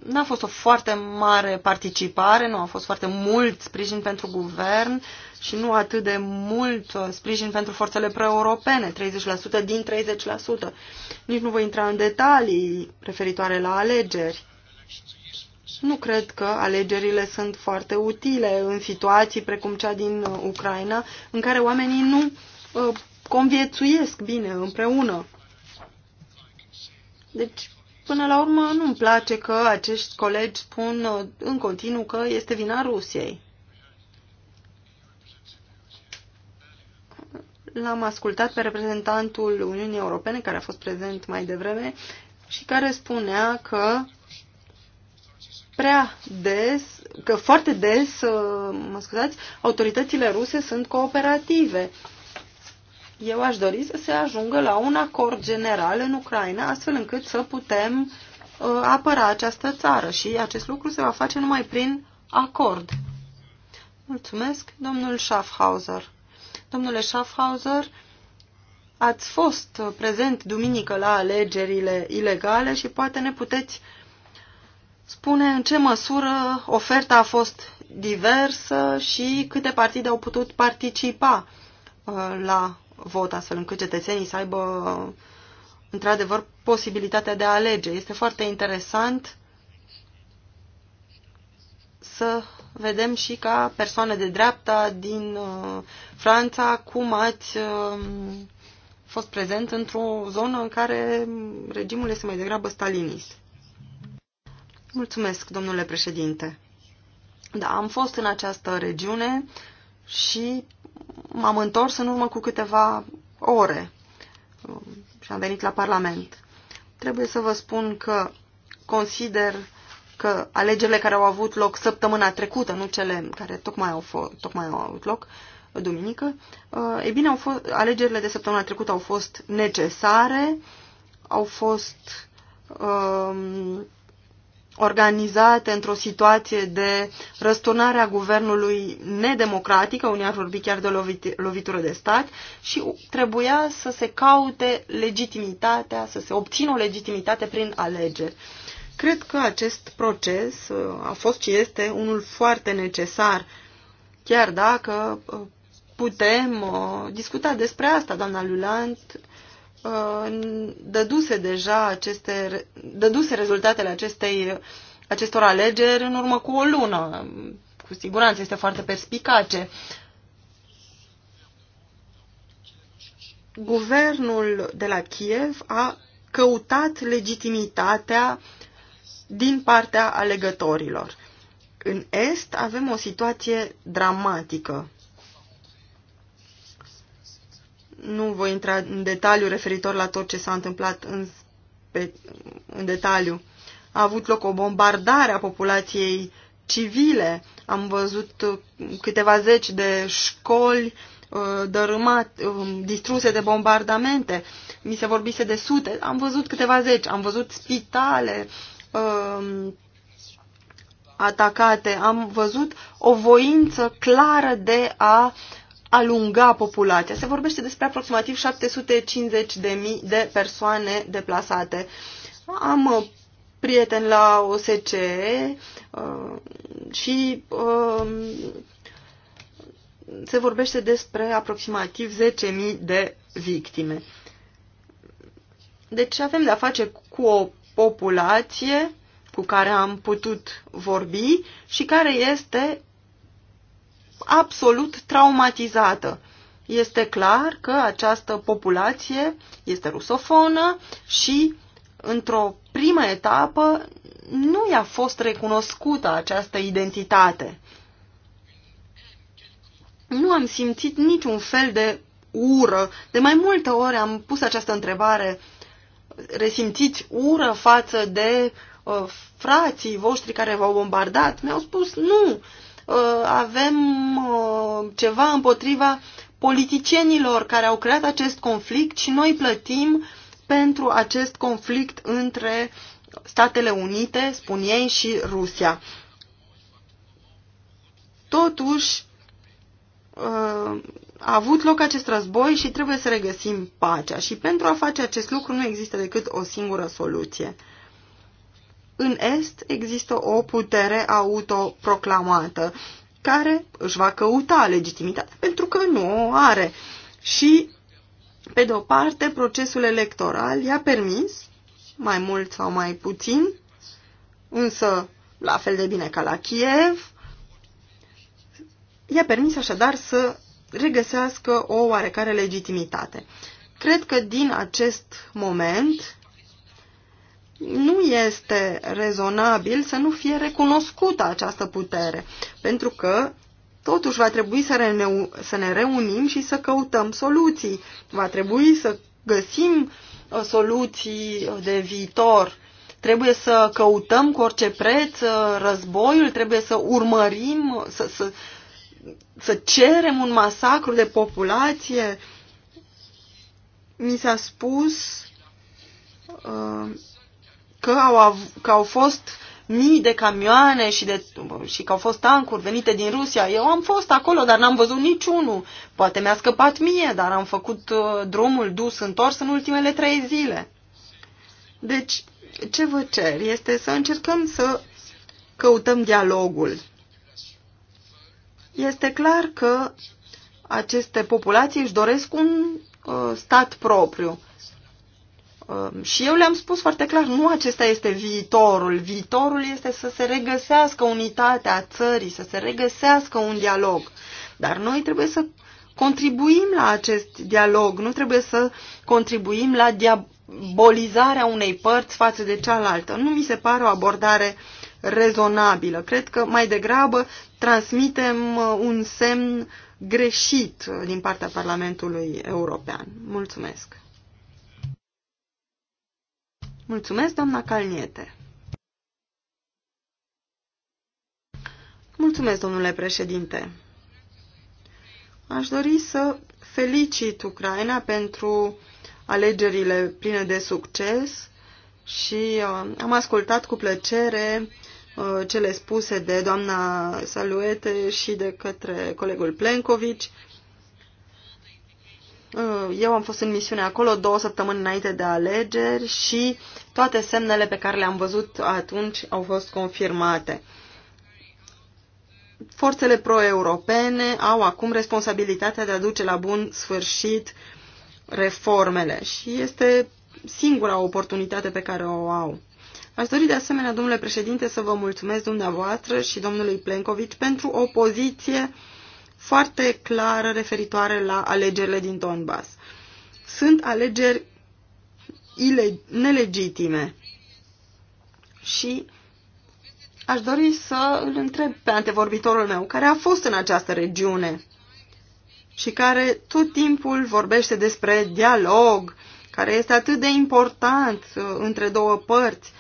n-a fost o foarte mare participare, nu a fost foarte mult sprijin pentru guvern, și nu atât de mult uh, sprijin pentru forțele pro-europene, 30% din 30%. Nici nu voi intra în detalii referitoare la alegeri. Nu cred că alegerile sunt foarte utile în situații precum cea din uh, Ucraina, în care oamenii nu uh, conviețuiesc bine împreună. Deci, până la urmă, nu-mi place că acești colegi spun în continuu că este vina Rusiei. l-am ascultat pe reprezentantul Uniunii Europene, care a fost prezent mai devreme, și care spunea că prea des, că foarte des, uh, mă scuzați, autoritățile ruse sunt cooperative. Eu aș dori să se ajungă la un acord general în Ucraina, astfel încât să putem uh, apăra această țară și acest lucru se va face numai prin acord. Mulțumesc, domnul Schaffhauser. Domnule Schaffhauser, ați fost prezent duminică la alegerile ilegale și poate ne puteți spune în ce măsură oferta a fost diversă și câte partide au putut participa uh, la vot, astfel încât cetățenii să aibă într-adevăr posibilitatea de a alege. Este foarte interesant să vedem și ca persoane de dreapta din uh, Franța cum ați uh, fost prezent într-o zonă în care regimul este mai degrabă stalinist. Mulțumesc, domnule președinte. Da, am fost în această regiune și m-am întors în urmă cu câteva ore uh, și am venit la Parlament. Trebuie să vă spun că consider că alegerile care au avut loc săptămâna trecută, nu cele care tocmai au, fost, tocmai au avut loc, duminică, e eh, bine, au fost, alegerile de săptămâna trecută au fost necesare, au fost um, organizate într-o situație de răsturnare a guvernului nedemocratică, unii ar vorbi chiar de lovit lovitură de stat, și trebuia să se caute legitimitatea, să se obțină o legitimitate prin alegeri. Uh, Cred că acest proces uh, a fost și este unul foarte necesar, chiar dacă uh, putem uh, discuta despre asta. Doamna Lulant dăduse deja aceste, dăduse rezultatele acestei, acestor alegeri în urmă cu o lună. Cu siguranță este foarte perspicace. Guvernul de la Kiev a căutat legitimitatea din partea alegătorilor. În Est avem o situație dramatică. Nu voi intra în detaliu referitor la tot ce s-a întâmplat în, pe, în detaliu. A avut loc o bombardare a populației civile. Am văzut uh, câteva zeci de școli uh, dărâmat, uh, distruse de bombardamente. Mi se vorbise de sute, am văzut câteva zeci, am văzut spitale uh, atacate, am văzut o voință clară de a alunga populația. Se vorbește despre aproximativ 750 de mii de persoane deplasate. Am uh, prieten la OSCE uh, și um, se vorbește despre aproximativ 10.000 de victime. Deci avem de-a face cu o populație cu care am putut vorbi și care este absolut traumatizată. Este clar că această populație este rusofonă și, într-o primă etapă, nu i-a fost recunoscută această identitate. Nu am simțit niciun fel de ură. De mai multe ori am pus această întrebare resimțiți ură față de uh, frații voștri care v-au bombardat? Mi-au spus nu, uh, avem uh, ceva împotriva politicienilor care au creat acest conflict și noi plătim pentru acest conflict între Statele Unite, spun ei, și Rusia. Totuși, uh, a avut loc acest război și trebuie să regăsim pacea și pentru a face acest lucru nu există decât o singură soluție. În Est există o putere autoproclamată care își va căuta legitimitatea pentru că nu o are. Și, pe de o parte, procesul electoral i-a permis, mai mult sau mai puțin, însă la fel de bine ca la Kiev, i-a permis așadar să regăsească o oarecare legitimitate. Cred că din acest moment nu este rezonabil să nu fie recunoscută această putere, pentru că totuși va trebui să, reneu, să ne reunim și să căutăm soluții. Va trebui să găsim uh, soluții uh, de viitor. Trebuie să căutăm cu orice preț uh, războiul, trebuie să urmărim, să, să, să cerem un masacru de populație. Mi s-a spus uh, că, au că au fost mii de camioane și, de, și că au fost tancuri venite din Rusia. Eu am fost acolo, dar n-am văzut niciunul. Poate mi-a scăpat mie, dar am făcut uh, drumul dus întors în ultimele trei zile. Deci, ce vă cer este să încercăm să căutăm dialogul este clar că aceste populații își doresc un uh, stat propriu. Uh, și eu le-am spus foarte clar, nu acesta este viitorul. Viitorul este să se regăsească unitatea țării, să se regăsească un dialog. Dar noi trebuie să contribuim la acest dialog, nu trebuie să contribuim la diabolizarea unei părți față de cealaltă. Nu mi se pare o abordare uh, rezonabilă. Cred că mai degrabă transmitem uh, un semn greșit uh, din partea Parlamentului European. Mulțumesc! Mulțumesc, doamna Calniete! Mulțumesc, domnule președinte! Aș dori să felicit Ucraina pentru alegerile pline de succes și uh, am ascultat cu plăcere Uh, cele spuse de doamna Saluete și de către colegul Plenkovici. Uh, eu am fost în misiune acolo două săptămâni înainte de alegeri și toate semnele pe care le-am văzut atunci au fost confirmate. Forțele pro-europene au acum responsabilitatea de a duce la bun sfârșit reformele și este singura oportunitate pe care o au. Aș dori de asemenea, domnule președinte, să vă mulțumesc dumneavoastră și domnului Plencovici pentru o poziție foarte clară referitoare la alegerile din Donbass. Sunt alegeri nelegitime și aș dori să îl întreb pe antevorbitorul meu, care a fost în această regiune și care tot timpul vorbește despre dialog, care este atât de important uh, între două părți,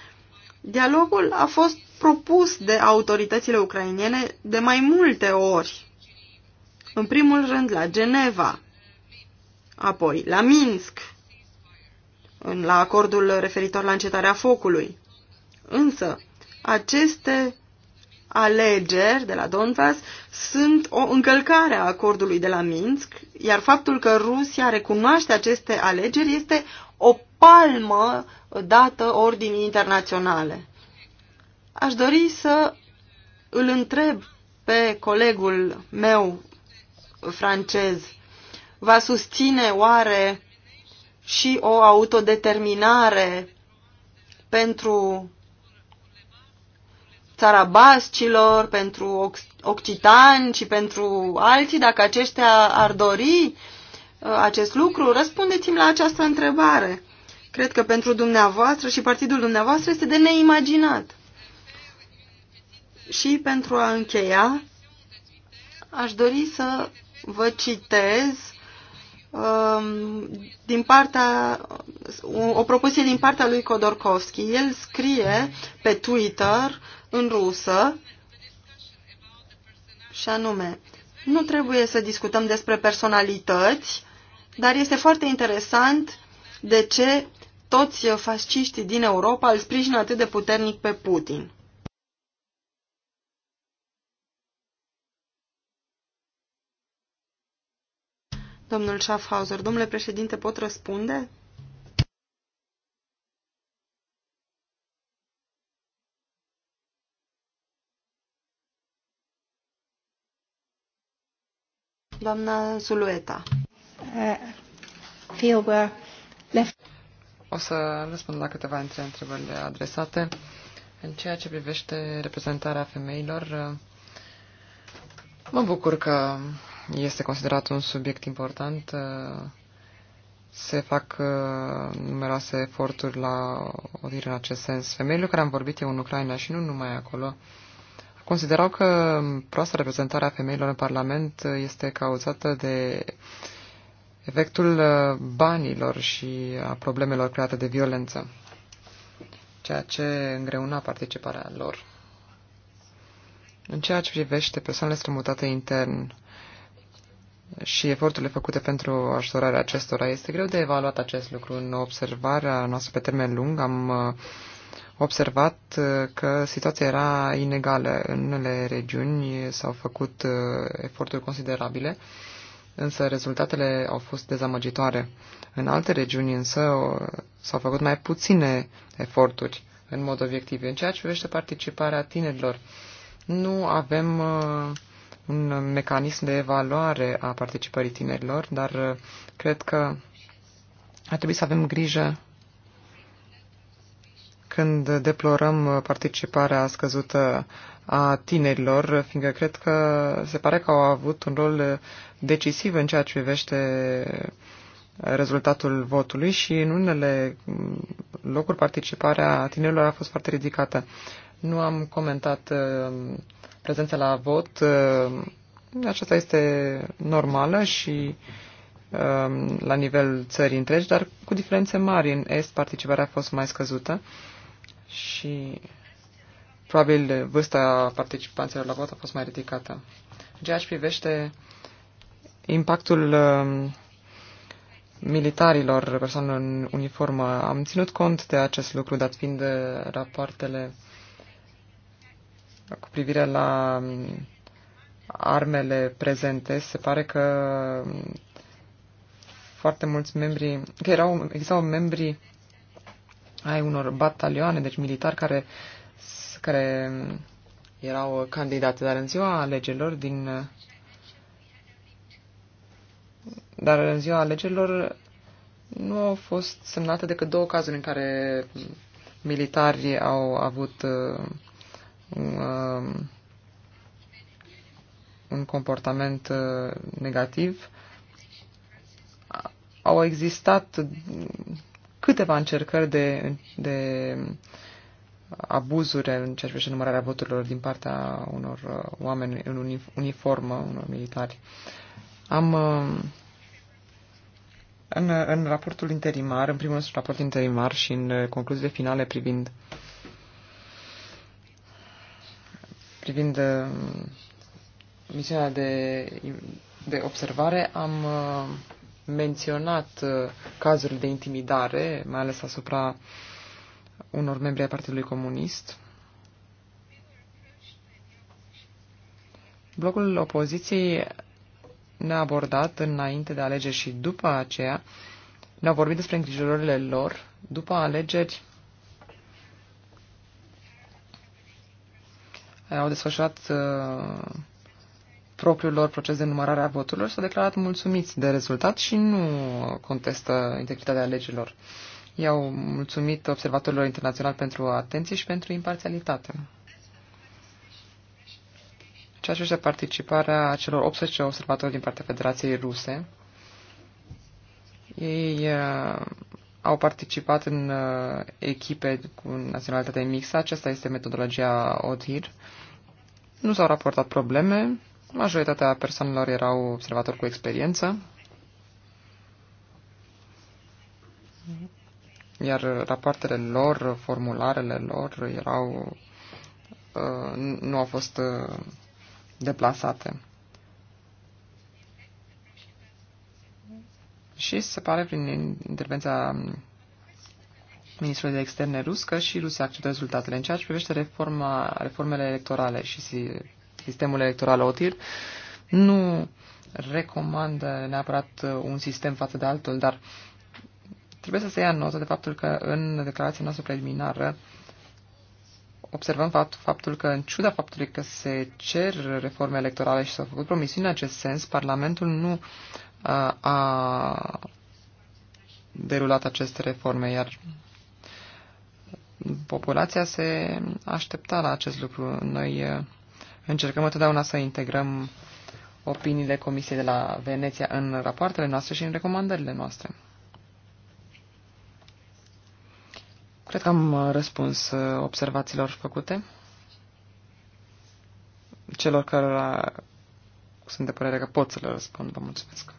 Dialogul a fost propus de autoritățile ucrainene de mai multe ori. În primul rând la Geneva, apoi la Minsk, la acordul referitor la încetarea focului. Însă, aceste alegeri de la Donbass sunt o încălcare a acordului de la Minsk, iar faptul că Rusia recunoaște aceste alegeri este o palmă dată ordinii internaționale. Aș dori să îl întreb pe colegul meu francez, va susține oare și o autodeterminare pentru țara bascilor, pentru occitani și pentru alții, dacă aceștia ar dori uh, acest lucru? Răspundeți-mi la această întrebare. Cred că pentru dumneavoastră și partidul dumneavoastră este de neimaginat. Și pentru a încheia, aș dori să vă citez um, din partea, o, o propoziție din partea lui Kodorkovski. El scrie pe Twitter în rusă și anume, nu trebuie să discutăm despre personalități, dar este foarte interesant de ce toți fasciștii din Europa îl sprijină atât de puternic pe Putin. Domnul Schaffhauser, domnule președinte, pot răspunde? Doamna Zulueta. Uh, Filber. O să răspund la câteva dintre întrebările adresate. În ceea ce privește reprezentarea femeilor, mă bucur că este considerat un subiect important. Se fac uh, numeroase eforturi la o dire în acest sens. Femeile care am vorbit eu în Ucraina și nu numai acolo, considerau că proasta reprezentarea femeilor în Parlament este cauzată de efectul uh, banilor și a problemelor create de violență, ceea ce îngreuna participarea lor. În ceea ce privește persoanele strămutate intern și eforturile făcute pentru ajutorarea acestora, este greu de evaluat acest lucru. În observarea noastră pe termen lung am uh, observat uh, că situația era inegală. În unele regiuni s-au făcut eforturi considerabile, însă rezultatele au fost dezamăgitoare. În alte regiuni însă s-au făcut mai puține eforturi în mod obiectiv. În ceea ce privește participarea tinerilor, nu avem uh, un mecanism de evaluare a participării tinerilor, dar uh, cred că ar trebui să avem grijă când deplorăm participarea scăzută a tinerilor, fiindcă cred că se pare că au avut un rol decisiv în ceea ce privește rezultatul votului și în unele locuri participarea tinerilor a fost foarte ridicată. Nu am comentat uh, prezența la vot. Uh, aceasta este normală și um, la nivel țării întregi, dar cu diferențe mari. În Est participarea a fost mai scăzută și Probabil vârsta participanților la vot a fost mai ridicată. În ceea ce privește impactul um, militarilor, persoane în uniformă, am ținut cont de acest lucru, dat fiind de rapoartele cu privire la um, armele prezente, se pare că um, foarte mulți membri, că erau, existau membri ai unor batalioane, deci militari care uh, care erau candidate, dar în ziua alegerilor din... Dar în ziua alegerilor nu au fost semnate decât două cazuri în care militarii au avut uh, un comportament uh, negativ. Au existat câteva încercări de, de abuzuri în ceea ce privește numărarea voturilor din partea unor uh, oameni în uniformă, unor militari. Am uh, în, în raportul interimar, în primul raport interimar și în uh, concluziile finale privind privind misiunea de, de observare, am menționat cazuri de intimidare, mai ales asupra uh, unor membri ai Partidului Comunist. Blocul opoziției ne-a abordat înainte de alegeri și după aceea, ne-au vorbit despre îngrijorările lor după alegeri. Au desfășurat uh, propriul lor proces de numărare a voturilor, s-au declarat mulțumiți de rezultat și nu contestă integritatea alegerilor. I-au mulțumit observatorilor internaționali pentru atenție și pentru imparțialitate. Ceea ce este participarea celor 18 observatori din partea Federației Ruse. Ei uh, au participat în uh, echipe cu naționalitate mixtă. Aceasta este metodologia ODIR. Nu s-au raportat probleme. Majoritatea persoanelor erau observatori cu experiență iar rapoartele lor, formularele lor erau, uh, nu au fost uh, deplasate. Și se pare prin intervenția ministrului de externe rus că și Rusia acceptă rezultatele. În ceea ce privește reforma, reformele electorale și sistemul electoral OTIR, nu recomandă neapărat uh, un sistem față de altul, dar uh, Trebuie să se ia notă de faptul că în declarația noastră preliminară observăm fapt, faptul că, în ciuda faptului că se cer reforme electorale și s-au făcut promisiuni în acest sens, Parlamentul nu a, uh, a derulat aceste reforme, iar populația se aștepta la acest lucru. Noi uh, încercăm întotdeauna să integrăm opiniile Comisiei de la Veneția în rapoartele noastre și în recomandările noastre. Cred că am uh, răspuns uh, observațiilor făcute. Celor care sunt de părere că pot să le răspund, vă mulțumesc.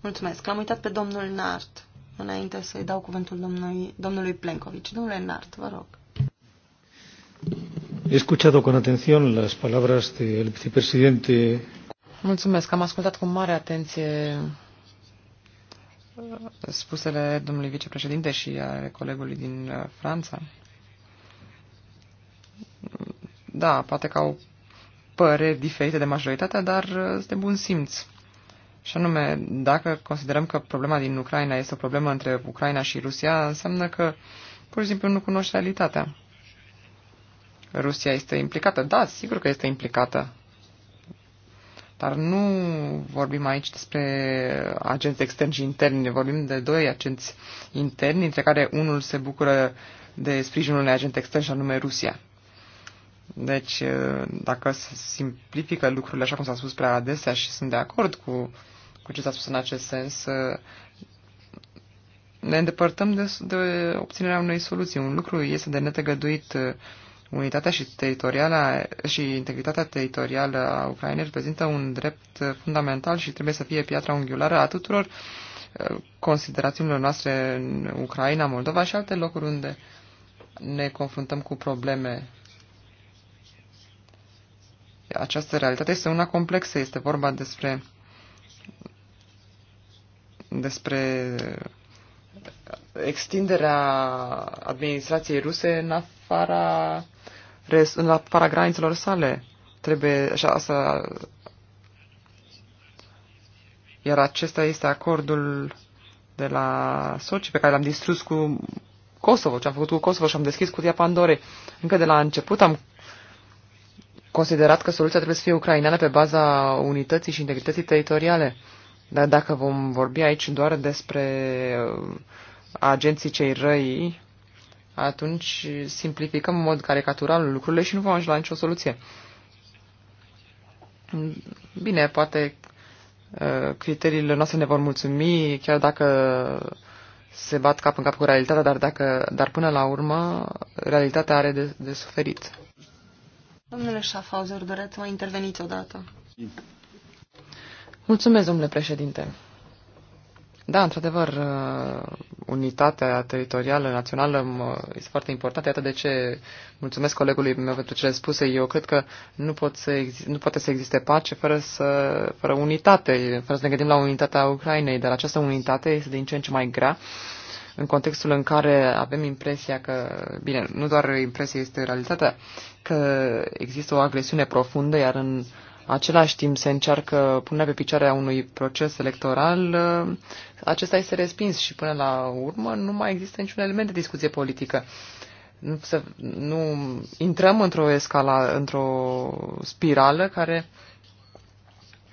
Mulțumesc. Am uitat pe domnul Nart înainte să-i dau cuvântul domnului, domnului Plenkovici. Domnule Nart, vă rog. He escuchado con atención las palabras del vicepresidente. Mulțumesc. Am ascultat cu mare atenție spusele domnului vicepreședinte și ale colegului din uh, Franța. Da, poate că au păreri diferite de majoritatea, dar este uh, bun simț. Și anume, dacă considerăm că problema din Ucraina este o problemă între Ucraina și Rusia, înseamnă că pur și simplu nu cunoști realitatea. Rusia este implicată. Da, sigur că este implicată. Dar nu vorbim aici despre agenți externi și interni, vorbim de doi agenți interni, dintre care unul se bucură de sprijinul unui agent extern și anume Rusia. Deci, eh, dacă se simplifică lucrurile așa cum s-a spus prea adesea și sunt de acord cu, cu ce s-a spus în acest sens, eh, ne îndepărtăm de, de obținerea unei soluții. Un lucru este de uh, Unitatea și, teritoriala și integritatea teritorială a Ucrainei reprezintă un drept fundamental și trebuie să fie piatra unghiulară a tuturor uh, considerațiunilor noastre în Ucraina, Moldova și alte locuri unde ne confruntăm cu probleme. Această realitate este una complexă, este vorba despre despre extinderea administrației ruse în afara, în afara granițelor sale. Trebuie așa să... Iar acesta este acordul de la Sochi pe care l-am distrus cu Kosovo, ce am făcut cu Kosovo și am deschis cutia Pandore. Încă de la început am considerat că soluția trebuie să fie ucraineană pe baza unității și integrității teritoriale. Dar dacă vom vorbi aici doar despre uh, agenții cei răi, atunci simplificăm în mod caricatural lucrurile și nu vom ajunge la nicio soluție. Bine, poate uh, criteriile noastre ne vor mulțumi, chiar dacă se bat cap în cap cu realitatea, dar, dacă, dar până la urmă realitatea are de, de suferit. Domnule Schaffhauser, doreți să mai interveniți odată. Mulțumesc, domnule președinte. Da, într-adevăr, uh, unitatea teritorială națională este foarte importantă. Iată de ce mulțumesc colegului meu pentru cele spuse. Eu cred că nu, pot să nu poate să existe pace fără, să, fără unitate, fără să ne gândim la unitatea Ucrainei. Dar această unitate este din ce în ce mai grea în contextul în care avem impresia că, bine, nu doar impresia este realitatea, că există o agresiune profundă, iar în același timp se încearcă punerea pe picioare a unui proces electoral, acesta este respins și până la urmă nu mai există niciun element de discuție politică. Nu, să, nu intrăm într-o escala, într-o spirală care,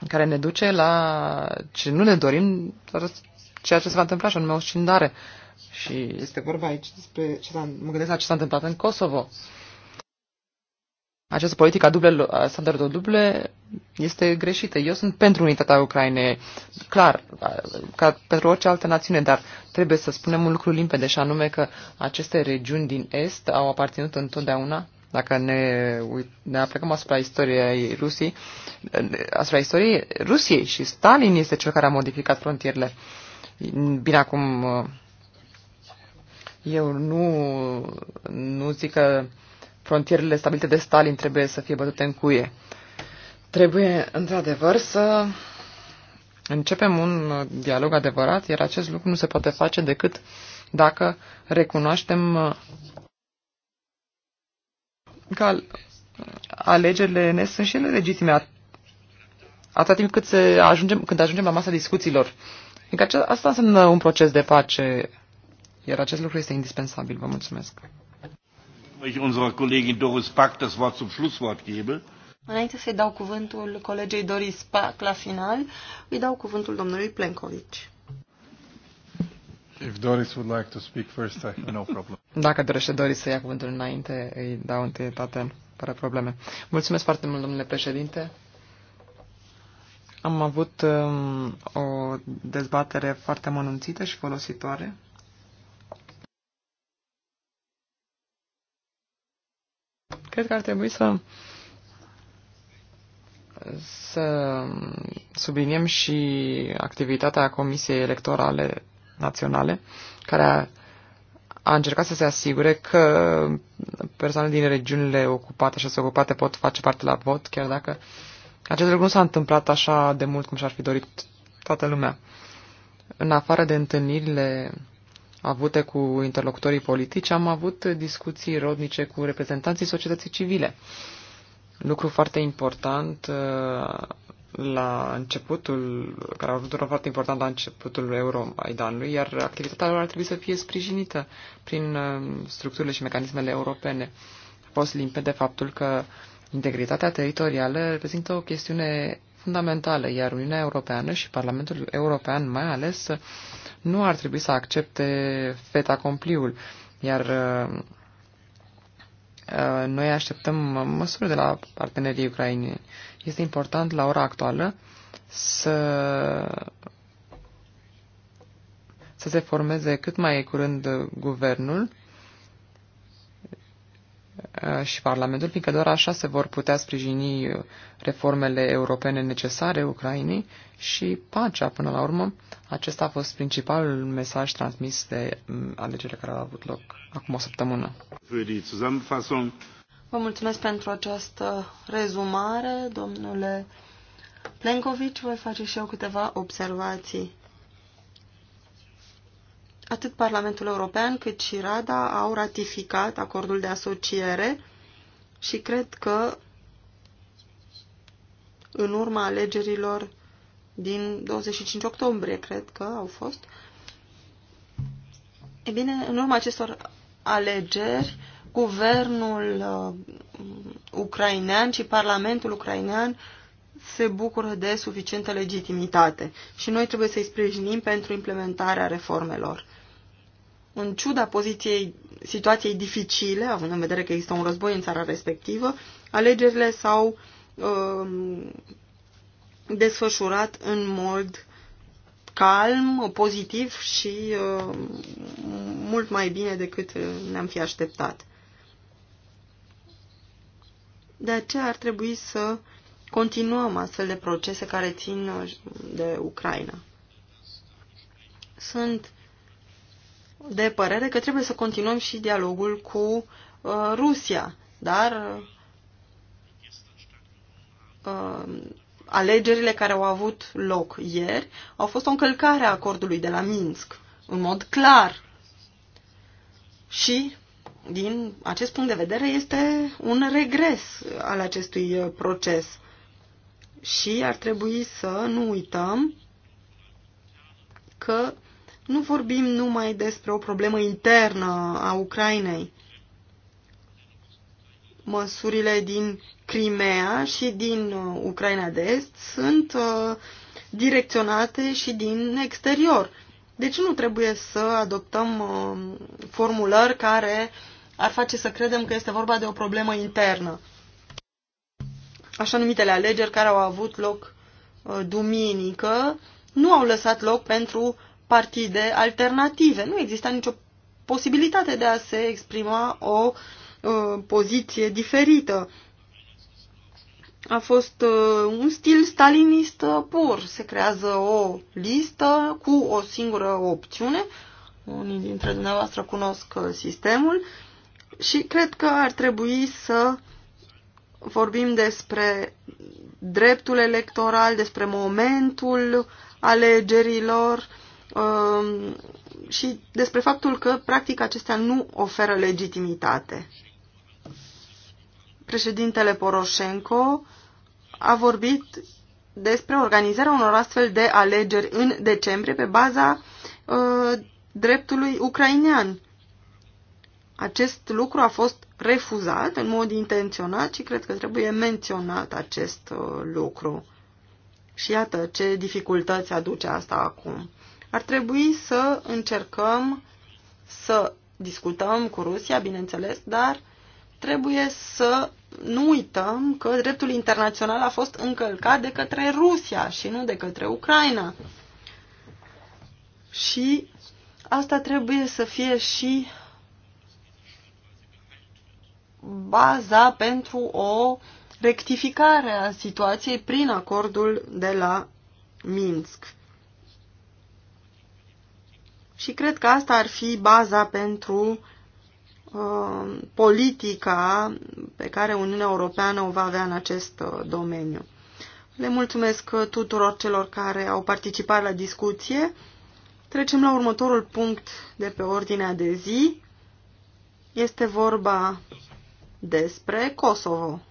care ne duce la ce nu ne dorim, dar ceea ce se va întâmpla, și anume o scindare. Și este vorba aici despre ce s-a, mă gândesc la ce s-a întâmplat în Kosovo. Uh, această politică a, duble, a standardelor duble este greșită. Eu sunt pentru unitatea Ucrainei, clar, ca pentru orice altă națiune, dar trebuie să spunem un lucru limpede, și anume că aceste regiuni din Est au aparținut întotdeauna dacă ne, ne aplicăm asupra istoriei Rusiei, asupra istoriei Rusiei și Stalin este cel care a modificat frontierele. Bine, acum eu nu, nu zic că frontierele stabilite de Stalin trebuie să fie bătute în cuie. Trebuie, într-adevăr, să începem un dialog adevărat, iar acest lucru nu se poate face decât dacă recunoaștem că alegerile ne sunt și ele legitime atâta timp cât se ajungem, când ajungem la masa discuțiilor. Adică asta înseamnă un proces de pace, iar acest lucru este indispensabil. Vă mulțumesc ich unserer Kollegin Doris Pack das Wort zum Schlusswort gebe. Înainte să-i dau cuvântul colegei Doris Pack la final, îi dau cuvântul domnului Plenkovici. If Doris would like to speak first, I have no problem. Dacă dorește Doris să ia cuvântul înainte, îi dau întâietate fără probleme. Mulțumesc foarte mult, domnule președinte. Am avut um, o dezbatere foarte amănunțită și folositoare Cred că ar trebui să să subliniem și activitatea Comisiei Electorale Naționale, care a, a încercat să se asigure că persoanele din regiunile ocupate și ocupate pot face parte la vot, chiar dacă acest lucru nu s-a întâmplat așa de mult cum și-ar fi dorit toată lumea. În afară de întâlnirile avute cu interlocutorii politici, am avut discuții rodnice cu reprezentanții societății civile. Lucru foarte important uh, la începutul, care a avut un rol foarte important la începutul Euromaidanului, iar activitatea lor ar trebui să fie sprijinită prin uh, structurile și mecanismele europene. A fost limpede faptul că integritatea teritorială reprezintă o chestiune fundamentale, iar Uniunea Europeană și Parlamentul European mai ales nu ar trebui să accepte feta compliul, iar uh, noi așteptăm măsuri de la partenerii ucraineni. Este important la ora actuală să să se formeze cât mai curând guvernul Uh, și Parlamentul, fiindcă doar așa se vor putea sprijini uh, reformele europene necesare Ucrainei și pacea până la urmă. Acesta a fost principalul mesaj transmis de mm, alegerile care au avut loc acum o săptămână. Vă mulțumesc pentru această rezumare, domnule Plenkovici. Voi face și eu câteva observații. Atât Parlamentul European cât și Rada au ratificat acordul de asociere și cred că în urma alegerilor din 25 octombrie, cred că au fost. E bine, în urma acestor alegeri, guvernul uh, ucrainean și parlamentul ucrainean se bucură de suficientă legitimitate și noi trebuie să-i sprijinim pentru implementarea reformelor în ciuda poziției, situației dificile, având în vedere că există un război în țara respectivă, alegerile s-au um, desfășurat în mod calm, pozitiv și um, mult mai bine decât ne-am fi așteptat. De aceea ar trebui să continuăm astfel de procese care țin uh, de Ucraina. Sunt de părere că trebuie să continuăm și dialogul cu uh, Rusia, dar uh, alegerile care au avut loc ieri au fost o încălcare a acordului de la Minsk, în mod clar. Și, din acest punct de vedere, este un regres al acestui uh, proces. Și ar trebui să nu uităm că nu vorbim numai despre o problemă internă a Ucrainei. Măsurile din Crimea și din uh, Ucraina de Est sunt uh, direcționate și din exterior. Deci nu trebuie să adoptăm uh, formulări care ar face să credem că este vorba de o problemă internă. Așa numitele alegeri care au avut loc duminică nu au lăsat loc pentru partide alternative. Nu exista nicio posibilitate de a se exprima o uh, poziție diferită. A fost uh, un stil stalinist pur. Se creează o listă cu o singură opțiune. Unii dintre dumneavoastră cunosc uh, sistemul și cred că ar trebui să vorbim despre dreptul electoral, despre momentul alegerilor, Um, și despre faptul că, practic, acestea nu oferă legitimitate. Președintele Poroșenko a vorbit despre organizarea unor astfel de alegeri în decembrie pe baza uh, dreptului ucrainean. Acest lucru a fost refuzat în mod intenționat și cred că trebuie menționat acest uh, lucru. Și iată ce dificultăți aduce asta acum. Ar trebui să încercăm să discutăm cu Rusia, bineînțeles, dar trebuie să nu uităm că dreptul internațional a fost încălcat de către Rusia și nu de către Ucraina. Și asta trebuie să fie și baza pentru o rectificare a situației prin acordul de la Minsk. Și cred că asta ar fi baza pentru uh, politica pe care Uniunea Europeană o va avea în acest uh, domeniu. Le mulțumesc uh, tuturor celor care au participat la discuție. Trecem la următorul punct de pe ordinea de zi. Este vorba despre Kosovo.